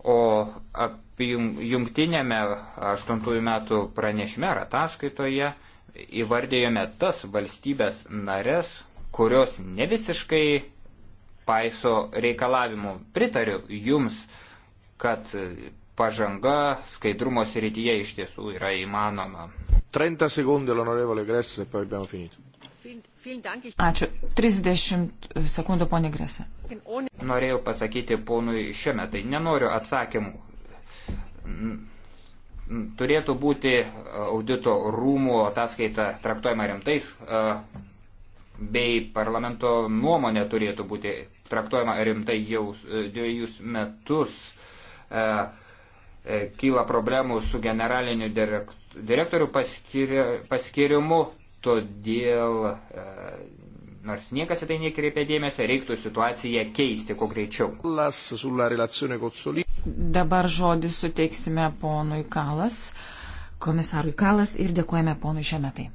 S1: o jungtinėme 8 metų pranešime ar ataskaitoje įvardėjome tas valstybės narės, kurios ne visiškai paiso reikalavimų. Pritariu jums, kad pažanga skaidrumo srityje iš tiesų yra įmanoma.
S4: 30 sekundžių, honorevole Gresse, poi abbiamo finito.
S3: Ačiū.
S4: 30 sekundų, ponė Grėsė.
S1: Norėjau pasakyti ponui Šemetai, nenoriu atsakymų. Turėtų būti e, audito rūmų ataskaita traktuojama rimtais, e, bei parlamento nuomonė turėtų būti traktuojama rimtai jau e, dviejus metus. Kyla problemų su generaliniu direktoriu paskirimu, todėl e, nors niekas į tai nekreipia dėmesio, reiktų situaciją keisti kuo greičiau.
S3: Dabar žodį suteiksime ponui Kalas, komisarui Kalas ir dėkojame ponui Šemetai.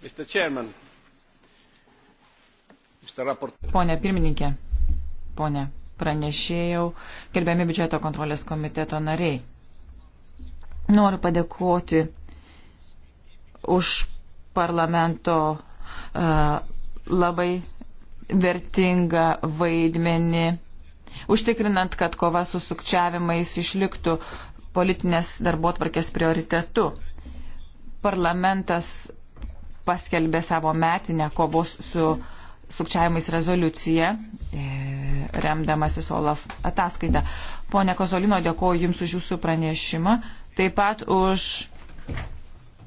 S2: Mr. Chairman, Mr. Rapport... Pone
S3: pirmininkė, pone pranešėjau, gerbiami biudžeto kontrolės komiteto nariai. Noriu padėkoti už parlamento uh, labai vertingą vaidmenį, užtikrinant, kad kova su sukčiavimais išliktų politinės darbo tvarkės prioritetu. Parlamentas paskelbė savo metinę kovos su sukčiavimais rezoliuciją, e, remdamasis Olaf ataskaitą. Pone Kozolino, dėkoju Jums už Jūsų pranešimą, taip pat už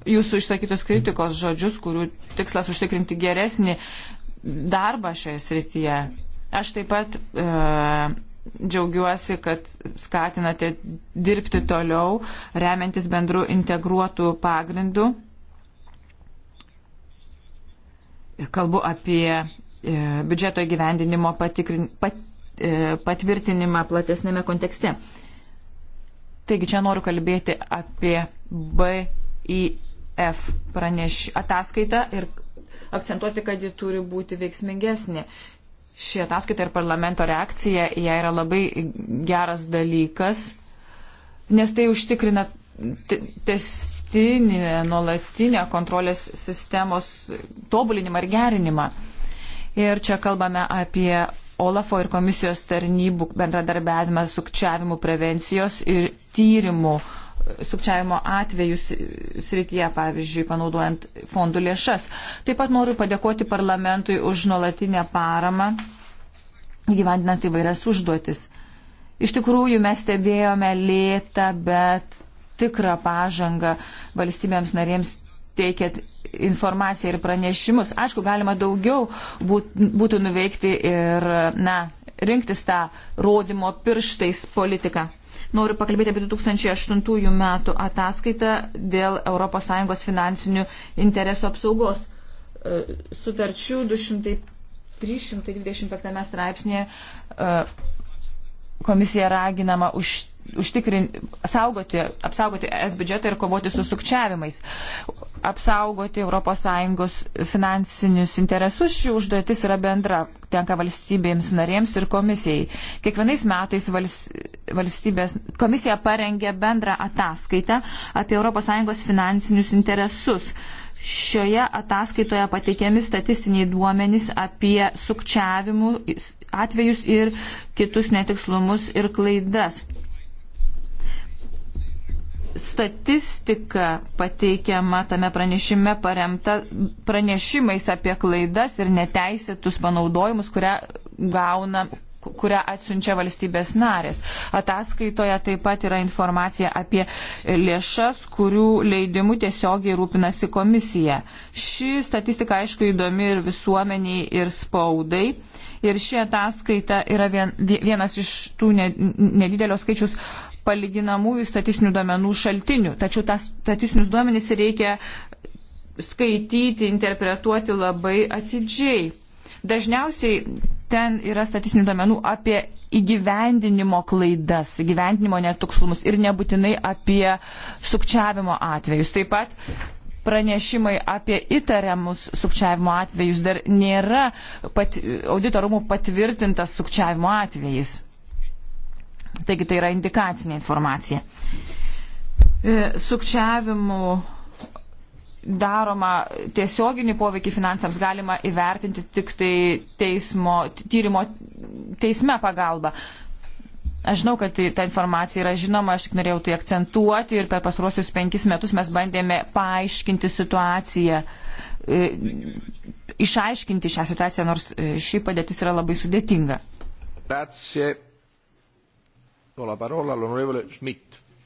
S3: jūsų išsakytos kritikos žodžius, kurių tikslas užtikrinti geresnį darbą šioje srityje. Aš taip pat e, džiaugiuosi, kad skatinate dirbti toliau, remiantis bendru integruotų pagrindų. Kalbu apie e, biudžeto įgyvendinimo patikrin, pat, e, patvirtinimą platesnėme kontekste. Taigi čia noriu kalbėti apie BII F praneš ataskaitą ir akcentuoti, kad ji turi būti veiksmingesnė. Ši ataskaita ir parlamento reakcija ją yra labai geras dalykas, nes tai užtikrina testinį, nuolatinę kontrolės sistemos tobulinimą ir gerinimą. Ir čia kalbame apie Olafo ir komisijos tarnybų bendradarbiavimą sukčiavimų prevencijos ir tyrimų uh, sukčiavimo atvejus srityje, pavyzdžiui, panaudojant fondų lėšas. Taip pat noriu padėkoti parlamentui už nuolatinę paramą, gyvendinant įvairias užduotis. Iš tikrųjų, mes stebėjome lėtą, bet tikrą pažangą valstybėms narėms teikėt informaciją ir pranešimus. Aišku, galima daugiau būt, būtų nuveikti ir, na, rinktis tą rodymo pirštais politiką. Noriu pakalbėti apie 2008 metų ataskaitą dėl ES finansinių interesų apsaugos e, sutarčių 200, 325 straipsnėje e, komisija raginama už, užtikrin, saugoti, apsaugoti es biudžetą ir kovoti su sukčiavimais apsaugoti ES finansinius interesus. Ši užduotis yra bendra, tenka valstybėms narėms ir komisijai. Kiekvienais metais valstybės, komisija parengė bendrą ataskaitą apie ES finansinius interesus. Šioje ataskaitoje pateikiami statistiniai duomenys apie sukčiavimų atvejus ir kitus netikslumus ir klaidas statistika pateikiama tame pranešime paremta pranešimais apie klaidas ir neteisėtus panaudojimus, kurią gauna kurią atsiunčia valstybės narės. Ataskaitoje taip pat yra informacija apie lėšas, kurių leidimu tiesiogiai rūpinasi komisija. Ši statistika, aišku, įdomi ir visuomeniai, ir spaudai. Ir ši ataskaita yra vien, vienas iš tų nedidelio skaičius palyginamųjų statistinių duomenų šaltinių. Tačiau tas statistinius duomenys reikia skaityti, interpretuoti labai atidžiai. Dažniausiai ten yra statistinių duomenų apie įgyvendinimo klaidas, įgyvendinimo netikslumus ir nebūtinai apie sukčiavimo atvejus. Taip pat pranešimai apie įtariamus sukčiavimo atvejus dar nėra pat, auditorumų patvirtintas sukčiavimo atvejis. Taigi tai yra indikacinė informacija. E, sukčiavimu daroma tiesioginį poveikį finansams galima įvertinti tik tai teismo, tyrimo teisme pagalba. Aš žinau, kad tai, ta informacija yra žinoma, aš tik norėjau tai akcentuoti ir per pasruosius penkis metus mes bandėme paaiškinti situaciją, e, išaiškinti šią situaciją, nors e, ši padėtis yra labai sudėtinga.
S4: Grazie.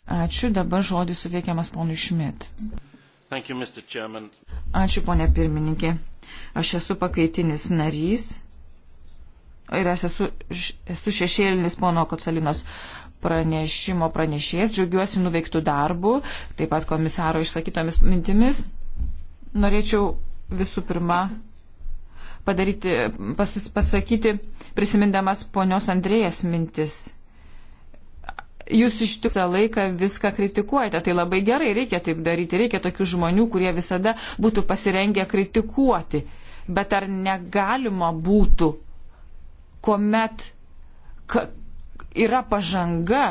S3: Ačiū, dabar žodis suteikiamas ponui Šmit.
S2: You, Ačiū,
S3: ponė pirmininkė. Aš esu pakaitinis narys ir aš esu, esu šešėlinis pono Kocelinos pranešimo pranešėjas. Džiaugiuosi nuveiktų darbų, taip pat komisaro išsakytomis mintimis. Norėčiau visų pirma padaryti, pas, pasakyti, prisimindamas ponios Andrėjas mintis jūs iš tikrųjų visą laiką viską kritikuojate. Tai labai gerai, reikia taip daryti, reikia tokių žmonių, kurie visada būtų pasirengę kritikuoti. Bet ar negalima būtų, kuomet yra pažanga,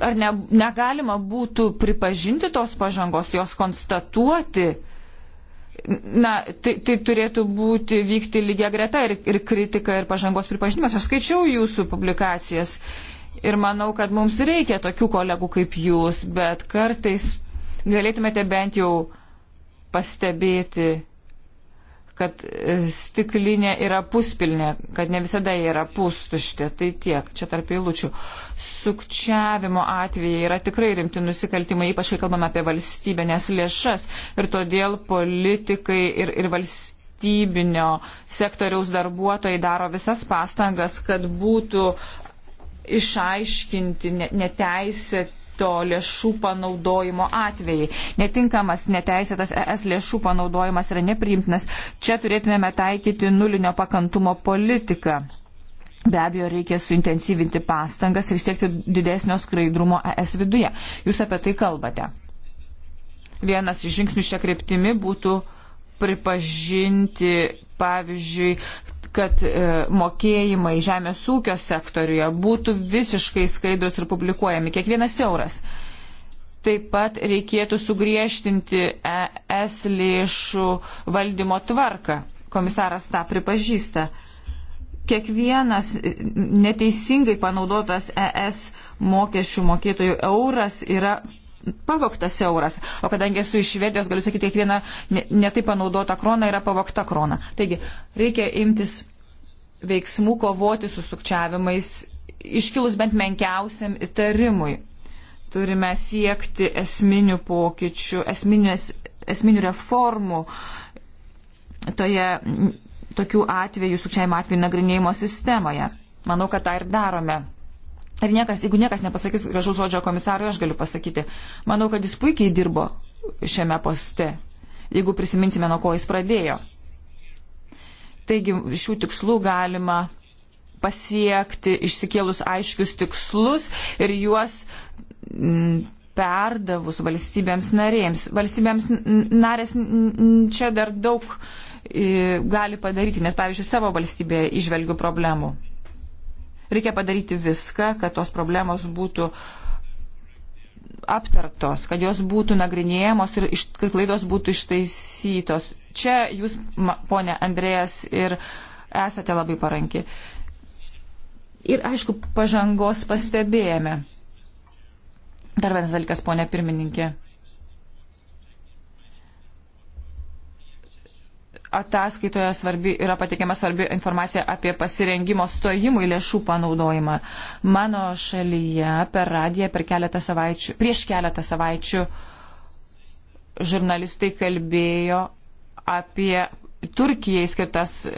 S3: ar ne, negalima būtų pripažinti tos pažangos, jos konstatuoti? na, tai, tai turėtų būti vykti lygia greta ir, ir kritika, ir pažangos pripažinimas. Aš skaičiau jūsų publikacijas ir manau, kad mums reikia tokių kolegų kaip jūs, bet kartais galėtumėte bent jau pastebėti, kad e, stiklinė yra puspilnė, kad ne visada yra pustuštė. Tai tiek, čia tarp eilučių. Sukčiavimo atvejai yra tikrai rimti nusikaltimai, ypač kai kalbame apie valstybę, nes lėšas ir todėl politikai ir, ir valstybė valstybinio sektoriaus darbuotojai daro visas pastangas, kad būtų išaiškinti neteisėto lėšų panaudojimo atvejai. Netinkamas neteisėtas ES lėšų panaudojimas yra nepriimtinas. Čia turėtumėme taikyti nulinio pakantumo politiką. Be abejo, reikia suintensyvinti pastangas ir siekti didesnio skraidrumo ES viduje. Jūs apie tai kalbate. Vienas iš žingsnių šią kryptimį būtų pripažinti, pavyzdžiui, kad e, mokėjimai žemės ūkio sektoriuje būtų visiškai skaidrus ir publikuojami, kiekvienas euras. Taip pat reikėtų sugriežtinti ES lėšų valdymo tvarką. Komisaras tą pripažįsta. Kiekvienas neteisingai panaudotas ES mokesčių mokėtojų euras yra pavoktas euras. O kadangi esu iš Švedijos, galiu sakyti, kiekviena netai ne panaudota krona yra pavokta krona. Taigi, reikia imtis veiksmų kovoti su sukčiavimais, iškilus bent menkiausiam įtarimui. Turime siekti esminių pokyčių, esminės, esminių reformų toje tokių atvejų, sukčiavimo atvejų nagrinėjimo sistemoje. Manau, kad tą ir darome. Ir niekas, jeigu niekas nepasakys gražų žodžio komisarui, aš galiu pasakyti, manau, kad jis puikiai dirbo šiame poste, jeigu prisiminsime, nuo ko jis pradėjo. Taigi šių tikslų galima pasiekti išsikėlus aiškius tikslus ir juos mm, perdavus valstybėms narėms. Valstybėms narės čia dar daug gali padaryti, nes pavyzdžiui, savo valstybėje išvelgiu problemų. Reikia padaryti viską, kad tos problemos būtų aptartos, kad jos būtų nagrinėjamos ir klaidos būtų ištaisytos. Čia jūs, ponė Andrėjas, ir esate labai paranki. Ir aišku, pažangos pastebėjome. Dar vienas dalykas, ponė pirmininkė. ataskaitoje svarbi, yra pateikiama svarbi informacija apie pasirengimo stojimui lėšų panaudojimą. Mano šalyje per radiją per keletą savaičių, prieš keletą savaičių žurnalistai kalbėjo apie Turkijai skirtas e,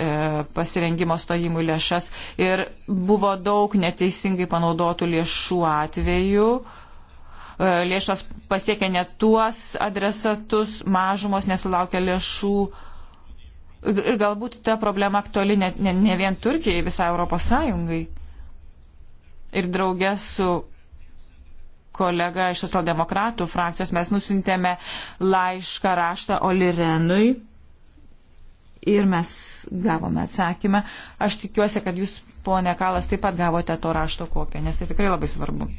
S3: pasirengimo stojimui lėšas ir buvo daug neteisingai panaudotų lėšų atvejų. E, lėšos pasiekė ne tuos adresatus, mažumos nesulaukė lėšų. E, Ir galbūt ta problema aktuali ne, ne, ne vien Turkijai, visai Europos Sąjungai. Ir draugė su kolega iš socialdemokratų frakcijos mes nusintėme laišką raštą Olirenui. Ir mes gavome atsakymą. Aš tikiuosi, kad jūs, ponė Kalas, taip pat gavote to rašto kopiją, nes tai tikrai labai svarbu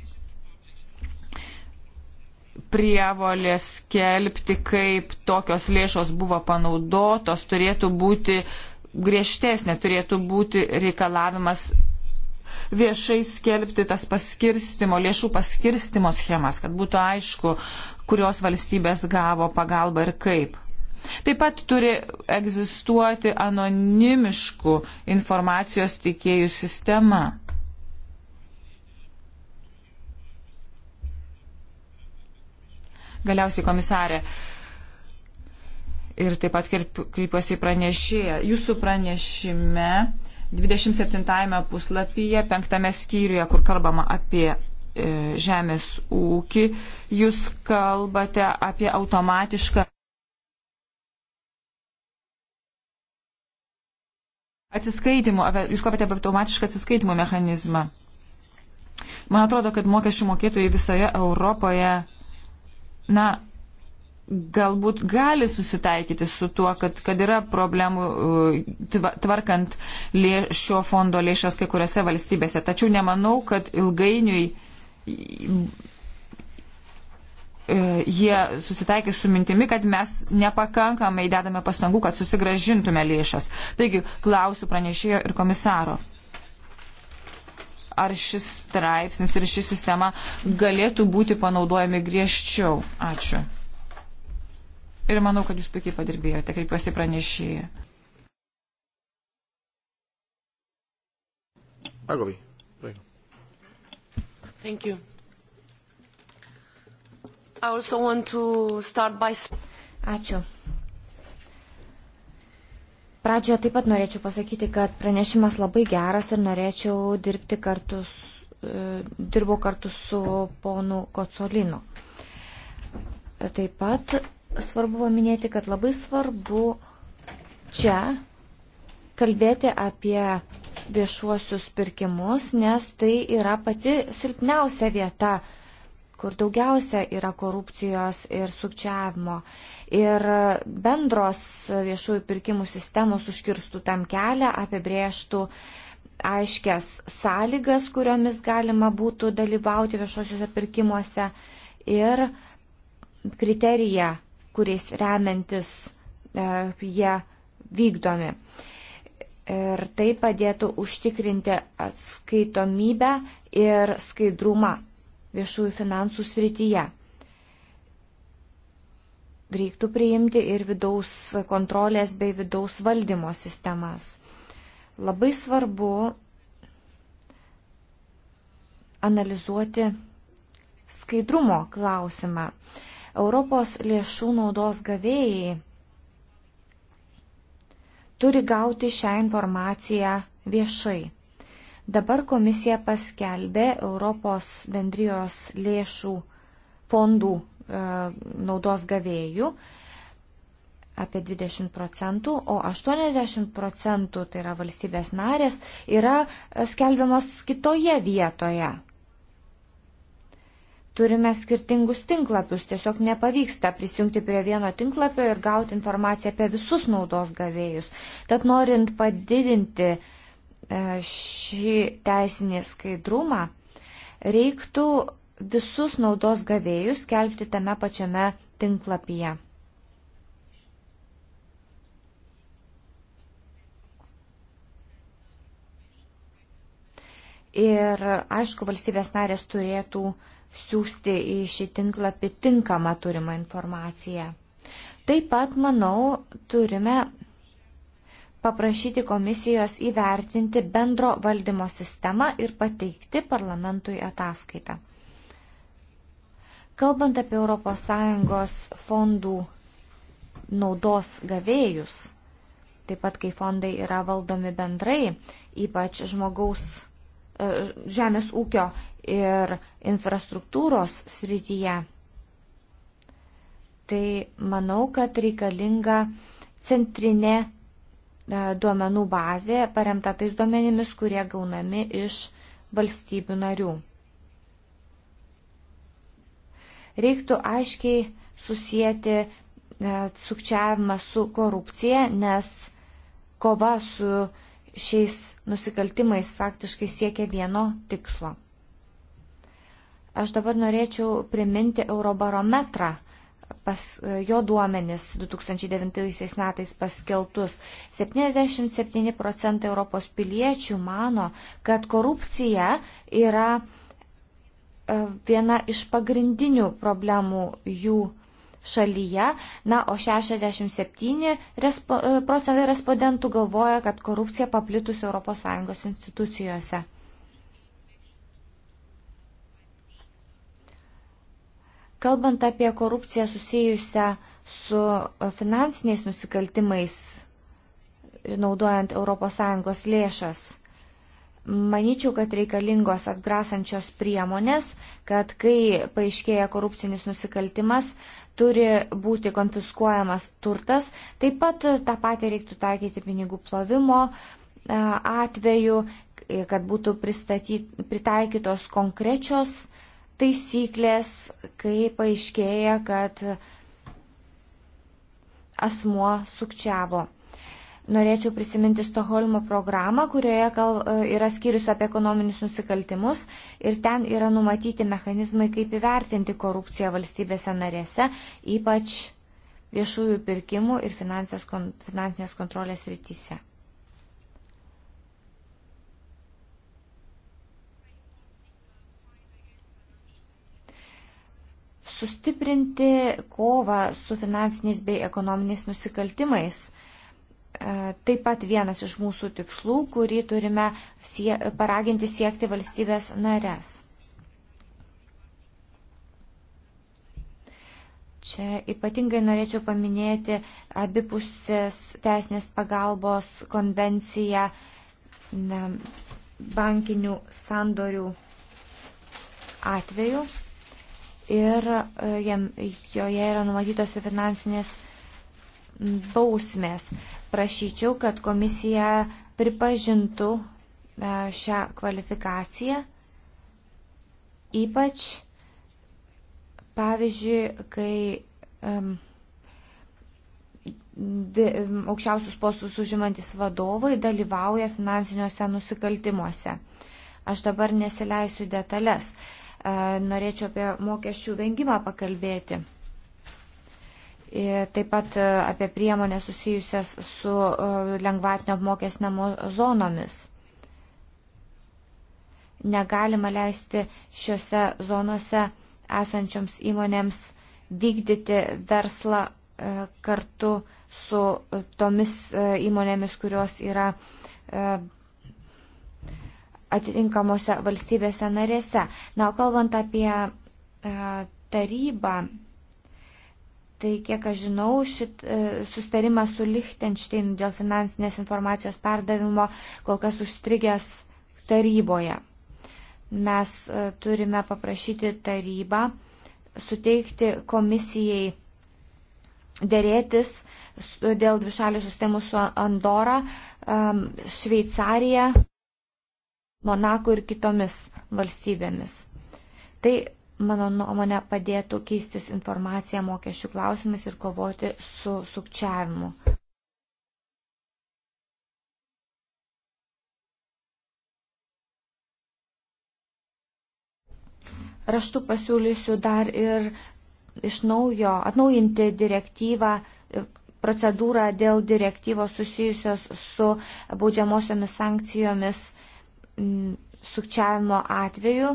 S3: prievolės skelbti, kaip tokios lėšos buvo panaudotos, turėtų būti griežtesnė, turėtų būti reikalavimas viešai skelbti tas paskirstimo, lėšų paskirstimo schemas, kad būtų aišku, kurios valstybės gavo pagalbą ir kaip. Taip pat turi egzistuoti anonimiškų informacijos teikėjų sistema. Galiausiai komisarė. Ir taip pat kreipiuosi į pranešėją. Jūsų pranešime 27 puslapyje, 5 skyriuje, kur kalbama apie e, žemės ūkį, jūs kalbate apie automatišką atsiskaitimų, apie, jūs kalbate apie automatišką atsiskaitimų mechanizmą. Man atrodo, kad mokesčių mokėtojai visoje Europoje na, galbūt gali susitaikyti su tuo, kad, kad yra problemų uh, tvarkant lė, šio fondo lėšas kai kuriuose valstybėse. Tačiau nemanau, kad ilgainiui uh, jie susitaikys su mintimi, kad mes nepakankamai dedame pastangų, kad susigražintume lėšas. Taigi, klausiu pranešėjo ir komisaro ar šis straipsnis ir ši sistema galėtų būti panaudojami griežčiau. Ačiū. Ir manau, kad jūs puikiai padirbėjote, kaip pasipranešėjai.
S4: Agovi.
S5: Thank you. I also want to start by... Ačiū. Pradžioje taip pat norėčiau pasakyti, kad pranešimas labai geras ir norėčiau dirbti kartu, e, dirbu kartu su ponu Kocolinu. Taip pat svarbu paminėti, kad labai svarbu čia kalbėti apie viešuosius pirkimus, nes tai yra pati silpniausia vieta, kur daugiausia yra korupcijos ir sukčiavimo ir bendros viešųjų pirkimų sistemos užkirstų tam kelią, apibrėžtų aiškias sąlygas, kuriomis galima būtų dalyvauti viešosiuose pirkimuose ir kriteriją, kuriais remiantis e, jie vykdomi. Ir tai padėtų užtikrinti atskaitomybę ir skaidrumą viešųjų finansų srityje reiktų priimti ir vidaus kontrolės bei vidaus valdymo sistemas. Labai svarbu analizuoti skaidrumo klausimą. Europos lėšų naudos gavėjai turi gauti šią informaciją viešai. Dabar komisija paskelbė Europos bendrijos lėšų fondų E, naudos gavėjų apie 20 procentų, o 80 procentų, tai yra valstybės narės, yra skelbiamas kitoje vietoje. Turime skirtingus tinklapius, tiesiog nepavyksta prisijungti prie vieno tinklapio ir gauti informaciją apie visus naudos gavėjus. Tad norint padidinti e, šį teisinį skaidrumą, reiktų visus naudos gavėjus kelbti tame pačiame tinklapyje. Ir aišku, valstybės narės turėtų siūsti į šį tinklapį tinkamą turimą informaciją. Taip pat, manau, turime paprašyti komisijos įvertinti bendro valdymo sistemą ir pateikti parlamentui ataskaitą. Kalbant apie ES fondų naudos gavėjus, taip pat kai fondai yra valdomi bendrai, ypač žmogaus e, žemės ūkio ir infrastruktūros srityje, tai manau, kad reikalinga centrinė e, duomenų bazė paremta tais duomenimis, kurie gaunami iš valstybių narių. Reiktų aiškiai susijęti e, sukčiavimą su korupcija, nes kova su šiais nusikaltimais faktiškai siekia vieno tikslo. Aš dabar norėčiau priminti Eurobarometrą, pas, e, jo duomenis 2009 metais paskeltus. 77 procentai Europos piliečių mano, kad korupcija yra E, viena iš pagrindinių problemų jų šalyje. Na, o 67 respo, e, procentai respondentų galvoja, kad korupcija paplitusi ES institucijose. Kalbant apie korupciją susijusią su e, finansiniais nusikaltimais, naudojant ES lėšas. Maničiau, kad reikalingos atgrasančios priemonės, kad kai paaiškėja korupcinis nusikaltimas, turi būti konfiskuojamas turtas. Taip pat tą patį reiktų taikyti pinigų plovimo atveju, kad būtų pritaikytos konkrečios taisyklės, kai paaiškėja, kad asmuo sukčiavo norėčiau prisiminti Stoholmo programą, kurioje kal, e, yra skyrius apie ekonominius nusikaltimus ir ten yra numatyti mechanizmai, kaip įvertinti korupciją valstybėse narėse, ypač viešųjų pirkimų ir finansinės kontrolės rytise. Sustiprinti kovą su finansiniais bei ekonominiais nusikaltimais E, taip pat vienas iš mūsų tikslų, kurį turime sie paraginti siekti valstybės narės. Čia ypatingai norėčiau paminėti abipusės teisinės pagalbos konvenciją bankinių sandorių atveju ir e, joje yra numatytos ir finansinės bausmės. Prašyčiau, kad komisija pripažintų e, šią kvalifikaciją, ypač pavyzdžiui, kai um, aukščiausius postus užimantis vadovai dalyvauja finansiniuose nusikaltimuose. Aš dabar nesileisiu detalės. E, norėčiau apie mokesčių vengimą pakalbėti ir taip pat e, apie priemonės susijusias su e, lengvatinio apmokesnamo zonomis. Negalima leisti šiuose zonose esančioms įmonėms vykdyti verslą e, kartu su tomis įmonėmis, kurios yra atitinkamose valstybėse narėse. Na, kalbant apie tarybą Tai kiek aš žinau, šit e, sustarimas su Lichtensteinu dėl finansinės informacijos perdavimo kol kas užstrigęs taryboje. Mes e, turime paprašyti tarybą suteikti komisijai dėrėtis dėl dvišalių sustemų su Andora, Šveicarija, Monaku ir kitomis valstybėmis. Tai mano nuomonė, padėtų keistis informaciją mokesčių klausimais ir kovoti su sukčiavimu. Raštu pasiūlysiu dar ir iš naujo atnaujinti direktyvą, procedūrą dėl direktyvos susijusios su baudžiamosiomis sankcijomis mm, sukčiavimo atveju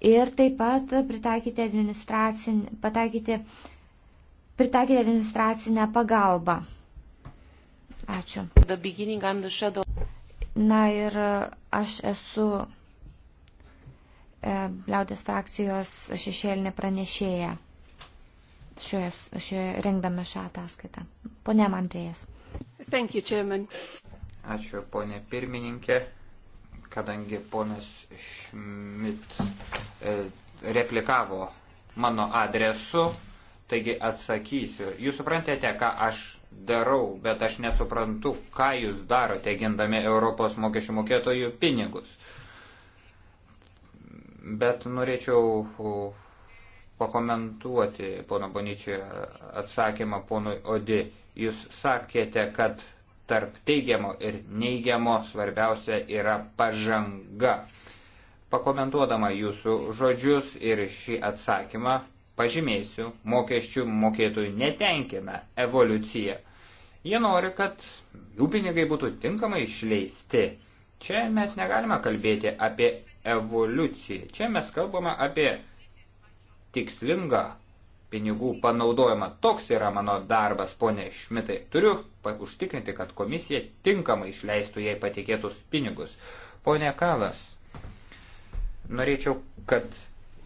S5: ir taip pat pritaikyti administracinę, pataikyti, pritaikyti administracinę pagalbą. Ačiū. Na ir aš esu e, liaudės frakcijos šešėlinė pranešėja šioje, šioje rengdama šią ataskaitą. Pone Mandrėjas. Ačiū,
S1: ponė pirmininkė kadangi ponas Šmit e, replikavo mano adresu, taigi atsakysiu. Jūs suprantate, ką aš darau, bet aš nesuprantu, ką jūs darote gindami Europos mokesčių mokėtojų pinigus. Bet norėčiau pakomentuoti pono Boničio atsakymą ponui Odi. Jūs sakėte, kad tarp teigiamo ir neigiamo svarbiausia yra pažanga. Pakomentuodama jūsų žodžius ir šį atsakymą pažymėsiu, mokesčių mokėtojų netenkina evoliucija. Jie nori, kad jų pinigai būtų tinkamai išleisti. Čia mes negalime kalbėti apie evoliuciją. Čia mes kalbame apie tikslingą pinigų panaudojimą. Toks yra mano darbas, ponė Šmitai. Turiu užtikrinti, kad komisija tinkamai išleistų jai patikėtus pinigus. Pone Kalas, norėčiau, kad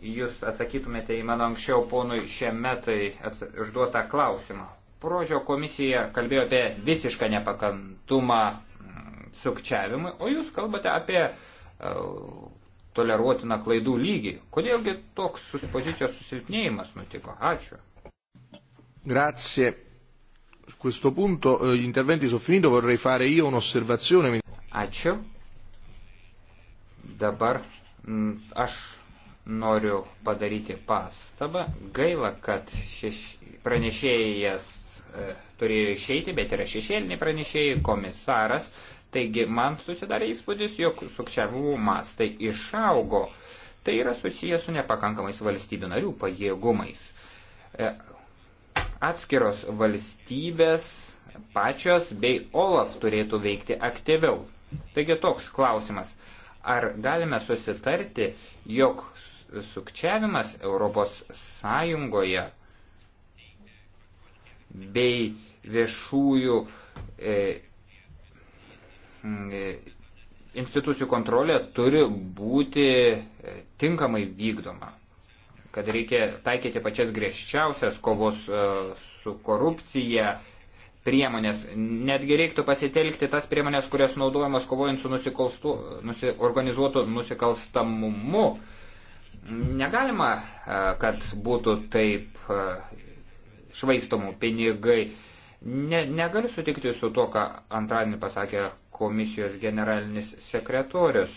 S1: jūs atsakytumėte į mano anksčiau ponui Šemetai užduotą klausimą. Prodžio komisija kalbėjo apie visišką nepakantumą mm, sukčiavimui, o jūs kalbate apie uh, toleruotiną klaidų lygį. Kodėlgi toks pozicijos susilpnėjimas nutiko? Ačiū.
S4: Grazie. A questo punto eh, gli interventi sono finito, vorrei fare io un'osservazione. Ačiū.
S1: Dabar m, mm, aš noriu padaryti pastabą. Gaila, kad šeš... pranešėjas e, turėjo išeiti, bet yra šešėliniai pranešėjai, komisaras. E, Taigi man susidarė įspūdis, jog sukčiavimų mastai išaugo. Tai yra susijęs su nepakankamais valstybių narių pajėgumais. E, atskiros valstybės pačios bei OLAF turėtų veikti aktyviau. Taigi toks klausimas. Ar galime susitarti, jog sukčiavimas Europos Sąjungoje bei viešųjų e, Mm, e, institucijų kontrolė turi būti e, tinkamai vykdoma, kad reikia taikyti pačias griežčiausias kovos e, su korupcija priemonės. Netgi reiktų pasitelkti tas priemonės, kurios naudojamos kovojant su nusi, organizuotu nusikalstamumu. Negalima, kad būtų taip švaistomų pinigai Ne, negaliu sutikti su to, ką antradienį pasakė komisijos generalinis sekretorius,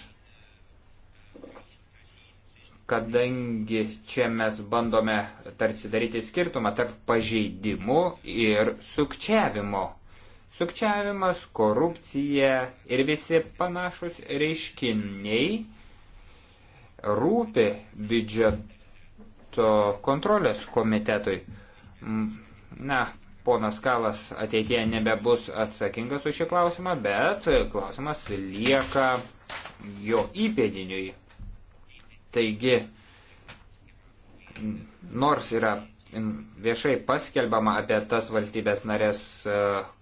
S1: kadangi čia mes bandome tarsi daryti skirtumą tarp pažeidimų ir sukčiavimo. Sukčiavimas, korupcija ir visi panašus reiškiniai rūpi biudžeto kontrolės komitetui. Na, ponas Kalas ateitie nebebus atsakingas už šį klausimą, bet klausimas lieka jo įpėdiniui. Taigi, nors yra viešai paskelbama apie tas valstybės narės,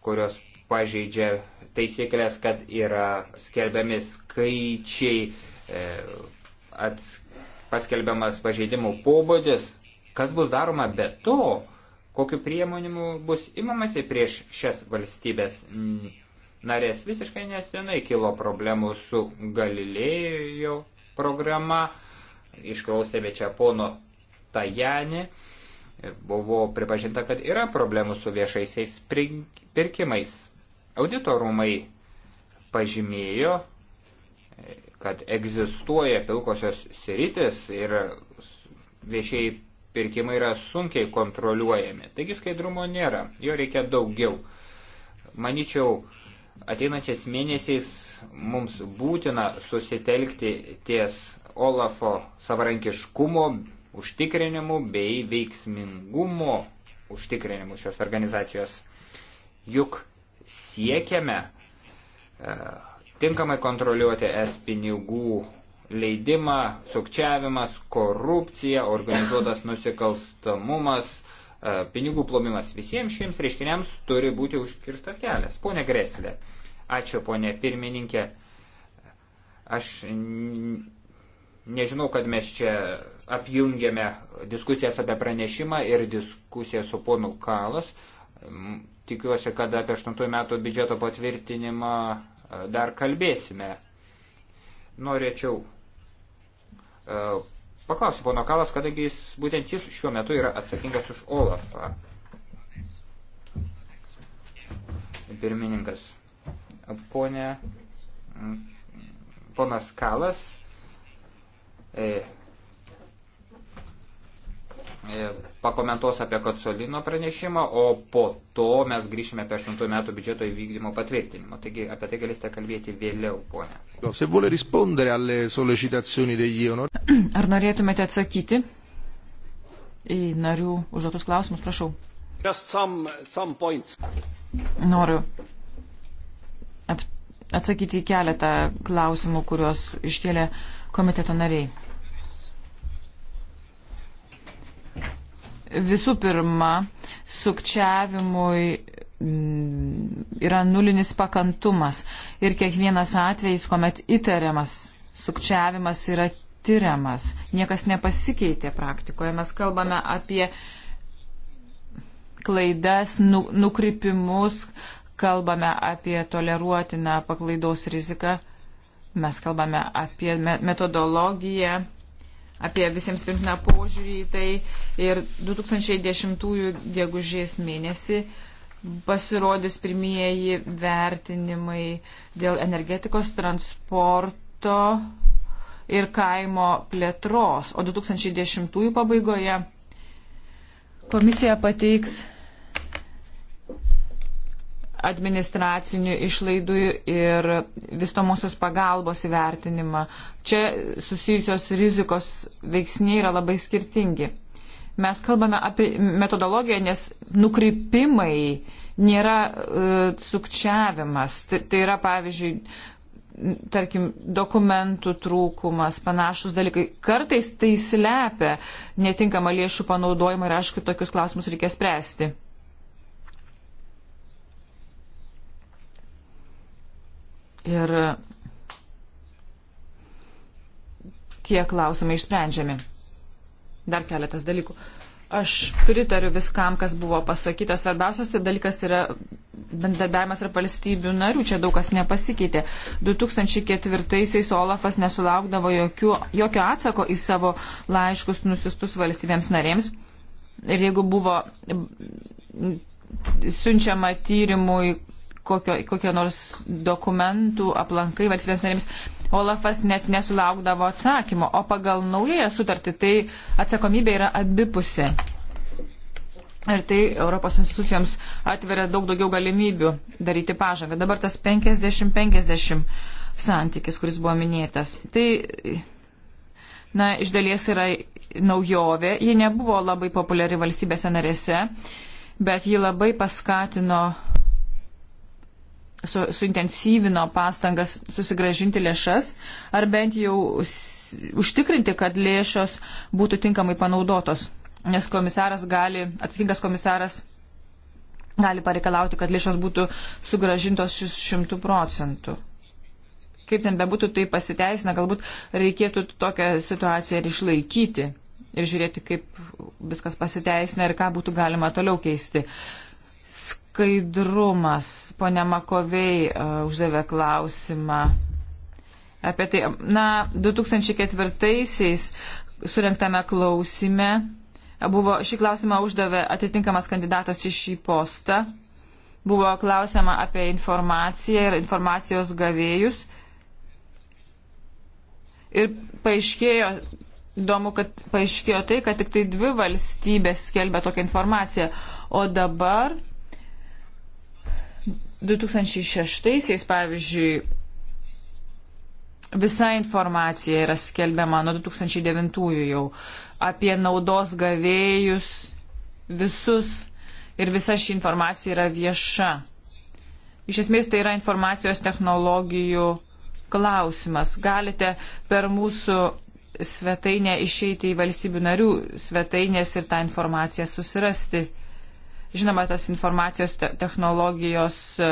S1: kurios pažeidžia taisyklės, kad yra skelbiami skaičiai, e, ats, paskelbiamas pažeidimų pobūdis, kas bus daroma be to, kokiu priemonimu bus imamasi prieš šias valstybės narės. Visiškai nesenai kilo problemų su Galilėjo programa, išklausėme čia pono Tajani, buvo pripažinta, kad yra problemų su viešaisiais pirkimais. Auditorumai pažymėjo, kad egzistuoja pilkosios sritis ir viešieji pirkimai yra sunkiai kontroliuojami. Taigi skaidrumo nėra, jo reikia daugiau. Maničiau, ateinančiais mėnesiais mums būtina susitelkti ties Olafo savarankiškumo užtikrinimu bei veiksmingumo užtikrinimu šios organizacijos. Juk siekiame e, tinkamai kontroliuoti es pinigų leidimą, sukčiavimas, korupcija, organizuotas nusikalstamumas, e, pinigų plomimas. Visiems šiems reiškiniams turi būti užkirstas kelias. Pone Greslė, ačiū ponė pirmininkė. Aš nežinau, kad mes čia apjungėme diskusijas apie pranešimą ir diskusiją su ponu Kalas. Tikiuosi, kad apie 8 metų biudžeto patvirtinimą e, dar kalbėsime. Norėčiau E, paklausiu pono Kalas, kadangi jis, būtent jis šiuo metu yra atsakingas už Olafą. Pirmininkas. Pone, ponas Kalas e, E, pakomentuos apie Katsolino pranešimą, o po to mes grįšime apie 8 metų biudžeto įvykdymo patvirtinimą. Taigi apie tai galėsite kalbėti vėliau, ponė.
S3: Ar norėtumėte atsakyti į narių užduotus klausimus, prašau.
S2: Some, some
S3: Noriu atsakyti į keletą klausimų, kuriuos iškėlė komiteto nariai. visų pirma, sukčiavimui mm, yra nulinis pakantumas ir kiekvienas atvejis, kuomet įtariamas sukčiavimas yra tyriamas. Niekas nepasikeitė praktikoje. Mes kalbame apie klaidas, nu, nukrypimus, kalbame apie toleruotiną paklaidos riziką, mes kalbame apie metodologiją apie visiems primtiną požiūrį į tai. Ir 2010 gegužės mėnesį pasirodys pirmieji vertinimai dėl energetikos, transporto ir kaimo plėtros. O 2010 pabaigoje komisija pateiks administracinių išlaidų ir vystomosios pagalbos įvertinimą. Čia susijusios rizikos veiksniai yra labai skirtingi. Mes kalbame apie metodologiją, nes nukreipimai nėra uh, sukčiavimas. Tai, tai yra, pavyzdžiui, tarkim, dokumentų trūkumas, panašus dalykai. Kartais tai slepia netinkamą lėšų panaudojimą ir, aišku, tokius klausimus reikia spręsti. ir tie klausimai išsprendžiami. Dar keletas dalykų. Aš pritariu viskam, kas buvo pasakyta. Svarbiausias tai dalykas yra bendarbiavimas ir valstybių narių. Čia daug kas nepasikeitė. 2004-aisiais Olafas nesulaukdavo jokių, jokio atsako į savo laiškus nusistus valstybėms narėms. Ir jeigu buvo siunčiama tyrimui kokio, kokie nors dokumentų aplankai valstybės narėms, Olafas net nesulaukdavo atsakymo, o pagal naująją sutartį tai atsakomybė yra abipusė. Ir tai Europos institucijoms atveria daug daugiau galimybių daryti pažangą. Dabar tas 50-50 santykis, kuris buvo minėtas. Tai, na, iš dalies yra naujovė. Ji nebuvo labai populiari valstybėse narėse, bet ji labai paskatino su, suintensyvino pastangas susigražinti lėšas ar bent jau užtikrinti, kad lėšos būtų tinkamai panaudotos, nes komisaras gali, atsakingas komisaras gali pareikalauti, kad lėšos būtų sugražintos šis šimtų procentų. Kaip ten bebūtų, tai pasiteisina, galbūt reikėtų tokią situaciją ir išlaikyti ir žiūrėti, kaip viskas pasiteisina ir ką būtų galima toliau keisti. Sk Skaidrumas. Pone Makovei e, uždavė klausimą apie tai. Na, 2004-aisiais surinktame klausime buvo šį klausimą uždavė atitinkamas kandidatas į šį postą. Buvo klausima apie informaciją ir informacijos gavėjus. Ir paaiškėjo, įdomu, kad paaiškėjo tai, kad tik tai dvi valstybės skelbia tokią informaciją. O dabar 2006-aisiais, pavyzdžiui, visa informacija yra skelbiama nuo 2009-ųjų jau apie naudos gavėjus visus ir visa ši informacija yra vieša. Iš esmės tai yra informacijos technologijų klausimas. Galite per mūsų svetainę išeiti į valstybių narių svetainės ir tą informaciją susirasti. Žinoma, tas informacijos technologijos, e,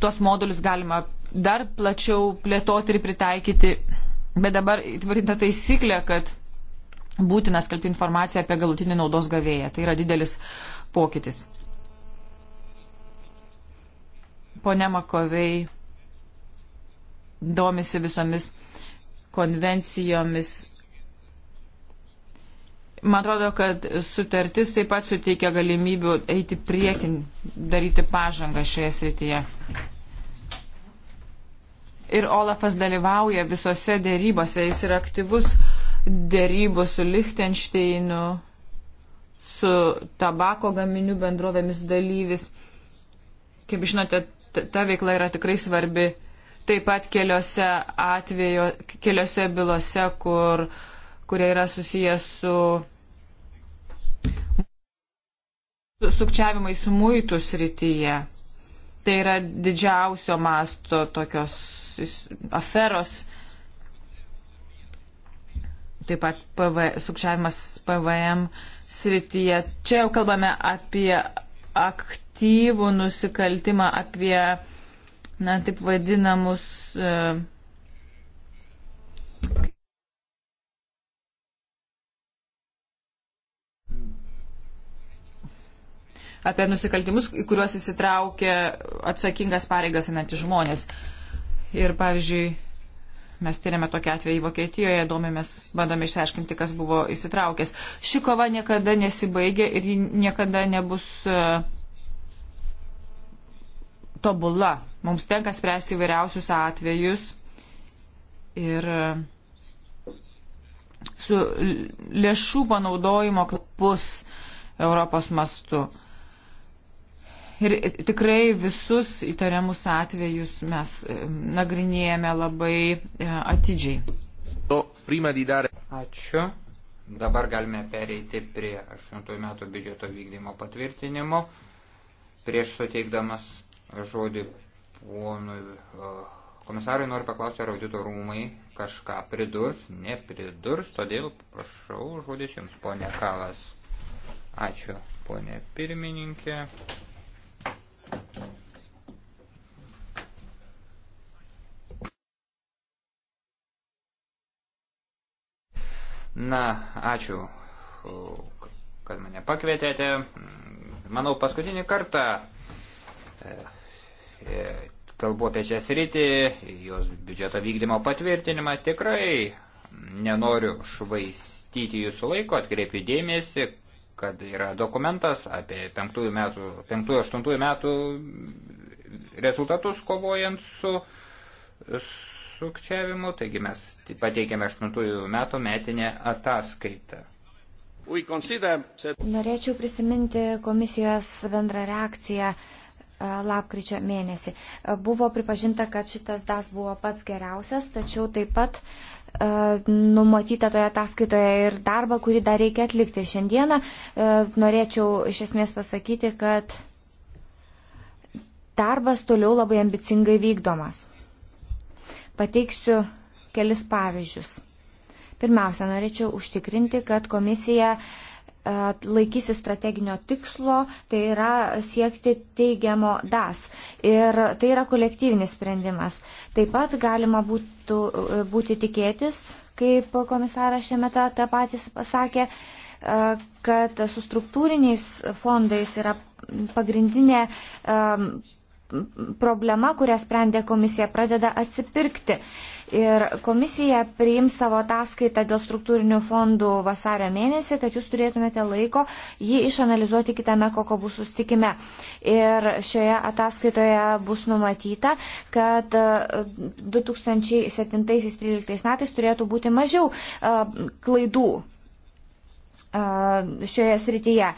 S3: tuos modulius galima dar plačiau plėtoti ir pritaikyti, bet dabar įtvirtinta taisyklė, kad būtina skelbti informaciją apie galutinį naudos gavėją. Tai yra didelis pokytis. Pone Makovei domisi visomis konvencijomis Man atrodo, kad sutartis taip pat suteikia galimybių eiti priekin, daryti pažangą šioje srityje. Ir Olafas dalyvauja visose dėrybose, jis yra aktyvus dėrybų su Lichtensteinu, su tabako gaminių bendrovėmis dalyvis. Kaip žinote, ta veikla yra tikrai svarbi. Taip pat keliose atvejo, keliose bylose, kur uh, kurie yra susijęs su sukčiavimai su muitų srityje. Tai yra didžiausio masto tokios aferos. Taip pat PV, sukčiavimas PVM srityje. Čia jau kalbame apie aktyvų nusikaltimą, apie, na, taip vadinamus. Uh, apie nusikaltimus, į kuriuos įsitraukia atsakingas pareigas einantys žmonės. Ir pavyzdžiui, mes tyrėme tokį atvejį Vokietijoje, domėmės, bandome išsiaiškinti, kas buvo įsitraukęs. Ši kova niekada nesibaigė ir ji niekada nebus e, tobula. Mums tenka spręsti įvairiausius atvejus ir e, su lėšų panaudojimo klapus Europos mastu. Ir tikrai visus įtariamus atvejus mes e, nagrinėjame labai e, atidžiai.
S1: Ačiū. Dabar galime pereiti prie 8 metų biudžeto vykdymo patvirtinimo. Prieš suteikdamas žodį ponui e, komisarui noriu paklausti, ar audito rūmai kažką pridurs, nepridurs, todėl prašau žodis jums, ponė Kalas. Ačiū, ponė pirmininkė. Na, ačiū, kad mane pakvietėte. Manau, paskutinį kartą e, e, kalbu apie šią sritį, jos biudžeto vykdymo patvirtinimą. Tikrai nenoriu švaistyti jūsų laiko, atkreipiu dėmesį, kad yra dokumentas apie 5-8 metų, 5 metų rezultatus kovojant su sukčiavimu, taigi mes pateikėme 8 metų metinę ataskaitą. Norėčiau
S5: prisiminti komisijos bendrą reakciją e, lapkričio mėnesį. E, buvo pripažinta, kad šitas DAS buvo pats geriausias, tačiau taip pat E, numatyta toje ataskaitoje ir darbą, kurį dar reikia atlikti. Šiandieną e, norėčiau iš esmės pasakyti, kad darbas toliau labai ambicingai vykdomas. Pateiksiu kelis pavyzdžius. Pirmiausia, norėčiau užtikrinti, kad komisija uh, E, laikysi strateginio tikslo, tai yra siekti teigiamo DAS. Ir tai yra kolektyvinis sprendimas. Taip pat galima būtų, e, būti tikėtis, kaip komisaras šiame tą, tą patys pasakė, e, kad su struktūriniais fondais yra pagrindinė problema, kurią sprendė komisija, pradeda atsipirkti. Uh, Ir komisija priims savo ataskaitą dėl struktūrinių fondų vasario mėnesį, tad jūs turėtumėte laiko jį išanalizuoti kitame kokobų sustikime. Ir šioje ataskaitoje bus numatyta, kad 2007-2013 e, metais turėtų būti mažiau e, klaidų e, šioje srityje.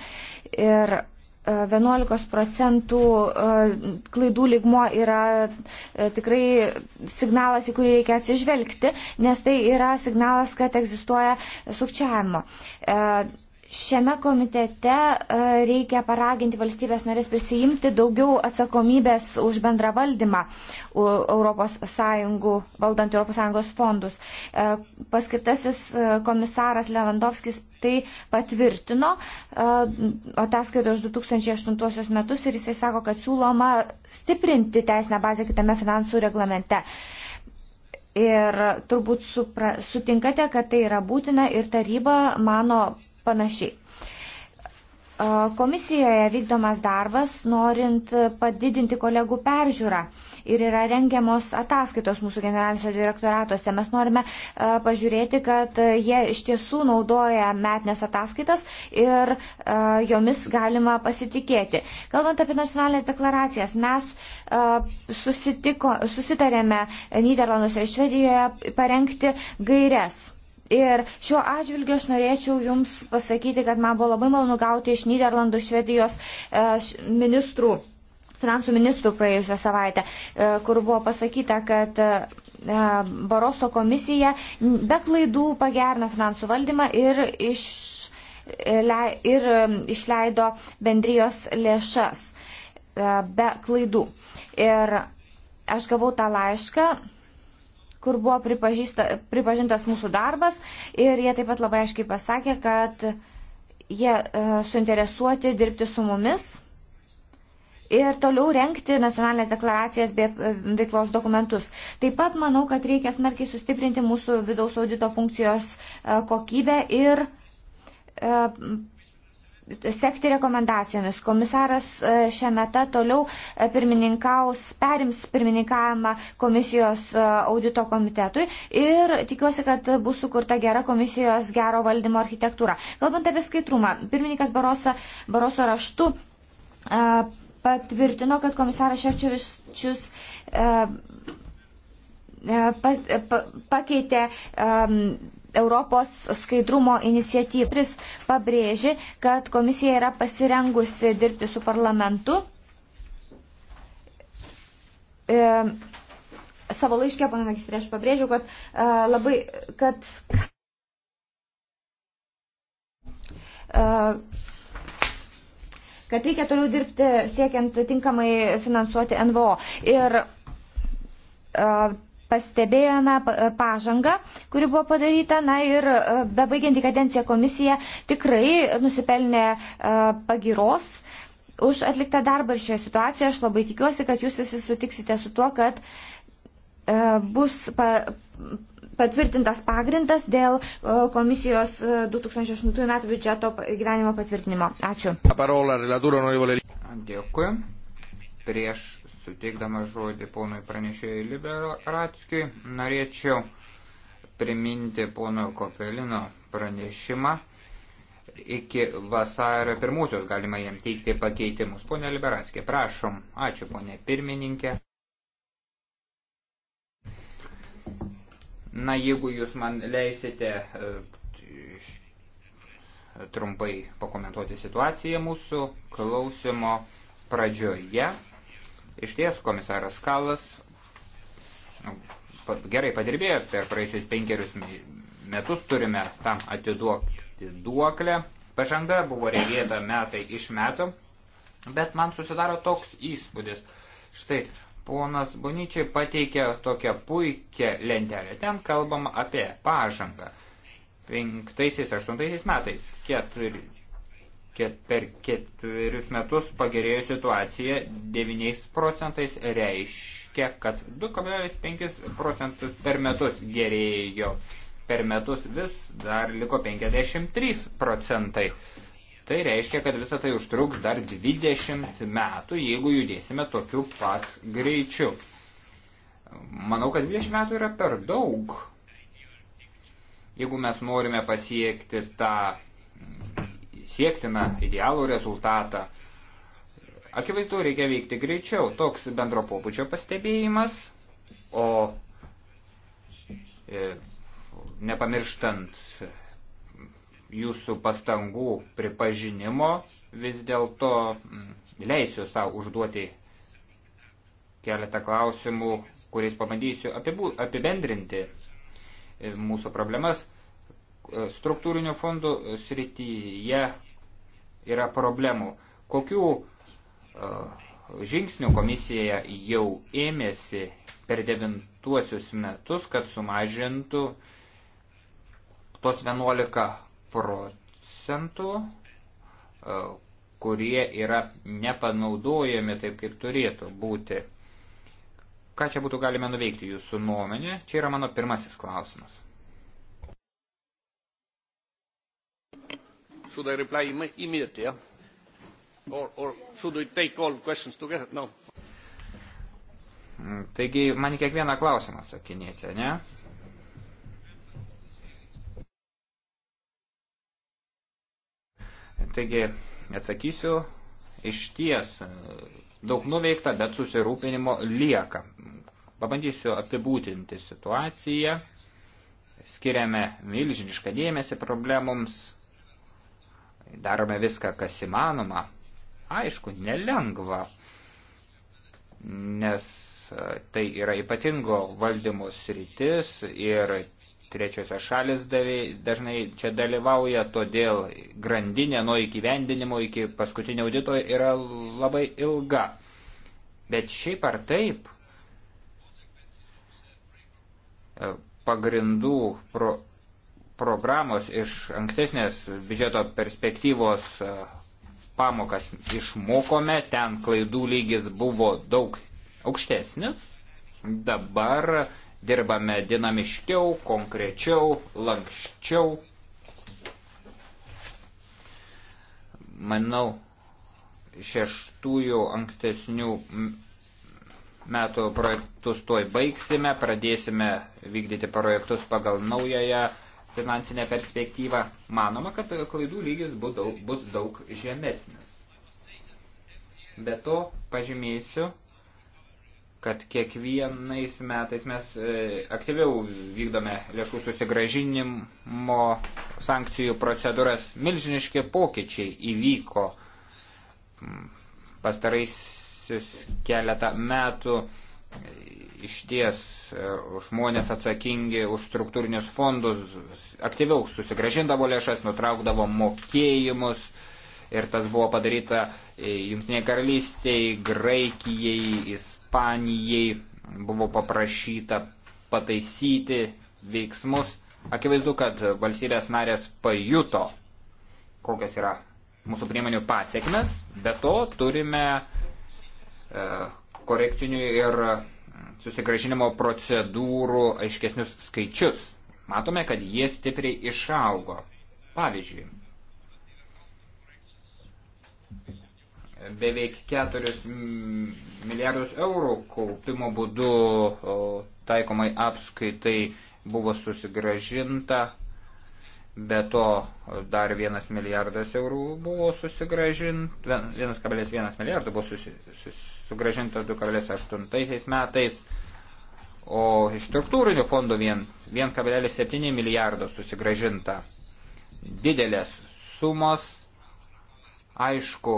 S5: Ir 11 e, procentų e, klaidų lygmo yra e, tikrai signalas, į kurį reikia atsižvelgti, nes tai yra signalas, kad egzistuoja sukčiavimo. Šiame komitete e, reikia paraginti valstybės narės prisijimti daugiau atsakomybės už bendrą valdymą Europos Sąjungų, valdant ES fondus. E, paskirtasis e, komisaras Levandovskis tai patvirtino ataskaito už 2008 metus ir jisai sako, kad siūloma stiprinti teisinę bazę kitame finansų reglamente. Ir turbūt supra, sutinkate, kad tai yra būtina ir taryba mano panašiai. Komisijoje vykdomas darbas, norint padidinti kolegų peržiūrą ir yra rengiamos ataskaitos mūsų generalinio direktoratuose. Mes norime pažiūrėti, kad jie iš tiesų naudoja metinės ataskaitas ir jomis galima pasitikėti. Kalbant apie nacionalinės deklaracijas, mes susitiko, susitarėme Niderlanduose ir Švedijoje parengti gairias Ir šiuo atžvilgiu aš norėčiau Jums pasakyti, kad man buvo labai malonu gauti iš Niderlandų ir Švedijos e, ministrų finansų ministrų praėjusią savaitę, e, kur buvo pasakyta, kad e, Baroso komisija be klaidų pagerino finansų valdymą ir, iš, ir išleido bendrijos lėšas be klaidų. Ir aš gavau tą laišką kur buvo pripažintas mūsų darbas ir jie taip pat labai aiškiai pasakė, kad jie uh, suinteresuoti dirbti su mumis ir toliau renkti nacionalinės deklaracijas bei e, veiklos dokumentus. Taip pat manau, kad reikia smarkiai sustiprinti mūsų vidaus audito funkcijos e, kokybę ir sekti rekomendacijomis. Komisaras e, šiame te toliau e, pirmininkaus, perims pirmininkavimą komisijos e, audito komitetui ir tikiuosi, kad bus sukurta gera komisijos gero valdymo architektūra. Kalbant apie skaidrumą, pirmininkas Barosa, Baroso raštu patvirtino, kad komisaras Ševčius pakeitė Europos skaidrumo iniciatyvris pabrėži, kad komisija yra pasirengusi dirbti su parlamentu. E, savo laiškė, pana magistrė, aš pabrėžiau, kad e, labai, kad. E, kad reikia toliau dirbti siekiant tinkamai finansuoti NVO. Ir e, pastebėjome e, pažangą, kuri buvo padaryta. Na ir e, bebaigianti kadenciją komisija tikrai nusipelnė e, pagiros. Už atliktą darbą ir šioje situacijoje aš labai tikiuosi, kad jūs visi sutiksite su tuo, kad bus pa, patvirtintas pagrindas dėl komisijos 2008 metų biudžeto gyvenimo patvirtinimo. Ačiū.
S1: Dėkui. Prieš suteikdama žodį ponui pranešėjui Liberatskiui, norėčiau priminti pono Kopelino pranešimą. Iki vasario pirmosios galima jam teikti pakeitimus. Pone Liberatskė, prašom. Ačiū, ponė pirmininkė. Na, jeigu jūs man leisite e, trumpai pakomentuoti situaciją mūsų klausimo pradžioje. Iš ties komisaras Kalas nu, gerai padirbėjo per praėjusius penkerius metus turime tam atiduokti duoklę. Pažanga buvo regėta metai iš metų, bet man susidaro toks įspūdis. Štai ponas Boničiai pateikė tokią puikią lentelę. Ten kalbama apie pažangą. 5-8 metais 4 per ketverius metus pagerėjo situacija 9 procentais reiškia, kad 2,5 procentus per metus gerėjo. Per metus vis dar liko 53 procentai. Tai reiškia, kad visą tai užtruks dar 20 metų, jeigu judėsime tokiu pat greičiu. Manau, kad 20 metų yra per daug. Jeigu mes norime pasiekti tą siektiną idealų rezultatą. Akivaizdu, reikia veikti greičiau. Toks bendro pobūdžio pastebėjimas, o e, nepamirštant jūsų pastangų pripažinimo, vis dėlto mm, leisiu savo užduoti keletą klausimų, kuriais pabandysiu apibendrinti e, mūsų problemas. E, struktūrinių fondų e, srityje yra problemų. Kokių e, žingsnių komisija jau ėmėsi per devintuosius metus, kad sumažintų tos 11 procentų, kurie yra nepanaudojami taip, kaip turėtų būti. Ką čia būtų galime nuveikti jūsų nuomenė? Čia yra mano pirmasis klausimas.
S4: Should I reply im immediately? Yeah? Or, or should we take all questions
S1: together? No. Mm, taigi, man kiekvieną klausimą sakinėti, ne? Taigi, atsakysiu, iš ties e, daug nuveikta, bet susirūpinimo lieka. Pabandysiu apibūtinti situaciją, skiriame milžinišką dėmesį problemoms, Darome viską, kas įmanoma. Aišku, nelengva, nes e, tai yra ypatingo valdymo sritis ir trečiosios šalis dažnai čia dalyvauja, todėl grandinė nuo įgyvendinimo iki paskutinio audito yra labai ilga. Bet šiaip ar taip, e, pagrindų pro programos iš ankstesnės biudžeto perspektyvos e, pamokas išmokome, ten klaidų lygis buvo daug aukštesnis, dabar dirbame dinamiškiau, konkrečiau, lankščiau. Manau, šeštųjų ankstesnių metų projektus tuoj baigsime, pradėsime vykdyti projektus pagal naująją finansinę perspektyvą, manoma, kad klaidų lygis bus daug, bus daug žemesnis. Be to pažymėsiu, kad kiekvienais metais mes e, aktyviau vykdome lėšų susigražinimo sankcijų procedūras. Milžiniški pokyčiai įvyko pastaraisius keletą metų iš ties E, žmonės atsakingi už struktūrinius fondus aktyviau susigražindavo lėšas, nutraukdavo mokėjimus ir tas buvo padaryta e, Junktinėje karalystėje, Graikijai, Ispanijai, buvo paprašyta pataisyti veiksmus. Akivaizdu, kad valstybės narės pajuto, kokios yra mūsų priemonių pasiekmes, be to turime e, korekcinių ir susigražinimo procedūrų aiškesnius skaičius. Matome, kad jie stipriai išaugo. Pavyzdžiui, beveik 4 milijardus eurų kaupimo būdu taikomai apskaitai buvo susigražinta Be to dar 1 milijardas eurų buvo susigražinta, 1,1 milijardo buvo susi, sus, sugražinta 2,8 metais, o iš struktūrinių fondų 1,7 milijardo susigražinta. Didelės sumos, aišku,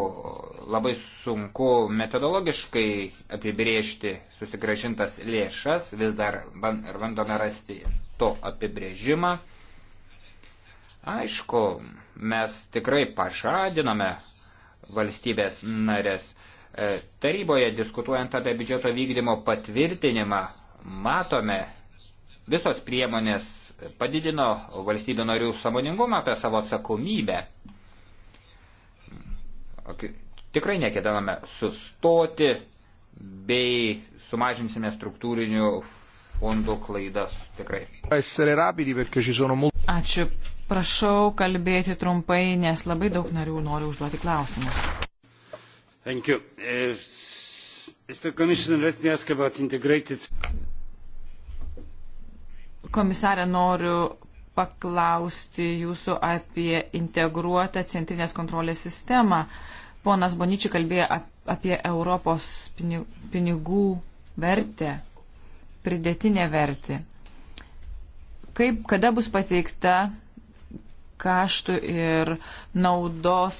S1: labai sunku metodologiškai apibriežti susigražintas lėšas, vis dar bandome rasti to apibrėžimą. Aišku, mes tikrai pažadinome valstybės narės. E, taryboje diskutuojant apie biudžeto vykdymo patvirtinimą, matome, visos priemonės padidino valstybių narių samoningumą apie savo atsakomybę. Tikrai neketiname sustoti bei sumažinsime struktūrinių fondų klaidas. Tikrai.
S4: Ačiū
S3: Prašau kalbėti trumpai, nes labai daug narių nori užduoti klausimus.
S1: Thank you. Uh, Mr. Commissioner, let me ask about integrated.
S3: Komisarė, noriu paklausti jūsų apie integruotą centrinės kontrolės sistemą. Ponas Boničiai kalbėjo apie Europos pinigų vertę, pridėtinę vertę. Kaip, kada bus pateikta kaštų ir naudos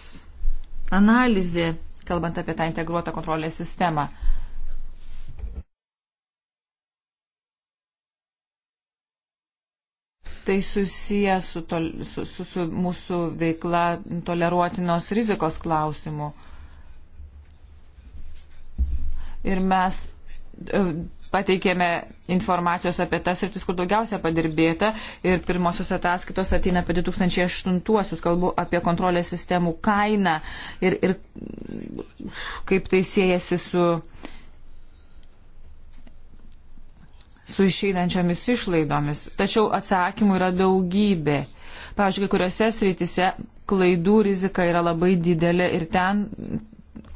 S3: analizė, kalbant apie tą integruotą kontrolės sistemą. Tai susiję su, tol, su, su, su mūsų veikla toleruotinos rizikos klausimu. Ir mes pateikėme informacijos apie tas rytis, kur daugiausia padirbėta ir pirmosios ataskaitos ateina apie 2008-uosius, kalbu apie kontrolės sistemų kainą ir, ir kaip tai siejasi su, su išeinančiomis išlaidomis. Tačiau atsakymų yra daugybė. Pavyzdžiui, kuriuose srityse klaidų rizika yra labai didelė ir ten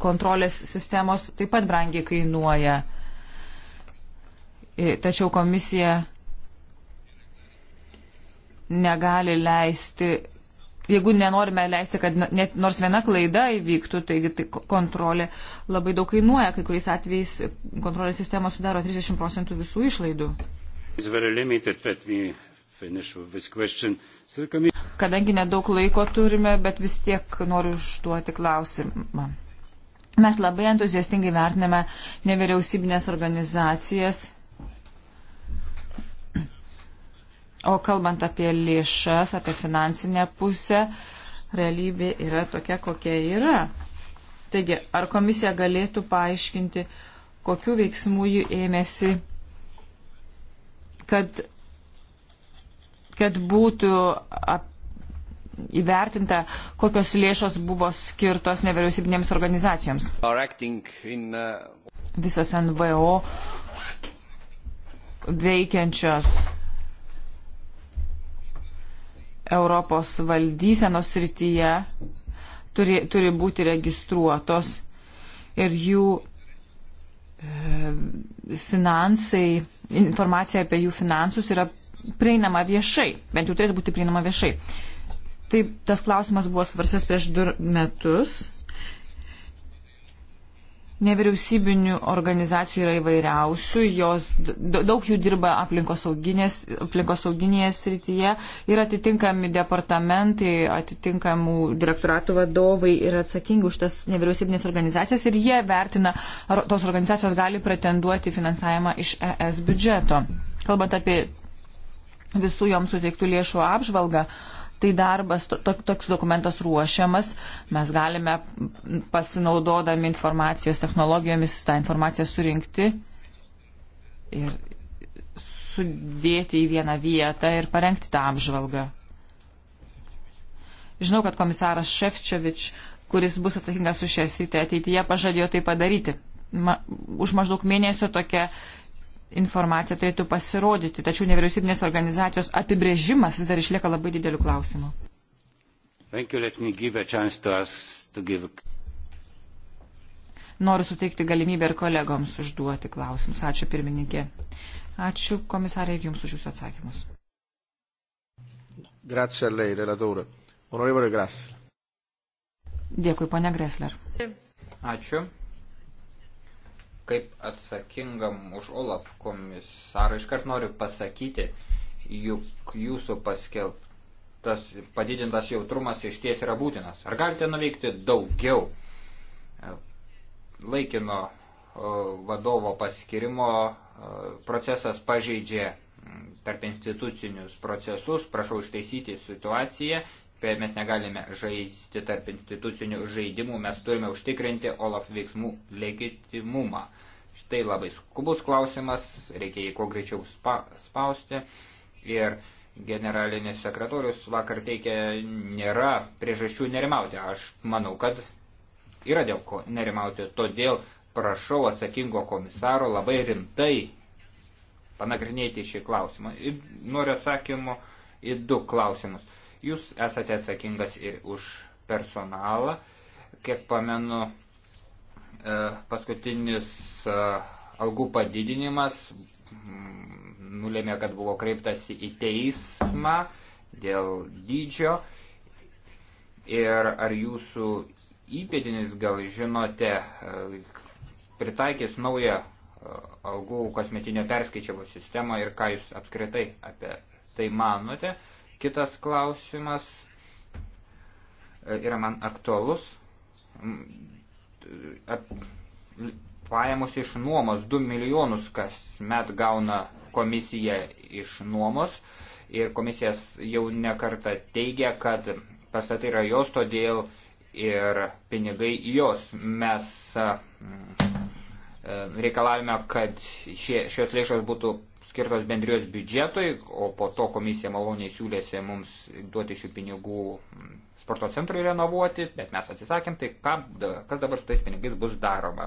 S3: kontrolės sistemos taip pat brangiai kainuoja. E, tačiau komisija negali leisti, jeigu nenorime leisti, kad net nors viena klaida įvyktų, taigi tai kontrolė labai daug kainuoja, kai kuriais atvejais kontrolės sistema sudaro 30 procentų visų išlaidų. Kadangi nedaug laiko turime, bet vis tiek noriu užduoti klausimą. Mes labai entuziastingai vertiname nevyriausybinės organizacijas O kalbant apie lėšas, apie finansinę pusę, realybė yra tokia, kokia yra. Taigi, ar komisija galėtų paaiškinti, kokiu veiksmu jį ėmėsi, kad, kad būtų ap, įvertinta, kokios lėšos buvo skirtos nevyriausybinėms organizacijoms. Visos NVO veikiančios Europos valdysenos srityje turi, turi būti registruotos ir jų e, finansai, informacija apie jų finansus yra prieinama viešai, bent jau turėtų būti prieinama viešai. Taip, tas klausimas buvo svarstas prieš du metus Nevyriausybinių organizacijų yra įvairiausių, jos, daug jų dirba aplinkosauginėje aplinkos srityje ir atitinkami departamentai, atitinkamų direktoratų vadovai yra atsakingi už tas nevyriausybinės organizacijas ir jie vertina, ar tos organizacijos gali pretenduoti finansavimą iš ES biudžeto. Kalbant apie visų joms suteiktų lėšų apžvalgą, uh, tai darbas, to, toks dokumentas ruošiamas, mes galime pasinaudodami informacijos technologijomis tą informaciją surinkti ir sudėti į vieną vietą ir parengti tą apžvalgą. Žinau, kad komisaras Šefčiovič, kuris bus atsakingas už šią sritį ateityje, pažadėjo tai padaryti. Ma, už maždaug mėnesio tokia informacija turėtų pasirodyti, tačiau nevyriausybinės organizacijos apibrėžimas vis dar išlieka labai dideliu klausimu. Noriu suteikti galimybę ir kolegoms užduoti klausimus. Ačiū pirmininkė. Ačiū komisarė ir jums už jūsų atsakymus.
S4: Grazie a lei, relatore. Onorevole Grassler.
S3: Dėkui, ponia Gressler.
S1: Ačiū kaip atsakingam už OLAP komisarą iškart noriu pasakyti, juk jūsų paskelbtas padidintas jautrumas iš ties yra būtinas. Ar galite nuveikti daugiau e, laikino e, vadovo paskirimo e, procesas pažeidžia tarp institucinius procesus, prašau ištaisyti situaciją mes negalime žaisti tarp institucinių žaidimų, mes turime užtikrinti OLAF veiksmų legitimumą. Štai labai skubus klausimas, reikia jį kuo greičiau spa, spausti. Ir generalinis sekretorius vakar teikė, nėra priežasčių nerimauti. Aš manau, kad yra dėl ko nerimauti. Todėl prašau atsakingo komisaro labai rimtai panagrinėti šį klausimą. Noriu atsakymų į du klausimus Jūs esate atsakingas ir už personalą. Kiek pamenu, e, paskutinis e, algų padidinimas mm, nulėmė, kad buvo kreiptasi į teismą dėl dydžio. Ir ar jūsų įpėdinis, gal žinote, e, pritaikys naują algų kasmetinio perskaičiavo sistemą ir ką jūs apskritai apie tai manote? Kitas klausimas e, yra man aktualus. Pajamos iš nuomos 2 milijonus kas met gauna komisija iš nuomos ir komisijas jau nekarta teigia, kad pastatai yra jos, todėl ir pinigai jos. Mes e, e, reikalavime, kad šie, šios lėšos būtų skirtos bendrijos biudžetui, o po to komisija maloniai siūlėsi mums duoti šių pinigų mm, sporto centrui renovuoti, bet mes atsisakėm, tai ką, kas dabar su tais pinigais bus daroma?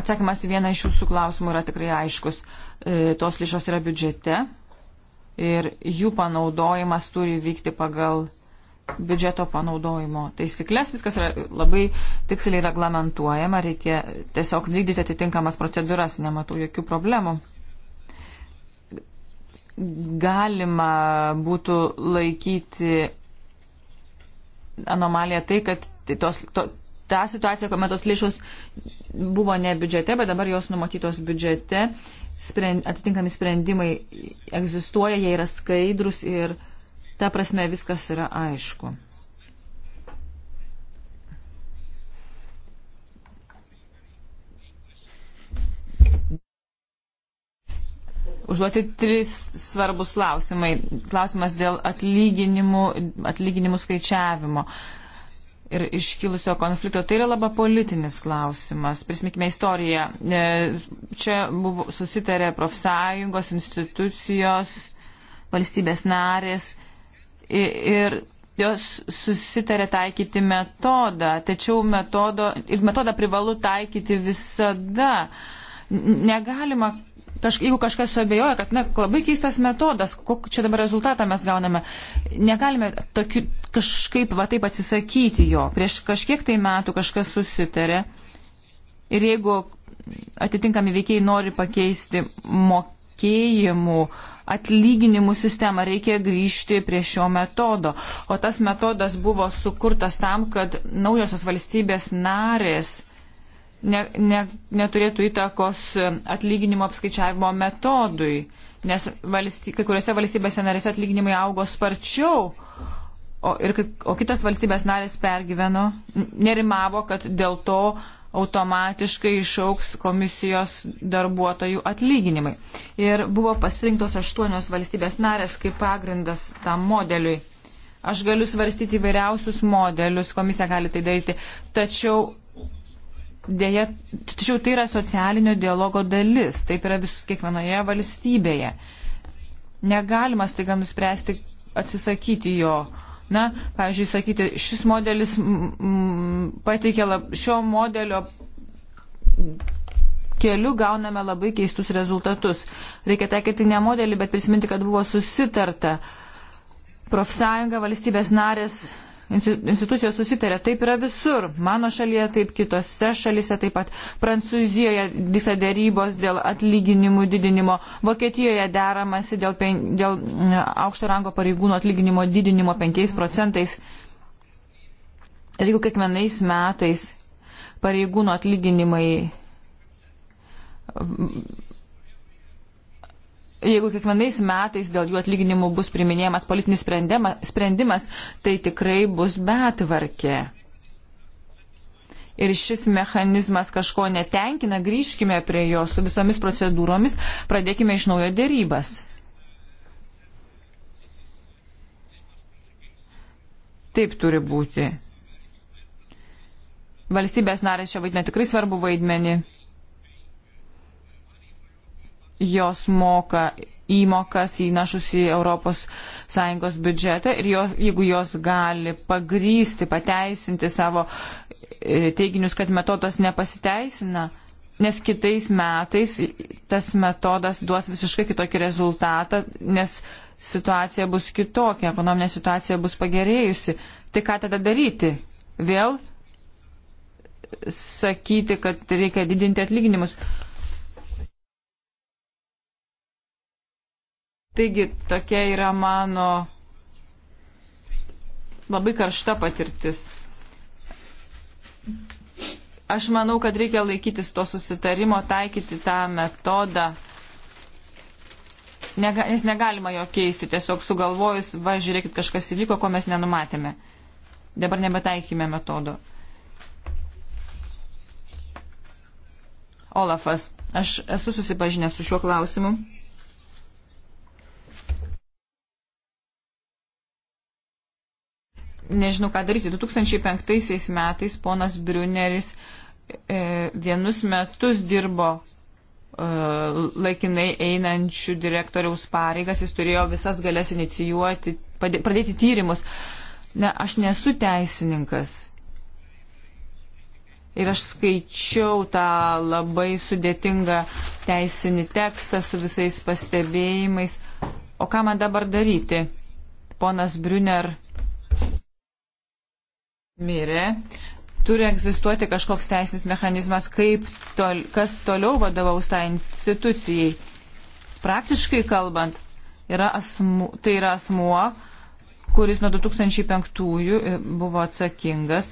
S3: Atsakymas į vieną iš jūsų klausimų yra tikrai aiškus. E, tos lišos yra biudžete ir jų panaudojimas turi vykti pagal biudžeto panaudojimo taisyklės, viskas yra labai tiksliai reglamentuojama, reikia tiesiog vykdyti atitinkamas procedūras, nematau jokių problemų. Galima būtų laikyti anomaliją tai, kad tai tos, to, ta situacija, kuomet tos lėšos buvo ne biudžete, bet dabar jos numatytos biudžete, sprend, atitinkami sprendimai egzistuoja, jie yra skaidrus ir Ta prasme viskas yra aišku. užduoti tris svarbus klausimai. Klausimas dėl atlyginimų, atlyginimų skaičiavimo ir iškilusio konflikto. Tai yra labai politinis klausimas. Prisiminkime istoriją. E, čia buvo susitarė profsąjungos, institucijos, valstybės narės ir jos susitarė taikyti metodą, tačiau metodo, ir metodą privalu taikyti visada. Negalima, kaž, jeigu kažkas suabejoja, kad na, labai keistas metodas, kokį čia dabar rezultatą mes gauname, negalime tokiu, kažkaip va taip atsisakyti jo. Prieš kažkiek tai metų kažkas susitarė ir jeigu atitinkami veikiai nori pakeisti mokymą, mokėjimų, atlyginimų sistemą. Reikia grįžti prie šio metodo. O tas metodas buvo sukurtas tam, kad naujosios valstybės narės ne, ne, neturėtų įtakos atlyginimo apskaičiavimo metodui, nes valsty, kai kuriuose valstybėse narėse atlyginimai augo sparčiau. O, ir, o kitos valstybės narės pergyveno, nerimavo, kad dėl to uh, automatiškai išauks komisijos darbuotojų atlyginimai. Ir buvo pasirinktos aštuonios valstybės narės kaip pagrindas tam modeliui. Aš galiu svarstyti įvairiausius modelius, komisija gali tai daryti, tačiau, dėja, tačiau tai yra socialinio dialogo dalis, taip yra vis kiekvienoje valstybėje. Negalima staiga nuspręsti atsisakyti jo Na, pavyzdžiui, sakyti, šis modelis pateikė lab, šio modelio keliu gauname labai keistus rezultatus. Reikia taikyti ne modelį, bet prisiminti, kad buvo susitarta. Profsąjunga valstybės narės institucijos susitarė. Taip yra visur. Mano šalyje, taip kitose šalyse, taip pat Prancūzijoje visa dėrybos dėl atlyginimų didinimo, Vokietijoje deramasi dėl, pen, dėl mm, aukšto rango pareigūnų atlyginimo didinimo 5 procentais. Ir jeigu kiekvienais metais pareigūnų atlyginimai jeigu kiekvienais metais dėl jų atlyginimų bus priminėjamas politinis sprendimas, tai tikrai bus betvarkė. Ir šis mechanizmas kažko netenkina, grįžkime prie jo su visomis procedūromis, pradėkime iš naujo dėrybas. Taip turi būti. Valstybės narės čia vaidina tikrai svarbu vaidmenį jos moka įmokas įnašus į ES biudžetą ir jos, jeigu jos gali pagrysti, pateisinti savo e, teiginius, kad metodas nepasiteisina, nes kitais metais tas metodas duos visiškai kitokį rezultatą, nes situacija bus kitokia, ekonominė situacija bus pagerėjusi. Tai ką tada daryti? Vėl sakyti, kad reikia didinti atlyginimus. Taigi tokia yra mano labai karšta patirtis. Aš manau, kad reikia laikytis to susitarimo, taikyti tą metodą, Nega, nes negalima jo keisti, tiesiog sugalvojus, va, žiūrėkit, kažkas įvyko, ko mes nenumatėme. Dabar nebetaikime metodo. Olafas, aš esu susipažinęs su šiuo klausimu. nežinau, ką daryti. 2005 metais ponas Briuneris e, vienus metus dirbo e, laikinai einančių direktoriaus pareigas, jis turėjo visas galės inicijuoti, padė, pradėti tyrimus. Ne, aš nesu teisininkas. Ir aš skaičiau tą labai sudėtingą teisinį tekstą su visais pastebėjimais. O ką man dabar daryti? Ponas Brunner mirė, turi egzistuoti kažkoks teisinis mechanizmas, kaip tol, kas toliau vadovaus tą tai institucijai. Praktiškai kalbant, yra asmu, tai yra asmuo, kuris nuo 2005 e, buvo atsakingas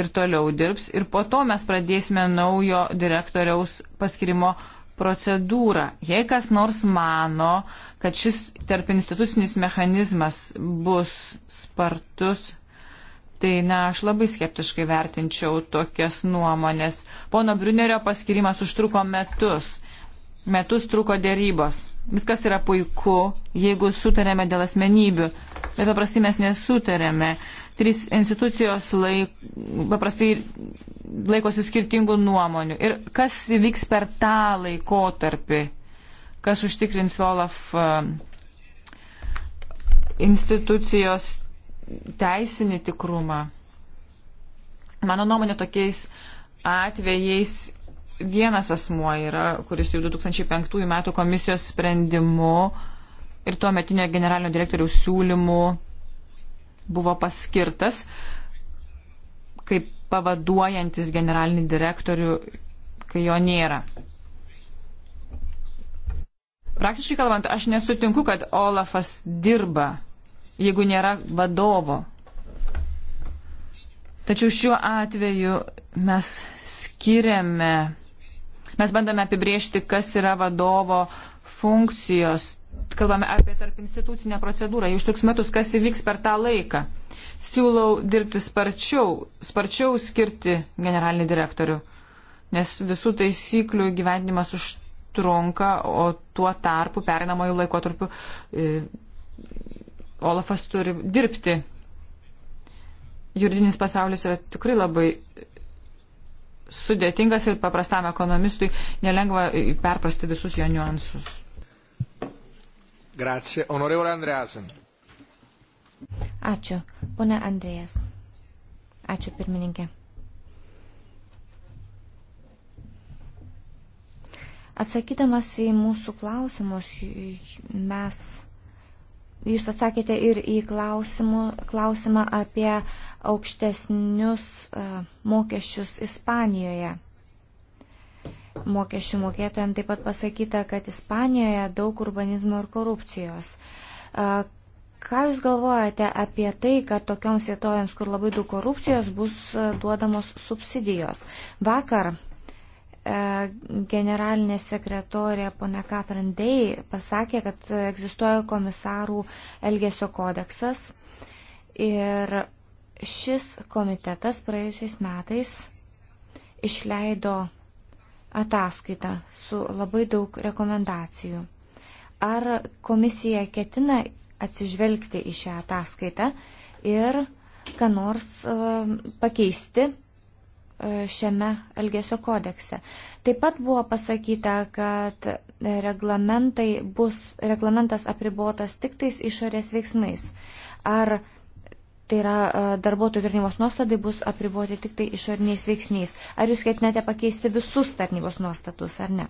S3: ir toliau dirbs. Ir po to mes pradėsime naujo direktoriaus paskirimo procedūrą. Jei kas nors mano, kad šis tarp institucinis mechanizmas bus spartus Tai na, aš labai skeptiškai vertinčiau tokias nuomonės. Pono Brunerio paskirimas užtruko metus. Metus truko dėrybos. Viskas yra puiku, jeigu sutarėme dėl asmenybių, bet paprastai mes nesutarėme. Trys institucijos laik, paprastai laikosi skirtingų nuomonių. Ir kas vyks per tą laikotarpį, kas užtikrins Olaf e, institucijos teisinį tikrumą. Mano nuomonė tokiais atvejais vienas asmuo yra, kuris jau 2005 metų komisijos sprendimu ir tuo metinio generalinio direktoriaus siūlymu buvo paskirtas kaip pavaduojantis generalinį direktorių, kai jo nėra. Praktiškai kalbant, aš nesutinku, kad Olafas dirba jeigu nėra vadovo. Tačiau šiuo atveju mes skiriame, mes bandome apibriežti, kas yra vadovo funkcijos. Kalbame apie tarp institucinę procedūrą. Jau užtruks metus, kas įvyks per tą laiką. Siūlau dirbti sparčiau, sparčiau skirti generalinį direktorių, nes visų taisyklių gyvendimas užtrunka, o tuo tarpu perinamojų laikotarpiu e, Olafas turi dirbti. Juridinis pasaulis yra tikrai labai sudėtingas ir paprastam ekonomistui nelengva perprasti visus jo
S4: niuansus. Grazie. Onorevole Andreasen.
S5: Ačiū. Pone Andrėjas. Ačiū pirmininkė. Atsakydamas į mūsų klausimus, mes Jūs atsakėte ir į klausimų, klausimą apie aukštesnius e, mokesčius Ispanijoje. Mokesčių mokėtojams taip pat pasakyta, kad Ispanijoje daug urbanizmo ir korupcijos. E, ką Jūs galvojate apie tai, kad tokioms vietovėms, kur labai daug korupcijos, bus e, duodamos subsidijos? Vakar E, generalinė sekretorė pone Katrin Dei pasakė, kad egzistuoja komisarų elgesio kodeksas ir šis komitetas praėjusiais metais išleido ataskaitą su labai daug rekomendacijų. Ar komisija ketina atsižvelgti į šią ataskaitą ir ką nors e, pakeisti E, šiame Elgesio kodekse. Taip pat buvo pasakyta, kad bus, reglamentas apribotas tik tais išorės veiksmais. Ar tai yra e, darbuotojų tarnybos nuostatai bus apriboti tik tai išoriniais veiksniais. Ar jūs ketinate pakeisti visus tarnybos nuostatus, ar ne?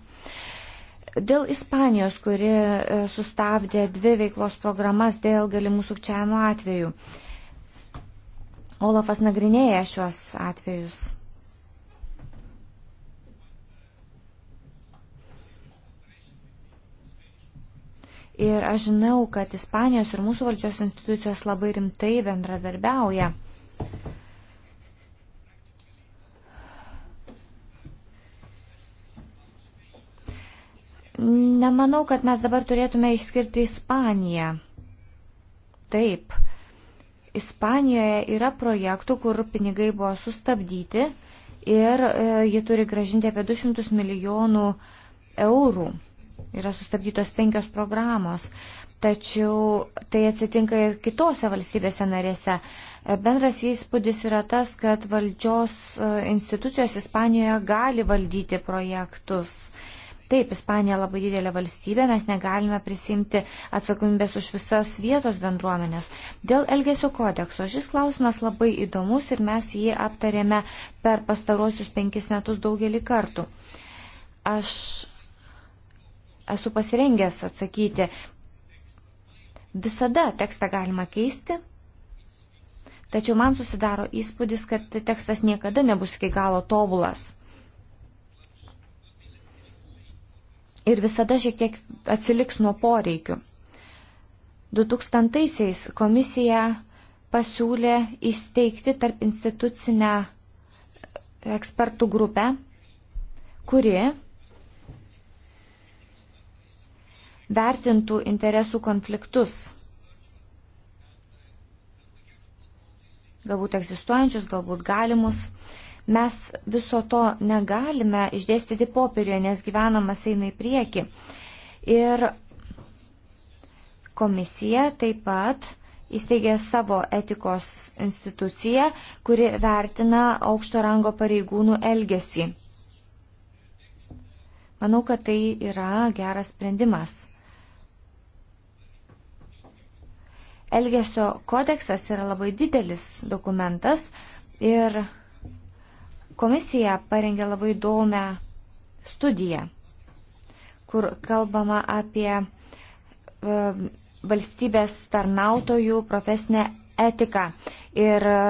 S5: Dėl Ispanijos, kuri e, sustabdė dvi veiklos programas dėl galimų sukčiavimo atvejų. Olafas nagrinėja šiuos atvejus. Ir aš žinau, kad Ispanijos ir mūsų valdžios institucijos labai rimtai bendradarbiauja. Nemanau, kad mes dabar turėtume išskirti Ispaniją. Taip, Ispanijoje yra projektų, kur pinigai buvo sustabdyti ir e, ji turi gražinti apie 200 milijonų eurų yra sustabdytos penkios programos. Tačiau tai atsitinka ir kitose valstybėse narėse. Bendras įspūdis yra tas, kad valdžios e, institucijos Ispanijoje gali valdyti projektus. Taip, Ispanija labai didelė valstybė, mes negalime prisimti atsakomybės už visas vietos bendruomenės. Dėl Elgesio kodekso šis klausimas labai įdomus ir mes jį aptarėme per pastaruosius penkis metus daugelį kartų. Aš esu pasirengęs atsakyti. Visada tekstą galima keisti, tačiau man susidaro įspūdis, kad tekstas niekada nebus iki galo tobulas. Ir visada šiek tiek atsiliks nuo poreikių. 2000-aisiais komisija pasiūlė įsteigti tarp institucinę ekspertų grupę, kuri vertintų interesų konfliktus. Galbūt egzistuojančius, galbūt galimus. Mes viso to negalime išdėstyti popieriuje, nes gyvenamas eina į priekį. Ir komisija taip pat įsteigė savo etikos instituciją, kuri vertina aukšto rango pareigūnų elgesį. Manau, kad tai yra geras sprendimas. Elgesio kodeksas yra labai didelis dokumentas ir komisija parengė labai įdomią studiją, kur kalbama apie e, valstybės tarnautojų profesinę etiką. Ir e,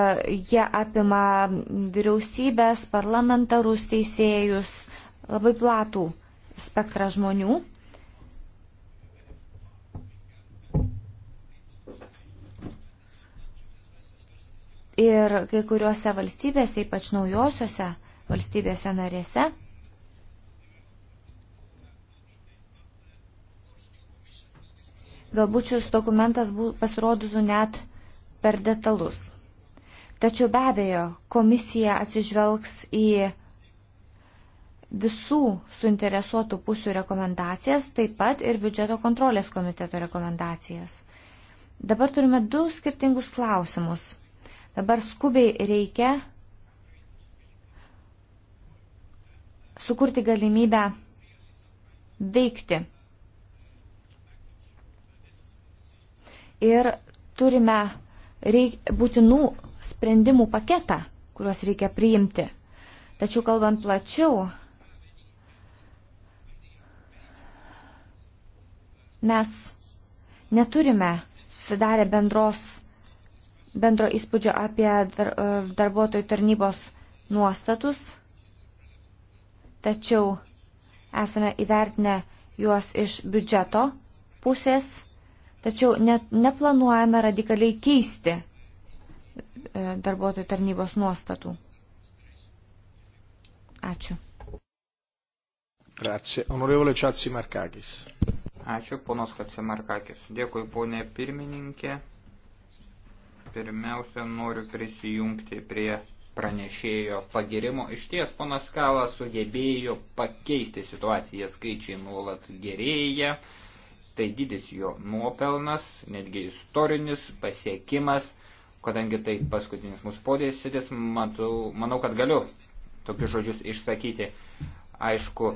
S5: jie apima vyriausybės, parlamentarus, teisėjus, labai platų spektrą žmonių. Ir kai kuriuose valstybėse, ypač naujosiuose valstybėse narėse, galbūt šis dokumentas pasirodytų net per detalus. Tačiau be abejo, komisija atsižvelgs į visų suinteresuotų pusių rekomendacijas, taip pat ir biudžeto kontrolės komiteto rekomendacijas. Dabar turime du skirtingus klausimus. Dabar skubiai reikia sukurti galimybę veikti. Ir turime reik, būtinų sprendimų paketą, kuriuos reikia priimti. Tačiau kalbant plačiau, mes neturime susidarę bendros bendro įspūdžio apie dar, e, darbuotojų tarnybos nuostatus, tačiau esame įvertinę juos iš biudžeto pusės, tačiau net neplanuojame radikaliai keisti e, darbuotojų tarnybos nuostatų. Ačiū.
S1: Grazie. Onorevole Čiatsi Markakis. Ačiū, ponas Hatsimarkakis. Dėkui, ponė pirmininkė. Pirmiausia, noriu prisijungti prie pranešėjo pagirimo. Iš ties, ponas Kalas sugebėjo pakeisti situaciją, skaičiai nuolat gerėja, tai didis jo nuopelnas, netgi istorinis pasiekimas, kadangi tai paskutinis mūsų podėsidis, matau, manau, kad galiu tokius žodžius išsakyti. Aišku,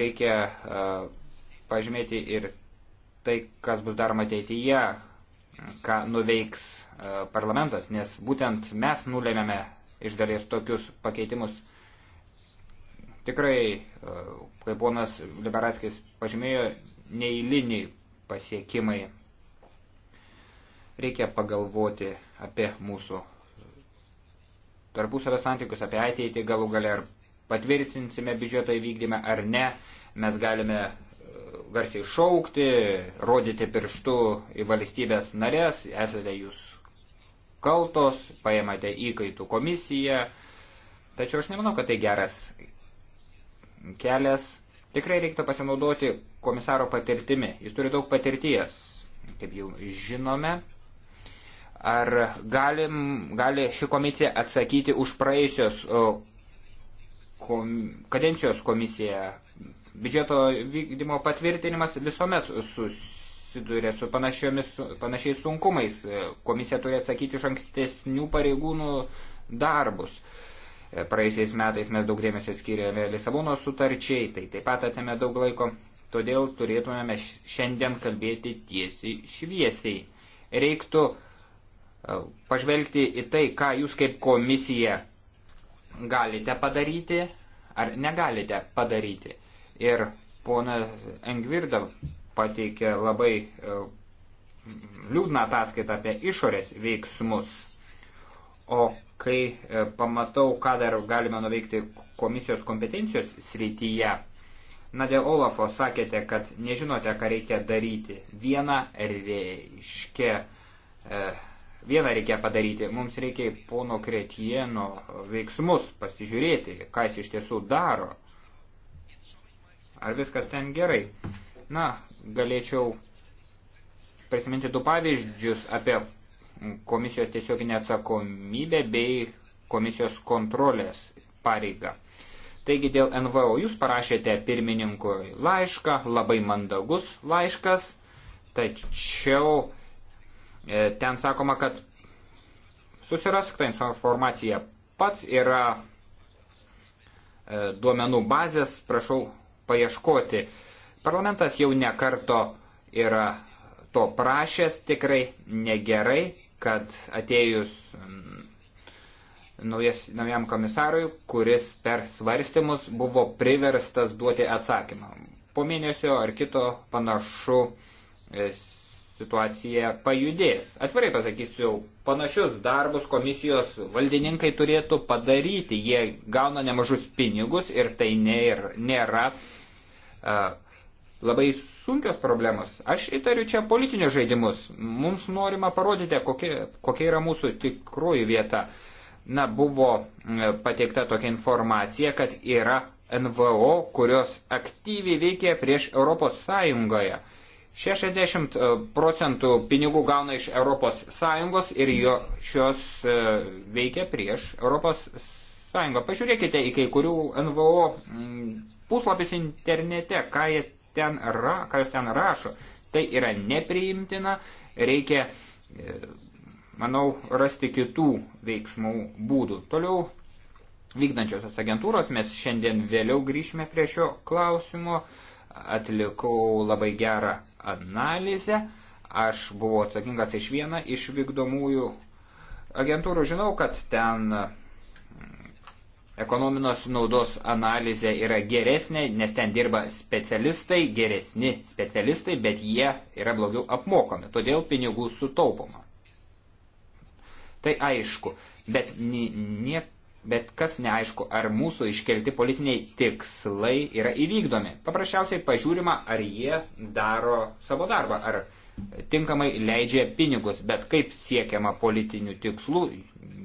S1: reikia uh, pažymėti ir tai, kas bus daroma ateityje, ką nuveiks e, parlamentas, nes būtent mes nulėmėme iš dalies tokius pakeitimus. Tikrai, e, kaip ponas Liberatskis pažymėjo, neįliniai pasiekimai. Reikia pagalvoti apie mūsų tarpusavio santykius, apie ateitį galų galę, ar patvirtinsime biudžeto įvykdymą ar ne. Mes galime garsiai šaukti, rodyti pirštu į valstybės narės, esate jūs kaltos, paėmate įkaitų komisiją. Tačiau aš nemanau, kad tai geras kelias. Tikrai reiktų pasinaudoti komisaro patirtimi. Jis turi daug patirties, kaip jau žinome. Ar galim, gali ši komisija atsakyti už praėjusios kadencijos komisiją, biudžeto vykdymo patvirtinimas visuomet susiduria su panašiais sunkumais. Komisija turi atsakyti iš ankstesnių pareigūnų darbus. Praėjusiais metais mes daug dėmesio skiriame Lisabono sutarčiai, tai taip pat atėmė daug laiko, todėl turėtumėme šiandien kalbėti tiesiai šviesiai. Reiktų e, pažvelgti į tai, ką jūs kaip komisija galite padaryti ar negalite padaryti. Ir pona Engvirda pateikė labai e, liūdną ataskaitą apie išorės veiksmus. O kai e, pamatau, ką dar galime nuveikti komisijos kompetencijos srityje, na dėl Olafo sakėte, kad nežinote, ką reikia daryti. Vieną reiškia, e, vieną reikia padaryti. Mums reikia pono Kretieno veiksmus pasižiūrėti, ką jis iš tiesų daro. Ar viskas ten gerai? Na, galėčiau prisiminti du pavyzdžius apie komisijos tiesioginę atsakomybę bei komisijos kontrolės pareigą. Taigi dėl NVO jūs parašėte pirmininkui laišką, labai mandagus laiškas, tačiau e, ten sakoma, kad susirask tą informaciją pats yra e, duomenų bazės, prašau paieškoti. Parlamentas jau nekarto yra to prašęs tikrai negerai, kad atėjus mm, naujas, naujam komisarui, kuris per svarstymus buvo priverstas duoti atsakymą. Po mėnesio ar kito panašu e, situacija pajudės. Atvirai pasakysiu, panašius darbus komisijos valdininkai turėtų padaryti. Jie gauna nemažus pinigus ir tai nėra uh, labai sunkios problemos. Aš įtariu čia politinius žaidimus. Mums norima parodyti, kokia, kokia yra mūsų tikroji vieta. Na, buvo pateikta tokia informacija, kad yra NVO, kurios aktyviai veikia prieš Europos Sąjungoje. 60 e, procentų pinigų gauna iš ES ir jo, šios e, veikia prieš ES. Pažiūrėkite į kai kurių NVO puslapius internete, ką, ten ra, ką jūs ten rašo. Tai yra nepriimtina, reikia, e, manau, rasti kitų veiksmų būdų. Toliau vykdančiosios agentūros, mes šiandien vėliau grįšime prie šio klausimo, atlikau labai gerą analizę. Aš buvau atsakingas iš vieną iš vykdomųjų agentūrų. Žinau, kad ten mm, ekonominos naudos analizė yra geresnė, nes ten dirba specialistai, geresni specialistai, bet jie yra blogiau apmokami. Todėl pinigų sutaupoma. Tai aišku, bet niek bet kas neaišku, ar mūsų iškelti politiniai tikslai yra įvykdomi. Paprasčiausiai pažiūrima, ar jie daro savo darbą, ar tinkamai leidžia pinigus, bet kaip siekiama politinių tikslų,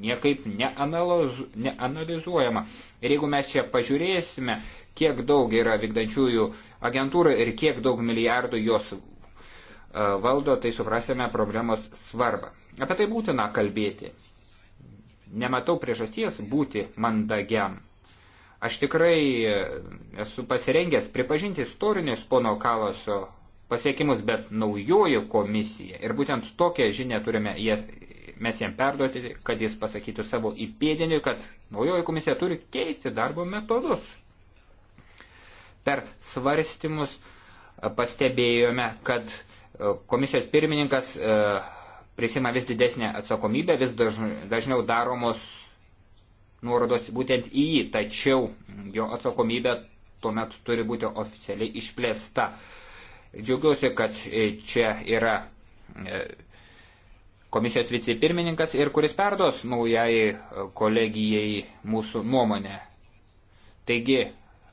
S1: niekaip neanalizuojama. Ir jeigu mes čia pažiūrėsime, kiek daug yra vykdančiųjų agentūrų ir kiek daug milijardų jos e, valdo, tai suprasime problemos svarbą. Apie tai būtina kalbėti nematau priežasties būti mandagiam. Aš tikrai esu pasirengęs pripažinti istorinius pono Kalaso pasiekimus, bet naujoji komisija ir būtent tokią žinę turime mes jam perduoti, kad jis pasakytų savo įpėdiniui, kad naujoji komisija turi keisti darbo metodus. Per svarstymus pastebėjome, kad e, komisijos pirmininkas uh, prisima vis didesnę atsakomybę, vis dažniau daromos nuorodos būtent į jį, tačiau jo atsakomybė tuomet turi būti oficialiai išplėsta. Džiaugiuosi, kad e, čia yra e, komisijos vicepirmininkas ir kuris perduos naujai e, kolegijai mūsų nuomonę. Taigi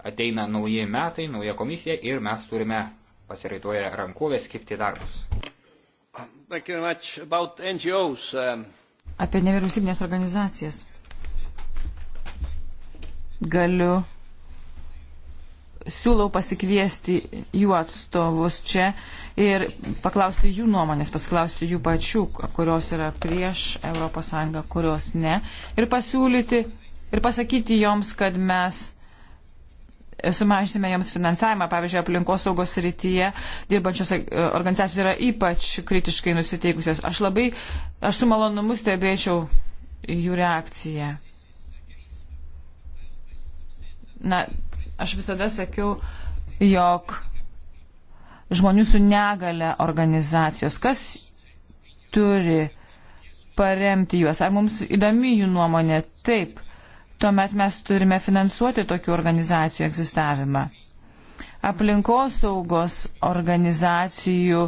S1: ateina nauji metai, nauja komisija ir mes turime pasiraitoję rankovės skirti darbus.
S2: Um,
S3: Apie nevyriausybinės organizacijas. Galiu. Siūlau pasikviesti jų atstovus čia ir paklausti jų nuomonės, paklausti jų pačių, kurios yra prieš ES, kurios ne, ir pasiūlyti ir pasakyti joms, kad mes sumažinsime joms finansavimą, pavyzdžiui, aplinkos saugos rytyje dirbančios e, organizacijos yra ypač kritiškai nusiteikusios. Aš labai, aš su malonumu stebėčiau jų reakciją. Na, aš visada sakiau, jog žmonių su negale organizacijos, kas turi paremti juos. Ar mums įdomi jų nuomonė? Taip tuomet mes turime finansuoti tokių organizacijų egzistavimą. Aplinkosaugos organizacijų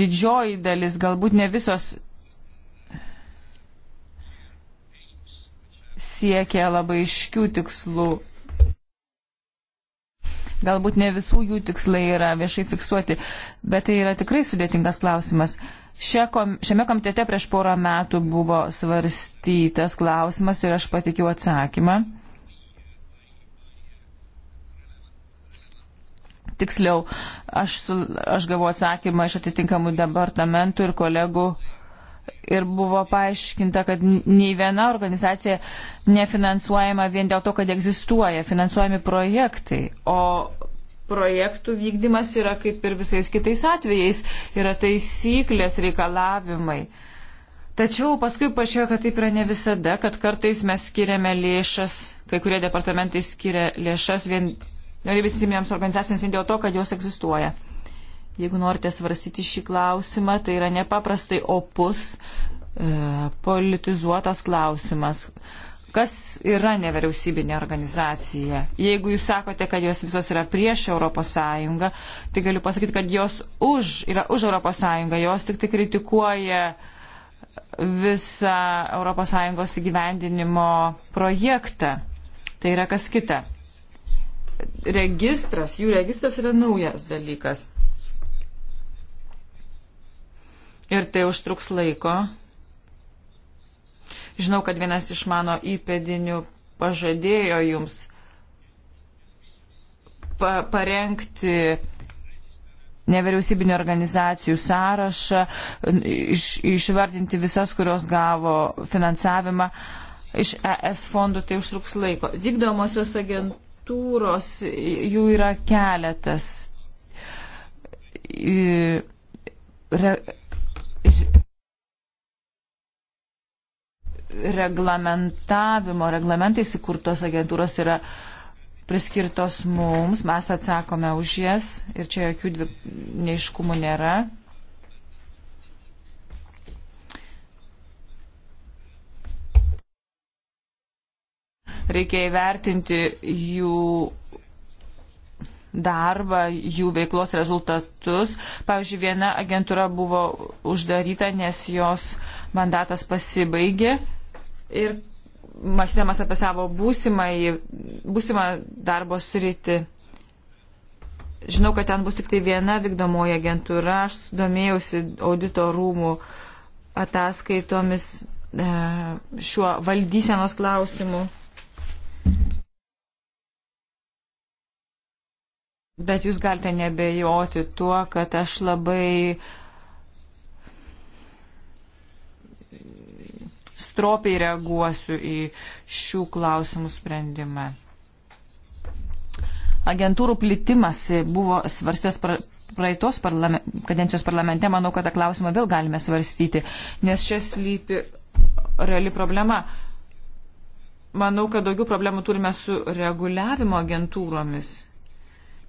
S3: didžioji dalis, galbūt ne visos, siekia labai iškių tikslų. Galbūt ne visų jų tikslai yra viešai fiksuoti, bet tai yra tikrai sudėtingas klausimas. Šiame komitete prieš porą metų buvo svarstytas klausimas ir aš patikiau atsakymą. Tiksliau, aš, aš gavau atsakymą iš atitinkamų departamentų ir kolegų ir buvo paaiškinta, kad nei viena organizacija nefinansuojama vien dėl to, kad egzistuoja finansuojami projektai, o projektų vykdymas yra kaip ir visais kitais atvejais, yra taisyklės, reikalavimai. Tačiau paskui paaiškėjo, kad taip yra ne visada, kad kartais mes skiriame lėšas, kai kurie departamentai skiria lėšas vien nevyriausybinėms organizacijoms vien dėl to, kad jos egzistuoja. Jeigu norite svarstyti šį klausimą, tai yra nepaprastai opus, e, politizuotas klausimas. E, Kas yra nevyriausybinė organizacija? Jeigu jūs sakote, kad jos visos yra prieš ES, tai galiu pasakyti, kad jos už, yra už ES, jos tik tai kritikuoja visą ES įgyvendinimo projektą. Tai yra kas kita. Registras, jų registras yra naujas dalykas. Ir tai užtruks laiko, Žinau, kad vienas iš mano įpėdinių pažadėjo jums pa parengti nevyriausybinio organizacijų sąrašą, iš, išvardinti visas, kurios gavo finansavimą iš ES fondų, tai užtruks laiko. Vykdomosios agentūros, jų yra keletas. Re, reglamentavimo, reglamentais įkurtos agentūros yra priskirtos mums, mes atsakome už jas ir čia jokių dvi, neiškumų nėra. Reikia įvertinti jų darbą, jų veiklos rezultatus. Pavyzdžiui, viena agentūra buvo uždaryta, nes jos mandatas pasibaigė ir mąstydamas apie savo būsimą, būsimą darbo sritį. Žinau, kad ten bus tik tai viena vykdomoji agentūra. Aš domėjausi audito rūmų ataskaitomis e, šiuo valdysenos klausimu. Bet jūs galite nebejoti tuo, kad aš labai uh, stropiai reaguosiu į šių klausimų sprendimą. Agentūrų plitimas buvo svarstęs pra, praeitos parlame, kadencijos parlamente, manau, kad tą klausimą vėl galime svarstyti, nes čia slypi reali problema. Manau, kad daugiau problemų turime su reguliavimo agentūromis,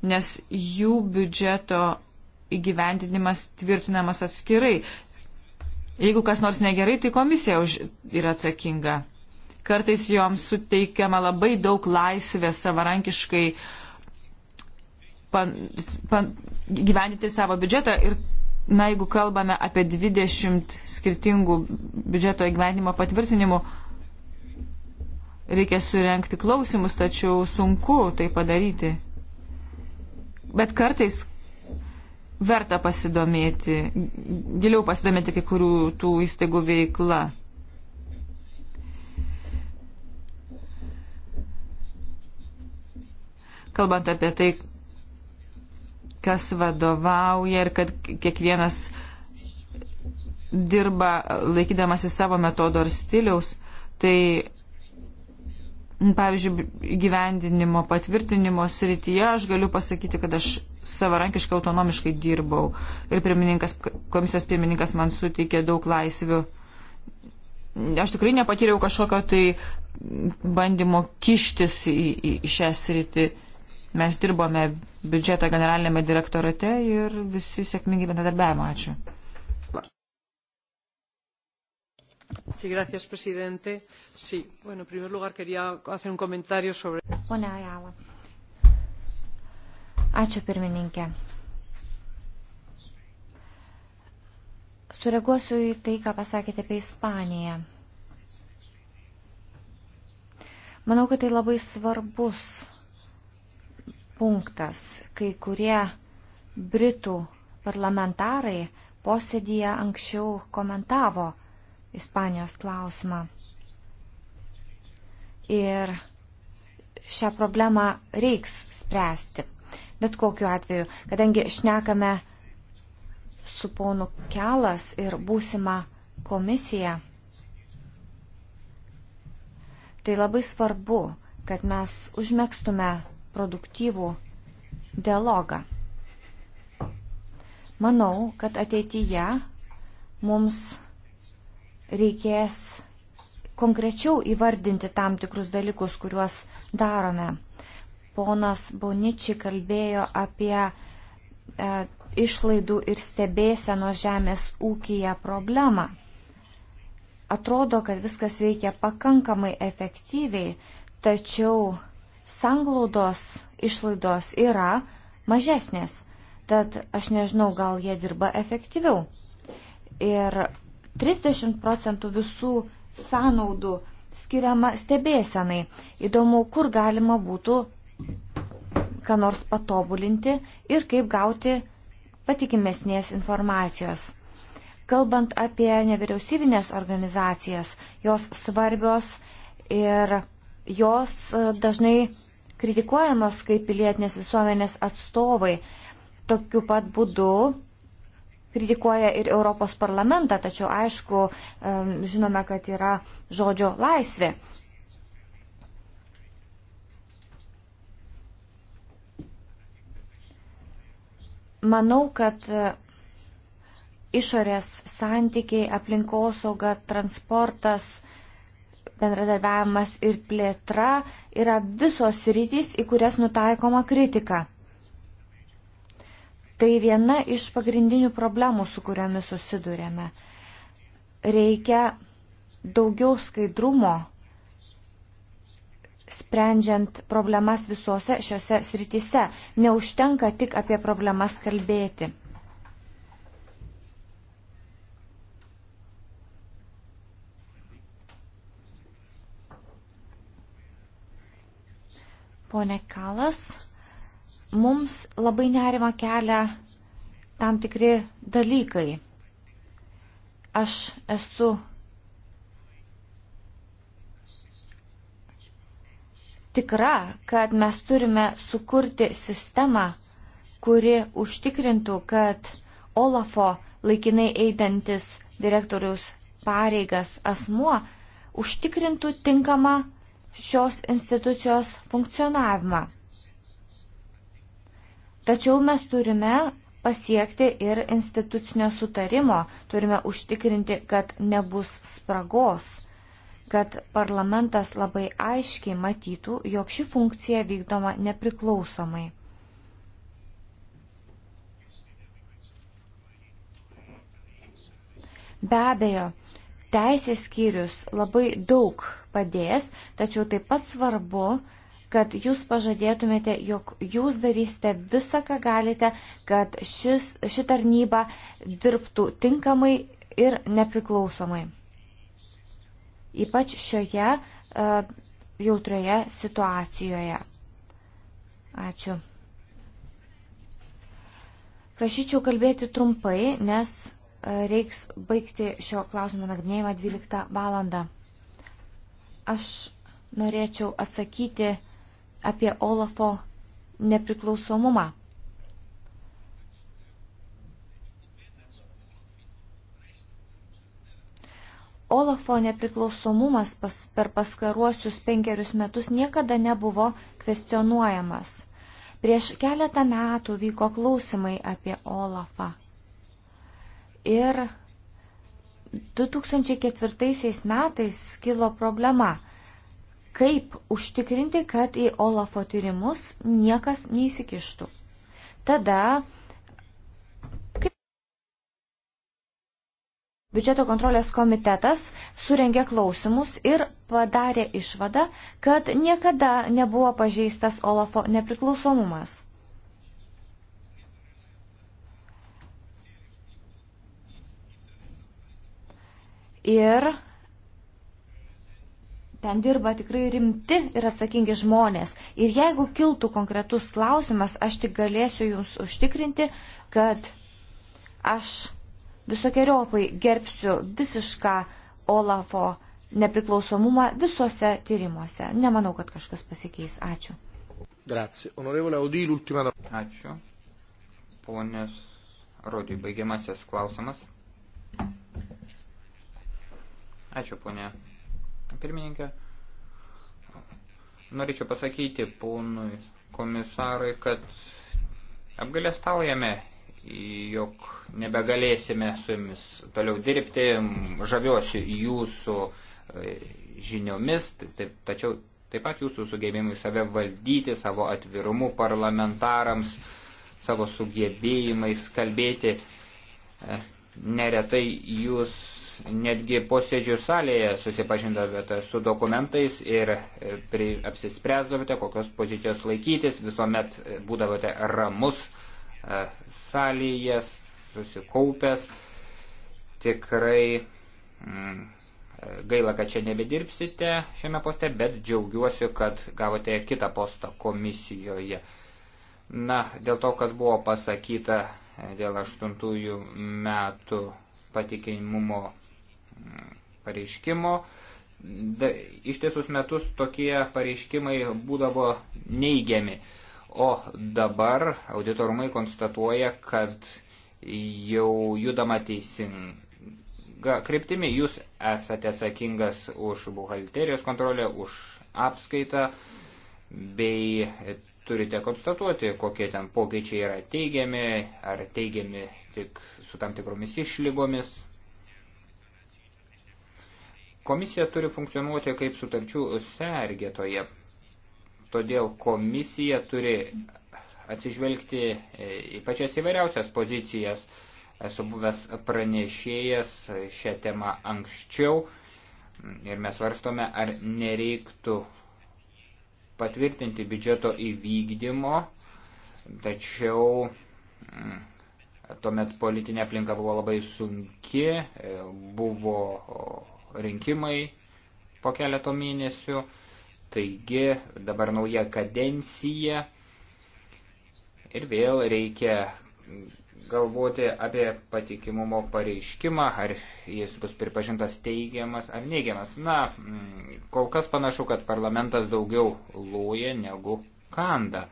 S3: nes jų biudžeto įgyvendinimas tvirtinamas atskirai. Jeigu kas nors negerai, tai komisija už, yra atsakinga. Kartais joms suteikiama labai daug laisvės savarankiškai pan, pan, gyventi savo biudžetą ir na, jeigu kalbame apie 20 skirtingų biudžeto įgyvenimo patvirtinimų, reikia surenkti klausimus, tačiau sunku tai padaryti. Bet kartais verta pasidomėti, giliau pasidomėti kai kurių tų įstaigų veikla. Kalbant apie tai, kas vadovauja ir kad kiekvienas dirba laikydamasi savo metodo ar stiliaus, tai pavyzdžiui, gyvendinimo patvirtinimo srityje aš galiu pasakyti, kad aš savarankiškai autonomiškai dirbau ir pirmininkas, komisijos pirmininkas man suteikė daug laisvių. Aš tikrai nepatyriau kažkokio tai bandymo kištis į, į, į šią sritį. Mes dirbome biudžeto generalinėme direktorate ir visi sėkmingai bendradarbiavimo. Ačiū. señor sí, presidente sí, bueno, en primer lugar quería hacer un comentario sobre.
S5: Pone Ajala. Ačiū pirmininkė. Sureaguosiu į tai, ką pasakėte apie Ispaniją. Manau, kad tai labai svarbus punktas. Kai kurie Britų parlamentarai posėdėje anksčiau komentavo Ispanijos klausimą. Ir šią problemą reiks spręsti. Bet kokiu atveju, kadangi šnekame su ponu Kelas ir būsima komisija, tai labai svarbu, kad mes užmėgstume produktyvų dialogą. Manau, kad ateityje mums reikės konkrečiau įvardinti tam tikrus dalykus, kuriuos darome. Ponas Boničiai kalbėjo apie e, išlaidų ir stebėsenos žemės ūkija problemą. Atrodo, kad viskas veikia pakankamai efektyviai, tačiau sanglaudos išlaidos yra mažesnės. Tad aš nežinau, gal jie dirba efektyviau. Ir 30 procentų visų sąnaudų skiriama stebėsenai. Įdomu, kur galima būtų ką nors patobulinti ir kaip gauti patikimesnės informacijos. Kalbant apie nevyriausybinės organizacijas, jos svarbios ir jos e, dažnai kritikuojamos kaip pilietinės visuomenės atstovai. Tokiu pat būdu kritikuoja ir Europos parlamentą, tačiau aišku, žinome, kad yra žodžio laisvė. Manau, kad e, išorės santykiai, aplinkosauga, transportas, bendradarbiavimas ir plėtra yra visos rytis, į kurias nutaikoma kritika. Tai viena iš pagrindinių problemų, su kuriomis susidurėme. Reikia daugiau skaidrumo, sprendžiant problemas visose šiose srityse. Neužtenka tik apie problemas kalbėti. Pone Kalas. Mums labai nerima kelia tam tikri dalykai. Aš esu tikra, kad mes turime sukurti sistemą, kuri užtikrintų, kad Olafo laikinai eidantis direktorius pareigas asmuo užtikrintų tinkamą šios institucijos funkcionavimą. Tačiau mes turime pasiekti ir institucinio sutarimo, turime užtikrinti, kad nebus spragos kad parlamentas labai aiškiai matytų, jog ši funkcija vykdoma nepriklausomai. Be abejo, teisės skyrius labai daug padės, tačiau taip pat svarbu, kad jūs pažadėtumėte, jog jūs darysite visą, ką galite, kad šis, ši tarnyba dirbtų tinkamai ir nepriklausomai. Ypač šioje uh, jautrioje situacijoje. Ačiū. Prašyčiau kalbėti trumpai, nes e, reiks baigti šio klausimo nagrinėjimą 12 valandą. Aš norėčiau atsakyti apie Olafo nepriklausomumą. Olafo nepriklausomumas pas, per paskaruosius penkerius metus niekada nebuvo kvestionuojamas. Prieš keletą metų vyko klausimai apie Olafą. Ir 2004 metais kilo problema kaip užtikrinti, kad į Olafo tyrimus niekas neįsikištų. Tada Biudžeto kontrolės komitetas surengė klausimus ir padarė išvadą, kad niekada nebuvo pažeistas Olafo nepriklausomumas. Ir Ten dirba tikrai rimti ir atsakingi žmonės. Ir jeigu kiltų konkretus klausimas, aš tik galėsiu Jums užtikrinti, kad aš visokiojopai gerbsiu visišką Olafo nepriklausomumą visuose tyrimuose. Nemanau, kad kažkas pasikeis. Ačiū.
S1: Grazie. Onorevole Audi, l'ultima domanda. Ačiū. Ponės Rodi, baigiamasis klausimas. Ačiū, ponė pirmininkė. Norėčiau pasakyti ponui komisarui, kad apgalėstaujame, jog nebegalėsime su jumis toliau dirbti, žaviuosi jūsų e, žiniomis, taip, tačiau taip pat jūsų sugebėjimui save valdyti, savo atvirumu parlamentarams, savo sugebėjimais kalbėti. E, neretai jūs netgi posėdžių salėje susipažindavote su dokumentais ir e, pri, apsispręsdavote, kokios pozicijos laikytis, visuomet e, būdavote ramus e, salėje, susikaupęs. Tikrai mm, gaila, kad čia nebedirbsite šiame poste, bet džiaugiuosi, kad gavote kitą postą komisijoje. Na, dėl to, kas buvo pasakyta dėl aštuntųjų metų patikimumo pareiškimo. Ištisus metus tokie pareiškimai būdavo neigiami, o dabar auditorumai konstatuoja, kad jau judama teisinga kryptimi. Jūs esate atsakingas už buhalterijos kontrolę, už apskaitą bei turite konstatuoti, kokie ten pokyčiai yra teigiami ar teigiami tik su tam tikromis išlygomis. Komisija turi funkcionuoti kaip sutarčių sergėtoje, todėl komisija turi atsižvelgti e, į pačias įvairiausias pozicijas. Esu buvęs pranešėjas šią temą anksčiau ir mes varstome, ar nereiktų patvirtinti biudžeto įvykdymo, tačiau mm, tuomet politinė aplinka buvo labai sunki, e, buvo rinkimai po keleto mėnesių, taigi dabar nauja kadencija ir vėl reikia galvoti apie patikimumo pareiškimą, ar jis bus pripažintas teigiamas ar neigiamas. Na, mm, kol kas panašu, kad parlamentas daugiau loja negu kanda.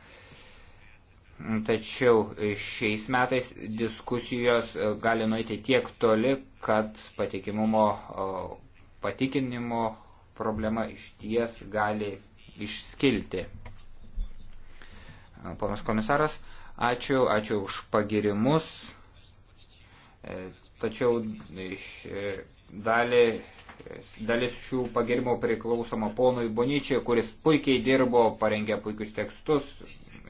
S1: Tačiau šiais metais diskusijos gali nueiti tiek toli, kad patikimumo patikinimo problema iš ties gali išskilti. Ponas komisaras, ačiū, ačiū už pagirimus, e, tačiau iš e, dalį, e, dalis šių pagirimų priklausoma ponui Boničiai, kuris puikiai dirbo, parengė puikius tekstus,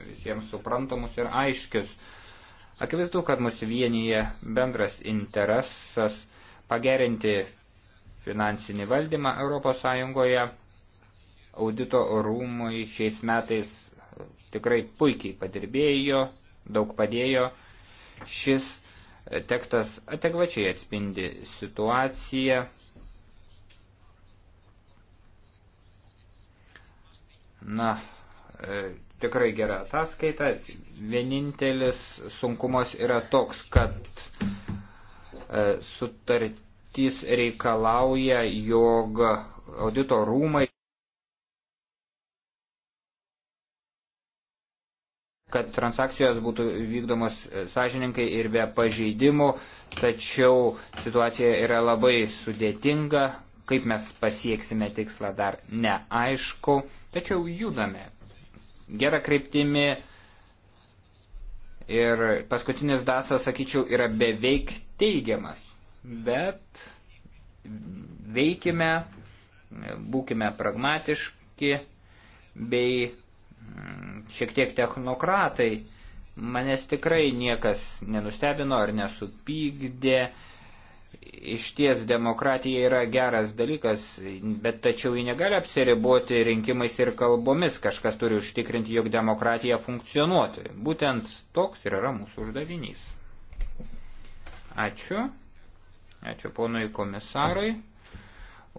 S1: visiems suprantamus ir aiškius. Akivaizdu, kad mus vienyje bendras interesas pagerinti finansinį valdymą ES. Audito rūmui šiais metais tikrai puikiai padirbėjo, daug padėjo. Šis tekstas adekvačiai atspindi situaciją. Na, e, tikrai gera ataskaita. Vienintelis sunkumas yra toks, kad e, sutartis sutartys reikalauja, jog audito rūmai kad transakcijos būtų vykdomos sąžininkai ir be pažeidimų, tačiau situacija yra labai sudėtinga, kaip mes pasieksime tikslą dar neaišku, tačiau judame gerą kryptimį ir paskutinis dasas, sakyčiau, yra beveik teigiamas bet veikime, būkime pragmatiški bei mm, šiek tiek technokratai. Manęs tikrai niekas nenustebino ar nesupykdė. Iš ties demokratija yra geras dalykas, bet tačiau ji negali apsiriboti rinkimais ir kalbomis. Kažkas turi užtikrinti, jog demokratija funkcionuotų. Būtent toks ir yra mūsų uždavinys. Ačiū. Ačiū ponui komisarui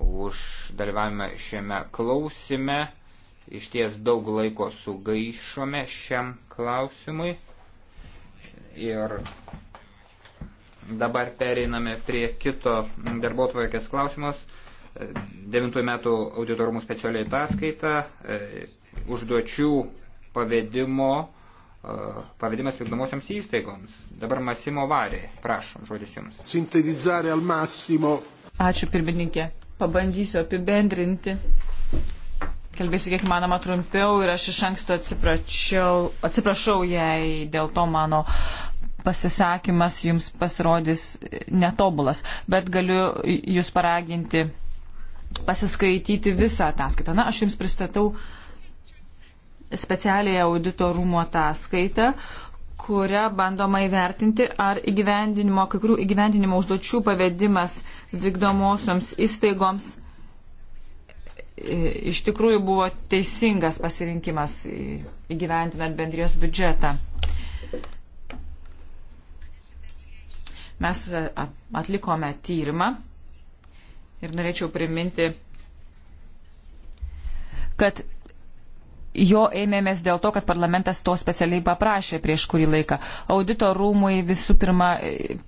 S1: už dalyvavimą šiame klausime. Iš ties daug laiko sugaišome šiam klausimui. Ir dabar pereiname prie kito darbo tvarkės klausimos. 9 metų auditorumų specialiai ataskaita e, užduočių pavedimo E, pavedimas vykdomosioms įstaigoms. Dabar Masimo Varė, prašom, žodis jums.
S4: Sintetizare al massimo.
S3: Ačiū pirmininkė, pabandysiu apibendrinti. Kalbėsiu kiek manoma trumpiau ir aš iš anksto atsiprašau, jei dėl to mano pasisakymas jums pasirodys netobulas, bet galiu jūs paraginti pasiskaityti visą ataskaitą. Na, aš jums pristatau uh, specialiai auditorumo ataskaitą, kuria bandoma įvertinti, ar įgyvendinimo, kai kurių įgyvendinimo užduočių pavedimas vykdomosioms įstaigoms e, iš tikrųjų buvo teisingas pasirinkimas įgyvendinant bendrijos biudžetą. Mes e, atlikome tyrimą ir norėčiau priminti, kad jo ėmėmės dėl to, kad parlamentas to specialiai paprašė prieš kurį laiką. Audito rūmai visų pirma e,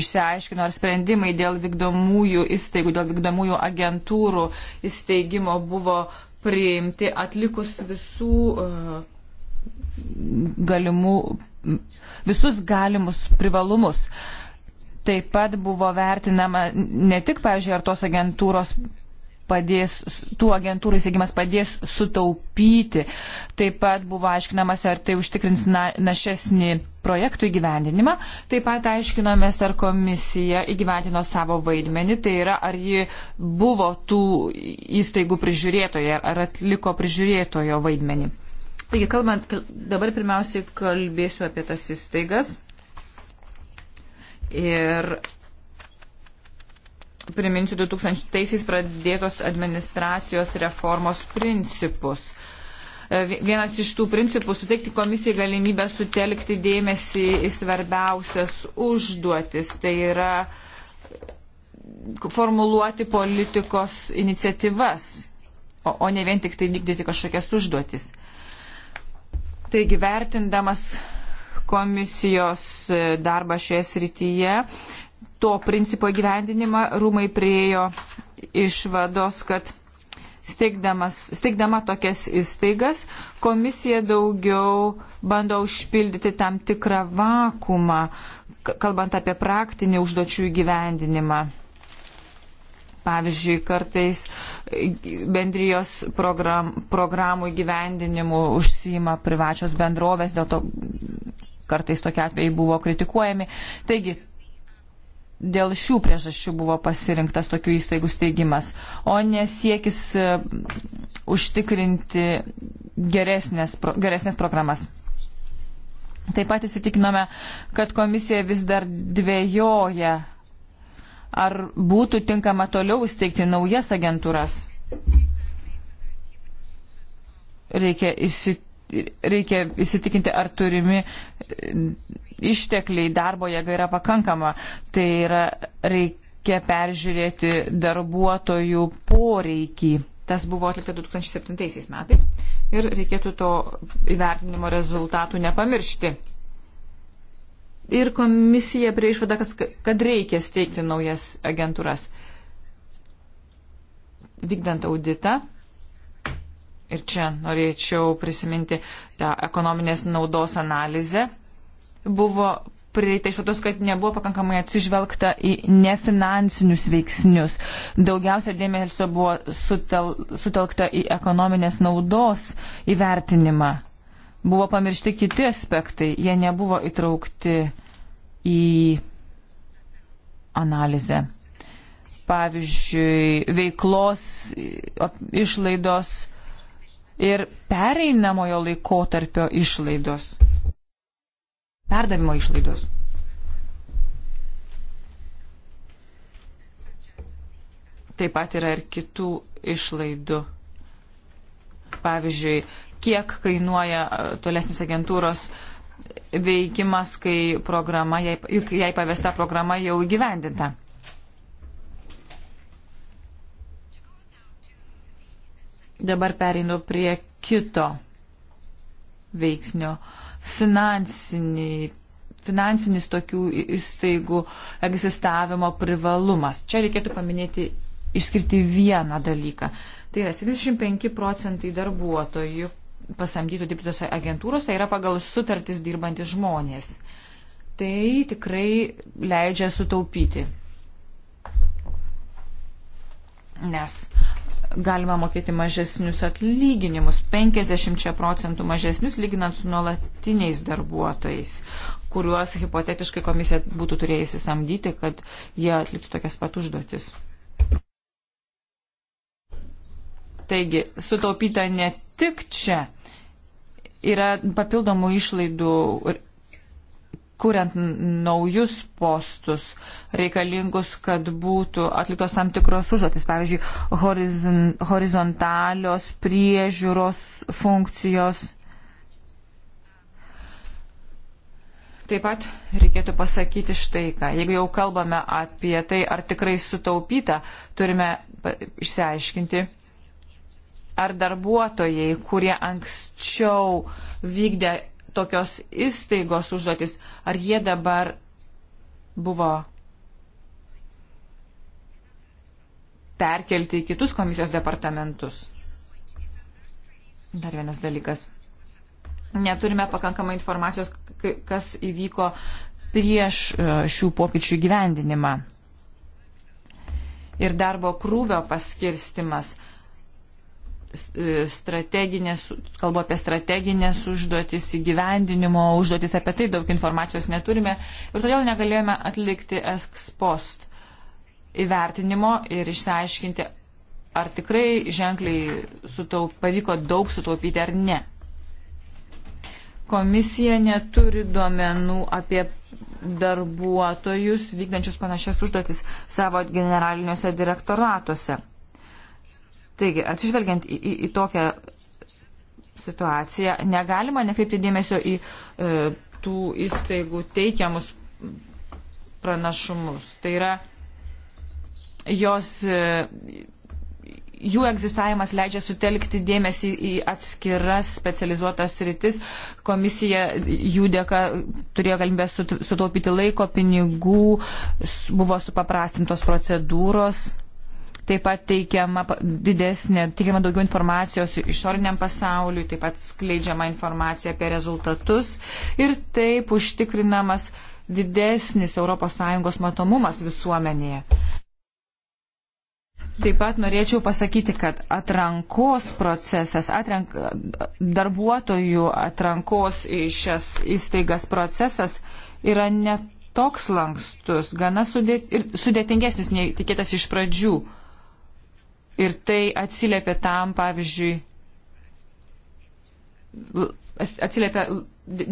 S3: išsiaiškino, ar sprendimai dėl vykdomųjų įstaigų, dėl vykdomųjų agentūrų įsteigimo buvo priimti atlikus visų uh, galimų, visus galimus privalumus. Taip pat buvo vertinama ne tik, pavyzdžiui, ar tos agentūros padės, tų agentūrų įsigimas padės sutaupyti. Taip pat buvo aiškinamas, ar tai užtikrins na, našesnį projektų įgyvendinimą. Taip pat aiškinomės, ar komisija įgyvendino savo vaidmenį, tai yra, ar ji buvo tų įstaigų prižiūrėtoje, ar atliko prižiūrėtojo vaidmenį. Taigi, kalbant, dabar pirmiausiai kalbėsiu apie tas įstaigas. Ir priminsiu 2000-aisiais pradėtos administracijos reformos principus. E, vienas iš tų principų - suteikti komisijai galimybę sutelkti dėmesį į svarbiausias užduotis. Tai yra formuluoti politikos iniciatyvas, o, o ne vien tik tai vykdyti kažkokias užduotis. Taigi, vertindamas komisijos e, darbą šioje srityje, to principo įgyvendinimą rūmai priejo išvados, kad steigdama tokias įstaigas, komisija daugiau bando užpildyti tam tikrą vakumą, kalbant apie praktinį užduočių įgyvendinimą. Pavyzdžiui, kartais bendrijos program, programų įgyvendinimu užsima privačios bendrovės, dėl to kartais tokie atvejai buvo kritikuojami. Taigi, dėl šių priežasčių buvo pasirinktas tokių įstaigų steigimas, o nesiekis e, užtikrinti geresnės, geresnės programas. Taip pat įsitikinome, kad komisija vis dar dvėjoja, ar būtų tinkama toliau įsteigti naujas agentūras. Reikia įsitikinti reikia įsitikinti, ar turimi e, ištekliai darbo jėga yra pakankama. Tai yra reikia peržiūrėti darbuotojų poreikį. Tas buvo atlikta 2007 metais ir reikėtų to įvertinimo rezultatų nepamiršti. Ir komisija prie išvada, kad reikia steigti naujas agentūras. Vykdant auditą, ir čia norėčiau prisiminti tą ekonominės naudos analizę, buvo prieita išvados, kad nebuvo pakankamai atsižvelgta į nefinansinius veiksnius. Daugiausia dėmesio buvo sutel, sutelkta į ekonominės naudos įvertinimą. Buvo pamiršti kiti aspektai, jie nebuvo įtraukti į analizę. Pavyzdžiui, veiklos išlaidos ir pereinamojo laikotarpio išlaidos. Perdavimo išlaidos. Taip pat yra ir kitų išlaidų. Pavyzdžiui, kiek kainuoja e, tolesnis agentūros veikimas, kai programa, jai, jai pavesta programa jau įgyvendinta. Dabar pereinu prie kito veiksnio. Finansiniai, finansinis tokių įstaigų egzistavimo privalumas. Čia reikėtų paminėti išskirti vieną dalyką. Tai yra 75 procentai darbuotojų pasamdytų dirbtose agentūrose yra pagal sutartis dirbantis žmonės. Tai tikrai leidžia sutaupyti. Nes galima mokėti mažesnius atlyginimus, 50 procentų mažesnius lyginant su nuolatiniais darbuotojais, kuriuos hipotetiškai komisija būtų turėjusi samdyti, kad jie atliktų tokias pat užduotis. Taigi, sutaupyta ne tik čia, yra papildomų išlaidų kuriant naujus postus reikalingus, kad būtų atliktos tam tikros užduotis, pavyzdžiui, horizon, horizontalios priežiūros funkcijos. Taip pat reikėtų pasakyti štai ką. Jeigu jau kalbame apie tai, ar tikrai sutaupyta, turime išsiaiškinti, ar darbuotojai, kurie anksčiau vykdė tokios įstaigos užduotis, ar jie dabar buvo perkelti į kitus komisijos departamentus. Dar vienas dalykas. Neturime pakankamai informacijos, kas įvyko prieš e, šių pokyčių gyvendinimą. Ir darbo krūvio paskirstimas. E, strateginės, kalbu apie strateginės užduotis, įgyvendinimo užduotis, apie tai daug informacijos neturime ir todėl negalėjome atlikti ekspost įvertinimo ir išsiaiškinti, ar tikrai ženkliai sutaup, pavyko daug sutaupyti ar ne. Komisija neturi duomenų apie darbuotojus vykdančius panašias užduotis savo generaliniuose direktoratuose Taigi, atsižvelgiant į, į, į tokią situaciją, negalima nekreipti dėmesio į e, tų įstaigų teikiamus pranašumus. Tai yra, jos, e, jų egzistavimas leidžia sutelkti dėmesį į atskiras specializuotas rytis. Komisija jų dėka turėjo galimybę sutaupyti laiko, pinigų, buvo supaprastintos procedūros. Taip pat teikiama didesnė, teikiama daugiau informacijos išoriniam pasauliui, taip pat skleidžiama informacija apie rezultatus ir taip užtikrinamas didesnis ES matomumas visuomenėje. Taip pat norėčiau pasakyti, kad atrankos procesas, atrank, darbuotojų atrankos į šias įstaigas procesas yra ne toks lankstus, gana sudėt, sudėtingesnis nei tikėtas iš pradžių. Uh, Ir tai atsiliepia tam, pavyzdžiui, atsiliepia,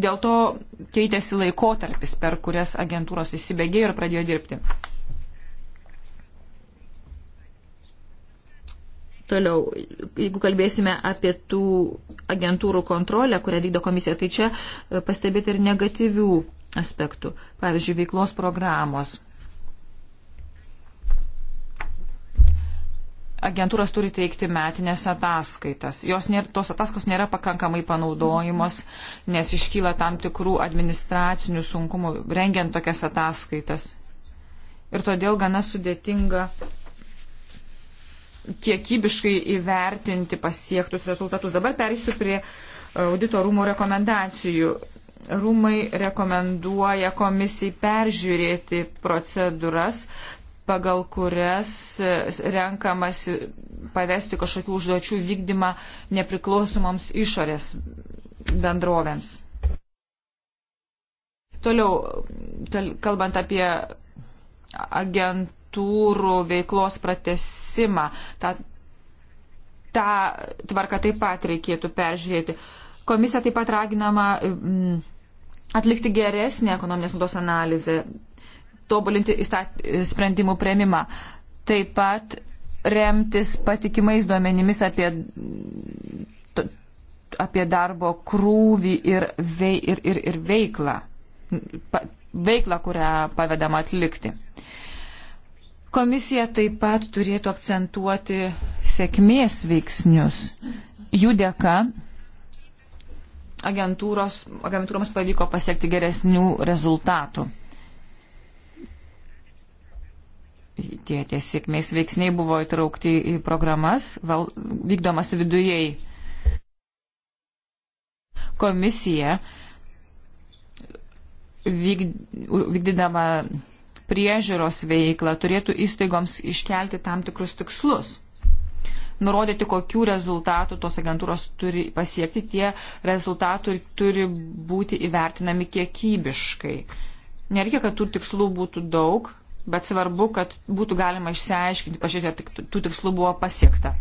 S3: dėl to keitėsi laikotarpis, per kurias agentūros įsibėgėjo ir pradėjo dirbti. Toliau, jeigu kalbėsime apie tų agentūrų kontrolę, kurią vykdo komisija, tai čia e, pastebėti ir negatyvių aspektų. Pavyzdžiui, veiklos programos agentūros turi teikti metinės ataskaitas. Jos nėra, tos ataskaitos nėra pakankamai panaudojimos, nes iškyla tam tikrų administracinių sunkumų rengiant tokias ataskaitas. Ir todėl gana sudėtinga kiekybiškai įvertinti pasiektus rezultatus. Dabar perėsiu prie audito rūmų rekomendacijų. Rūmai rekomenduoja komisijai peržiūrėti procedūras, pagal kurias renkamasi pavesti kažkokių užduočių vykdymą nepriklausomoms išorės bendrovėms. Toliau, kalbant apie agentūrų veiklos pratesimą, tą, tą tvarką taip pat reikėtų peržiūrėti. Komisija taip pat raginama mm, atlikti geresnį ekonominės naudos analizę tobulinti įstat, sprendimų prieimimą. Taip pat remtis patikimais duomenimis apie, apie darbo krūvį ir, vei, ir, ir, ir veiklą, pa, veiklą, kurią pavedama atlikti. Komisija taip pat turėtų akcentuoti sėkmės veiksnius. Jų dėka agentūroms pavyko pasiekti geresnių rezultatų. tie, tie sėkmės veiksniai buvo įtraukti į programas, val, vykdomas vidujei. Komisija vyk, vykdydama priežiūros veiklą turėtų įstaigoms iškelti tam tikrus tikslus. Nurodyti, kokių rezultatų tos agentūros turi pasiekti, tie rezultatai turi būti įvertinami kiekybiškai. Nereikia, kad tų tikslų būtų daug, bet svarbu, kad būtų galima išsiaiškinti,
S4: pažiūrėti, ar tų tikslų buvo pasiekta.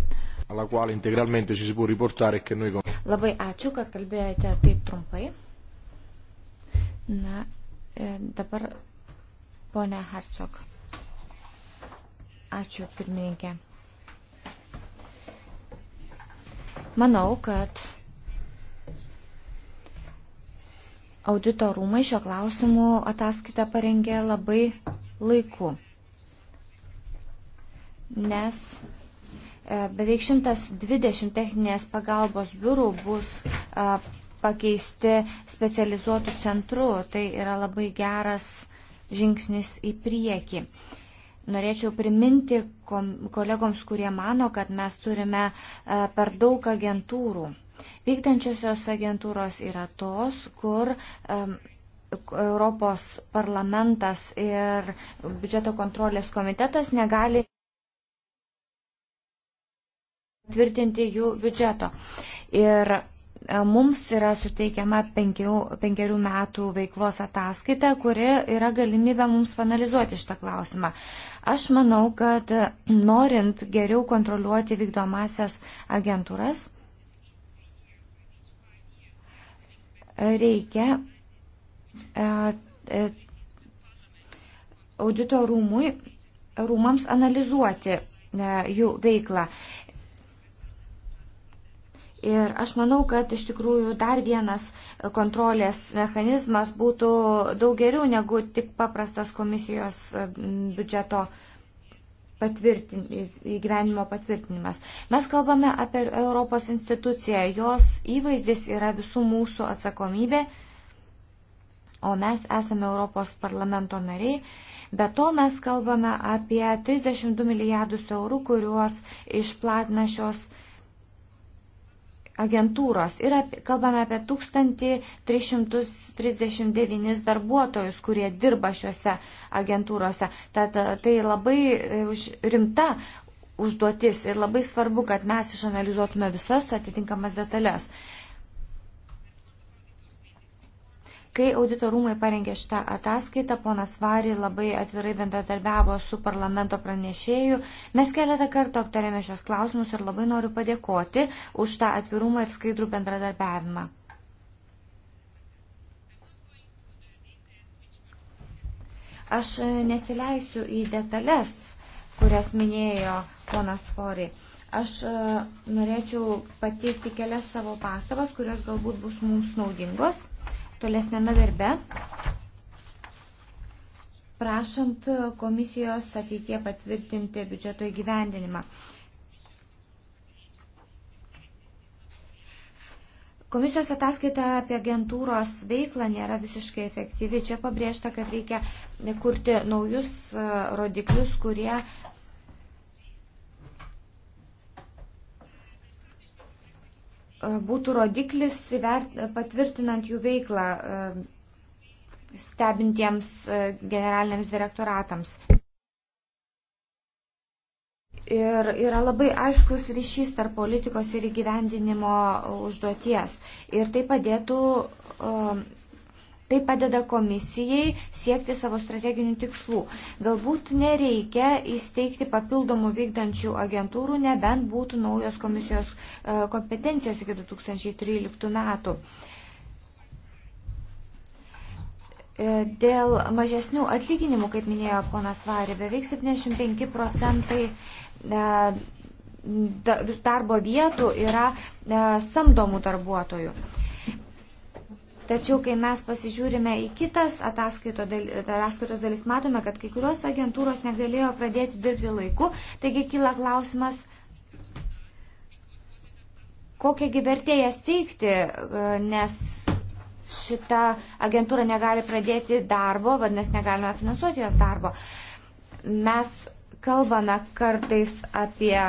S5: Labai ačiū, kad kalbėjote taip trumpai. Na, e, dabar ponia Hartsok. Ačiū, pirmininkė. Manau, kad audito rūmai šio klausimu ataskaitą parengė labai laiku. Nes e, beveik 120 techninės pagalbos biurų bus e, pakeisti specializuotų centrų. Tai yra labai geras žingsnis į priekį. Norėčiau priminti kolegoms, kurie mano, kad mes turime e, per daug agentūrų. Vykdančiosios agentūros yra tos, kur Europos parlamentas ir biudžeto kontrolės komitetas negali tvirtinti jų biudžeto. Ir e, mums yra suteikiama penkių, penkerių metų veiklos ataskaita, kuri yra galimybė mums panalizuoti šitą klausimą. Aš manau, kad e, norint geriau kontroliuoti vykdomasias agentūras, reikia E, e, audito rūmui, rūmams analizuoti e, jų veiklą. Ir aš manau, kad iš tikrųjų dar vienas kontrolės mechanizmas būtų daug geriau negu tik paprastas komisijos biudžeto patvirtin, įgyvenimo patvirtinimas. Mes kalbame apie Europos instituciją. Jos įvaizdis yra visų mūsų atsakomybė o mes esame Europos parlamento nariai. Be to mes kalbame apie 32 milijardus eurų, kuriuos išplatina šios agentūros. Ir apie, kalbame apie 1339 darbuotojus, kurie dirba šiuose agentūrose. Tad e, tai labai e, rimta užduotis ir labai svarbu, kad mes išanalizuotume visas atitinkamas detalės. Kai auditorumai parengė šitą ataskaitą, ponas Vari labai atvirai bendradarbiavo su parlamento pranešėju. Mes keletą kartų aptarėme šios klausimus ir labai noriu padėkoti už tą atvirumą ir skaidrų bendradarbiavimą. Aš e, nesileisiu į detalės, kurias minėjo ponas Fori. Aš e, norėčiau pateikti kelias savo pastabas, kurios galbūt bus mums naudingos tolesnėme darbe, prašant komisijos ateitie patvirtinti biudžeto įgyvendinimą. Komisijos ataskaita apie agentūros veiklą nėra visiškai efektyvi. Čia pabrėžta, kad reikia kurti naujus rodiklius, kurie E, būtų rodiklis e, patvirtinant jų veiklą e, stebintiems generaliniams direktoratams. Ir yra labai aiškus ryšys tarp politikos ir įgyvendinimo užduoties. Ir tai padėtų Tai padeda komisijai siekti savo strateginių tikslų. Galbūt nereikia įsteigti papildomų vykdančių agentūrų, nebent būtų naujos komisijos e, kompetencijos iki 2013 metų. E, dėl mažesnių atlyginimų, kaip minėjo ponas Varė, beveik 75 procentai e, darbo vietų yra samdomų darbuotojų. Tačiau, kai mes pasižiūrime į kitas ataskaitos dalis, matome, kad kai kurios agentūros negalėjo pradėti dirbti laiku, taigi kyla klausimas, kokią gyvertėjas teikti, e, nes šita agentūra negali pradėti darbo, vadinasi, negalime finansuoti jos darbo. Mes kalbame kartais apie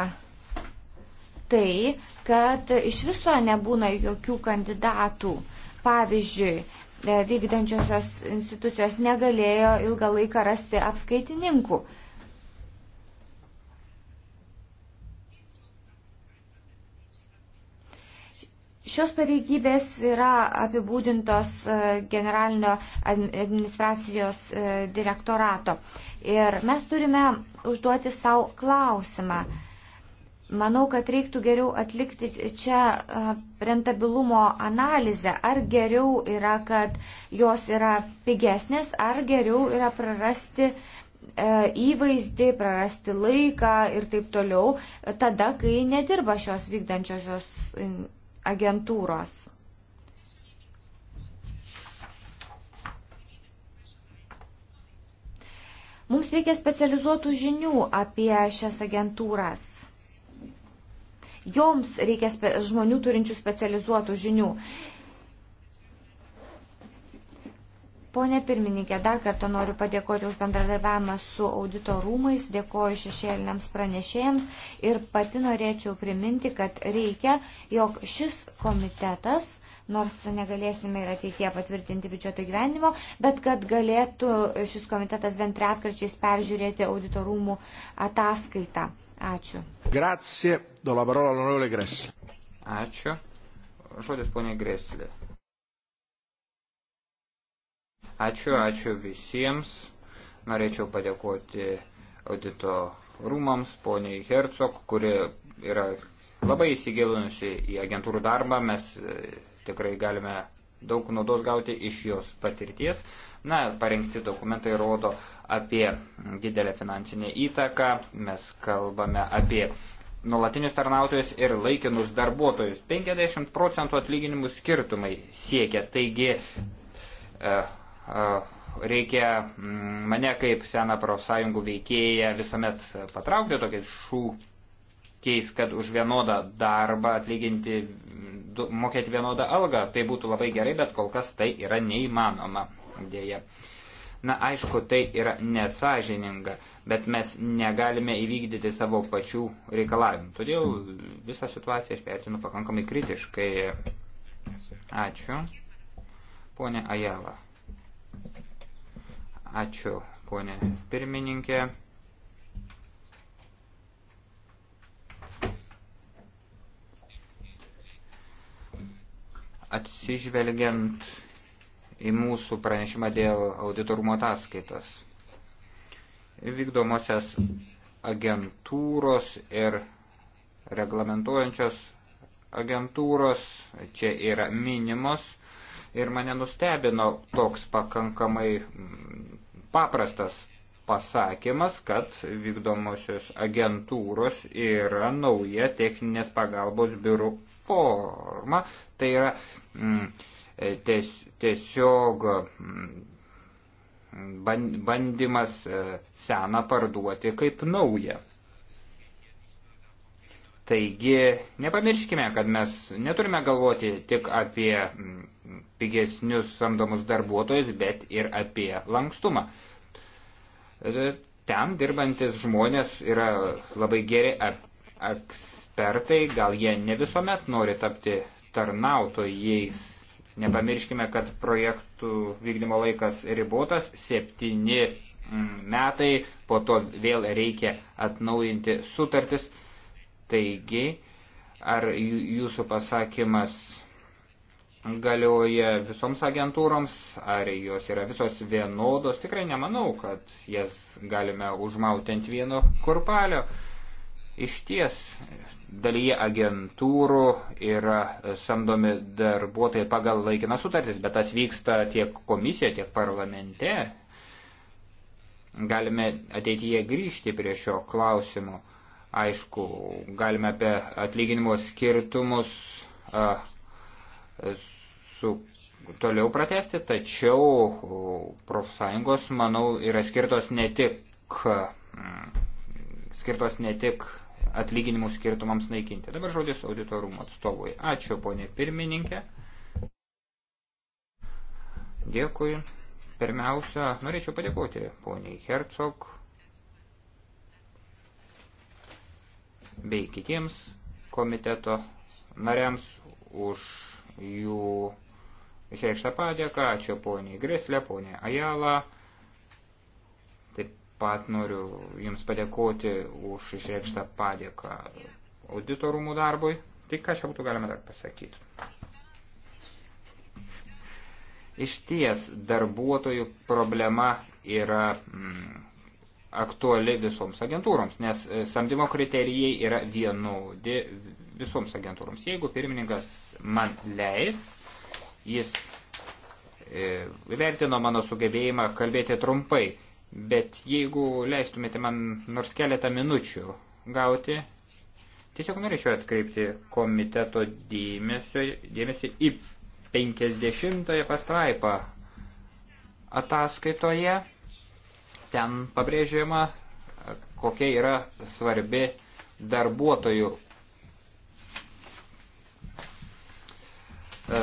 S5: tai, kad iš viso nebūna jokių kandidatų. Pavyzdžiui, e, vykdančiosios institucijos negalėjo ilgą laiką rasti apskaitininkų. Šios pareigybės yra apibūdintos e, generalinio administracijos e, direktorato. Ir mes turime užduoti savo klausimą. Mhm Manau, kad reiktų geriau atlikti čia rentabilumo analizę, ar geriau yra, kad jos yra pigesnės, ar geriau yra prarasti e, įvaizdį, prarasti laiką ir taip toliau, tada, kai nedirba šios vykdančiosios agentūros. Mums reikia specializuotų žinių apie šias agentūras. Joms reikia žmonių turinčių specializuotų žinių. Pone pirmininkė, dar kartą noriu padėkoti už bendradarbiavimą su audito rūmais, dėkoju šešėliniams pranešėjams ir pati norėčiau priminti, kad reikia, jog šis komitetas, nors negalėsime ir ateitie patvirtinti biudžeto gyvenimo, bet kad galėtų šis komitetas bent retkarčiais peržiūrėti audito rūmų ataskaitą. Ačiū.
S1: Grazie. Do la parola all'onorevole Gressle. Ačiū. Žodis ponė Gressle. Ačiū, ačiū visiems. Norėčiau padėkoti audito rūmams, poniai Hercog, kuri yra labai įsigilinusi į agentūrų darbą. Mes e, tikrai galime daug naudos gauti iš jos patirties. Na, parengti dokumentai rodo apie didelę finansinę įtaką, mes kalbame apie nuolatinius tarnautojus ir laikinus darbuotojus. 50 procentų atlyginimų skirtumai siekia, taigi e, e, reikia mane kaip seną profsąjungų veikėją visuomet patraukti tokiais šūkiais keis, kad už vienodą darbą atlyginti, mokėti vienodą algą. Tai būtų labai gerai, bet kol kas tai yra neįmanoma dėja. Na, aišku, tai yra nesažininga, bet mes negalime įvykdyti savo pačių reikalavimų. Todėl visą situaciją aš vertinu pakankamai kritiškai. Ačiū. Pone Ajala. Ačiū, ponė pirmininkė. atsižvelgiant į mūsų pranešimą dėl auditorumo ataskaitos. Vykdomosios agentūros ir reglamentuojančios agentūros čia yra minimos ir mane nustebino toks pakankamai mm, paprastas pasakymas, kad vykdomosios agentūros yra nauja techninės pagalbos biurų forma, tai yra mm, ties, tiesiog mm, bandymas e, seną parduoti kaip naują. Taigi nepamirškime, kad mes neturime galvoti tik apie mm, pigesnius samdomus darbuotojus, bet ir apie lankstumą e, ten dirbantis žmonės yra labai geri ekspertai, gal jie ne visuomet nori tapti tarnautojais. Nepamirškime, kad projektų vykdymo laikas ribotas - septyni mm, metai, po to vėl reikia atnaujinti sutartis. Taigi, ar jūsų pasakymas galioja visoms agentūroms, ar jos yra visos vienodos, tikrai nemanau, kad jas galime užmauti ant vieno kurpalio. Iš ties dalyje agentūrų yra samdomi darbuotojai pagal laikinas sutartis, bet tas vyksta tiek komisijoje, tiek parlamente. Galime ateityje grįžti prie šio klausimo. Aišku, galime apie atlyginimo skirtumus a, su toliau pratesti, tačiau profsąjungos, manau, yra skirtos ne tik, skirtos ne tik atlyginimų skirtumams naikinti. Dabar žodis auditorumo atstovui. Ačiū, ponė pirmininkė. Dėkui. Pirmiausia, norėčiau padėkoti poniai Hercog bei kitiems komiteto nariams už jų išreikštą padėką. Ačiū poniai Grislė, poniai Ajala pat noriu Jums padėkoti už išreikštą padėką auditorumų darbui. Tai ką čia būtų galima dar pasakyti? Iš ties darbuotojų problema yra mm, aktuali visoms agentūroms, nes e, samdymo kriterijai yra vienodi visoms agentūroms. Jeigu pirmininkas man leis, jis e, vertino mano sugebėjimą kalbėti trumpai bet jeigu leistumėte man nors keletą minučių gauti, tiesiog norėčiau atkreipti komiteto dėmesio, dėmesį į 50 pastraipą ataskaitoje. Ten pabrėžiama, kokia yra svarbi darbuotojų e,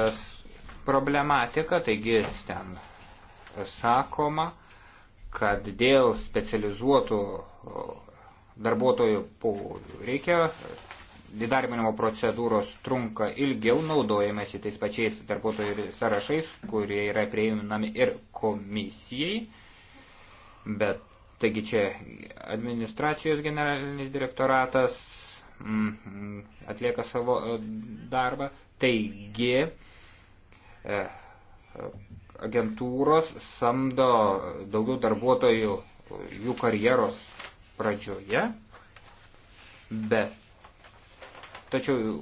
S1: problematika, taigi ten sakoma, kad dėl specializuotų darbuotojų reikia įdarbinimo procedūros trunka ilgiau, naudojamasi tais pačiais darbuotojų sąrašais, kurie yra prieinami ir komisijai, bet taigi čia administracijos generalinis direktoratas mm, atlieka savo e, darbą, taigi e, agentūros samdo daugiau darbuotojų jų karjeros pradžioje, bet tačiau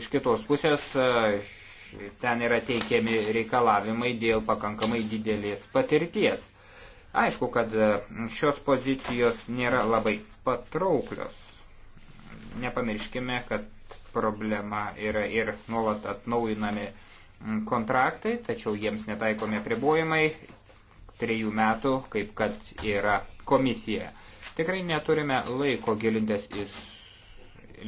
S1: iš kitos pusės e, ten yra teikiami reikalavimai dėl pakankamai didelės patirties. Aišku, kad e, šios pozicijos nėra labai patrauklios. Nepamirškime, kad problema yra ir nuolat atnaujinami uh, kontraktai, tačiau jiems netaikomi apribojimai trejų metų, kaip kad yra komisija. Tikrai neturime laiko gilintis į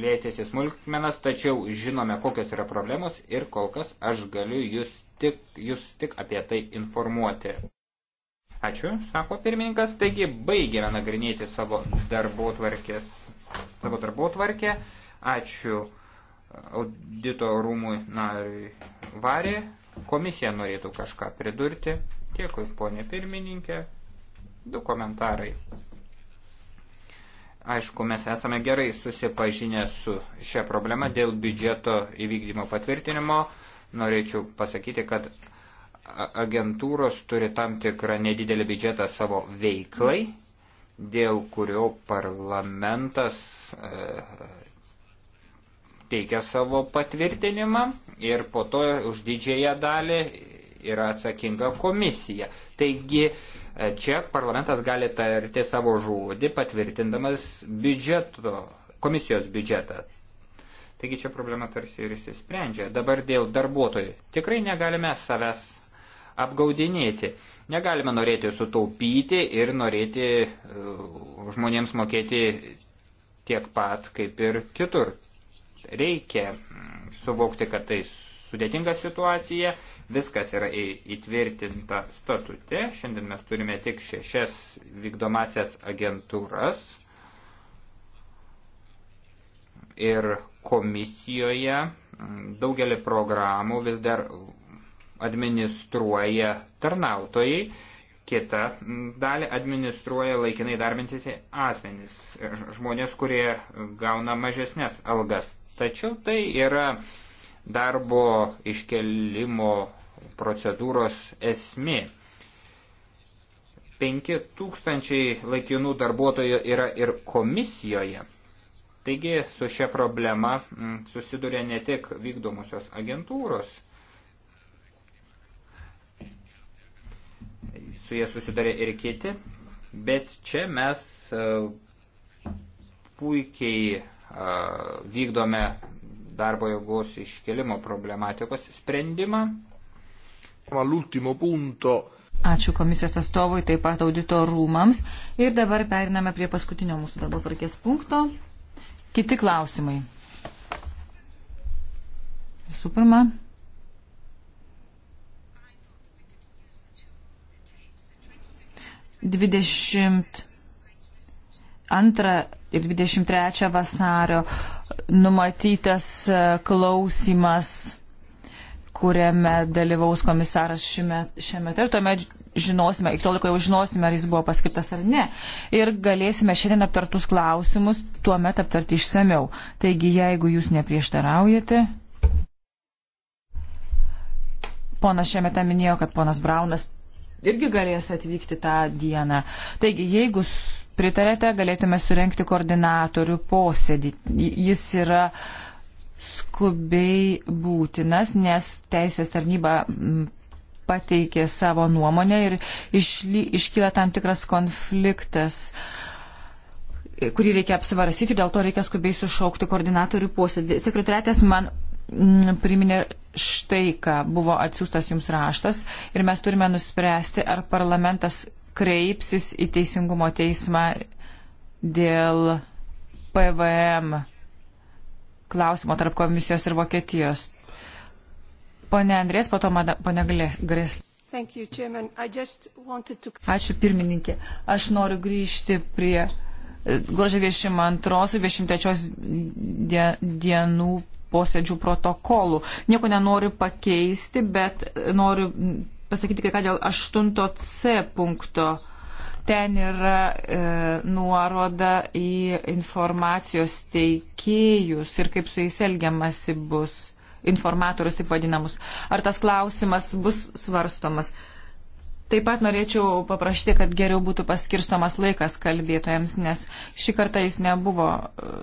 S1: lėstis į smulkmenas, tačiau žinome, kokios yra problemos ir kol kas aš galiu jūs tik, jūs tik apie tai informuoti. Ačiū, sako pirmininkas, taigi baigėme nagrinėti savo darbo tvarkės. Savo darbo tvarkę. Ačiū audito rūmui nariui varė. Komisija norėtų kažką pridurti. Dėkui, ponė pirmininkė. Du komentarai. Aišku, mes esame gerai susipažinę su šia problema dėl biudžeto įvykdymo patvirtinimo. Norėčiau pasakyti, kad agentūros turi tam tikrą nedidelį biudžetą savo veiklai, dėl kurio parlamentas e, teikia savo patvirtinimą ir po to už didžiąją dalį yra atsakinga komisija. Taigi čia parlamentas gali tarti savo žodį patvirtindamas biudžeto, komisijos biudžetą. Taigi čia problema tarsi ir įsisprendžia. Dabar dėl darbuotojų. Tikrai negalime savęs apgaudinėti. Negalime norėti sutaupyti ir norėti uh, žmonėms mokėti tiek pat kaip ir kitur. Reikia suvokti, kad tai sudėtinga situacija, viskas yra įtvirtinta statute. Šiandien mes turime tik šešias vykdomasias agentūras ir komisijoje daugelį programų vis dar administruoja tarnautojai, kita dalį administruoja laikinai darbintys asmenys, žmonės, kurie gauna mažesnės algas. Tačiau tai yra darbo iškelimo procedūros esmė. 5000 laikinų darbuotojų yra ir komisijoje. Taigi su šia problema mm, susiduria ne tik vykdomusios agentūros, su jie susiduria ir kiti, bet čia mes e, puikiai vykdome darbo jėgos iškelimo problematikos sprendimą.
S3: Ačiū komisijos atstovui, taip pat audito rūmams. Ir dabar periname prie paskutinio mūsų darbo tvarkės punkto. Kiti klausimai. Visų pirma. Dvidešimt antrą ir 23 vasario numatytas e, klausimas, kuriame dalyvaus komisaras šiame, šiame ir tuomet žinosime, iki to laiko jau žinosime, ar jis buvo paskirtas ar ne. Ir galėsime šiandien aptartus klausimus tuomet aptarti išsameu. Taigi, jeigu jūs neprieštaraujate. Ponas šiame tą minėjo, kad ponas Braunas irgi galės atvykti tą dieną. Taigi, jeigu pritarėte, galėtume surenkti koordinatorių posėdį. Jis yra skubiai būtinas, nes teisės tarnyba pateikė savo nuomonę ir išly, iškyla tam tikras konfliktas kurį reikia apsvarstyti, dėl to reikia skubiai sušaukti koordinatorių posėdį. Sekretariatės man priminė štai, ką buvo atsiųstas jums raštas ir mes turime nuspręsti, ar parlamentas kreipsis į Teisingumo teismą dėl PVM klausimo tarp komisijos ir Vokietijos. Pone Andrės, po to pone Grės. To... Ačiū pirmininkė. Aš noriu grįžti prie e, gruodžio 22 ir 23 dienų posėdžių protokolų. Nieko nenoriu pakeisti, bet e, noriu pasakyti kai ką dėl 8c punkto. Ten yra e, nuoroda į informacijos teikėjus ir kaip su jais elgiamasi bus informatorius taip vadinamus. Ar tas klausimas bus svarstomas? Taip pat norėčiau paprašyti, kad geriau būtų paskirstomas laikas kalbėtojams, nes šį kartą jis nebuvo e,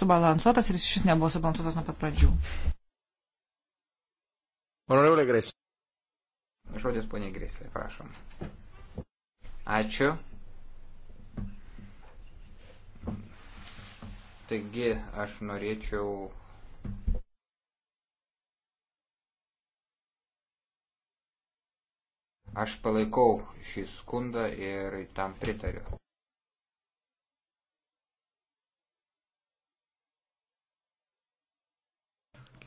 S3: subalansuotas ir jis šis nebuvo subalansuotas nuo pat pradžių.
S1: Honorable Gresė. Žodis ponė Grislė, prašom. Ačiū. Taigi aš norėčiau. Aš palaikau šį skundą ir tam pritariu.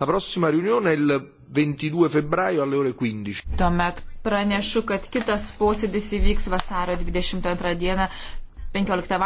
S4: La prossima riunione è il 22 febbraio alle ore 15.
S3: Tuomet pranešu, kad kitas posėdis įvyks vasario 22 dieną 15 val.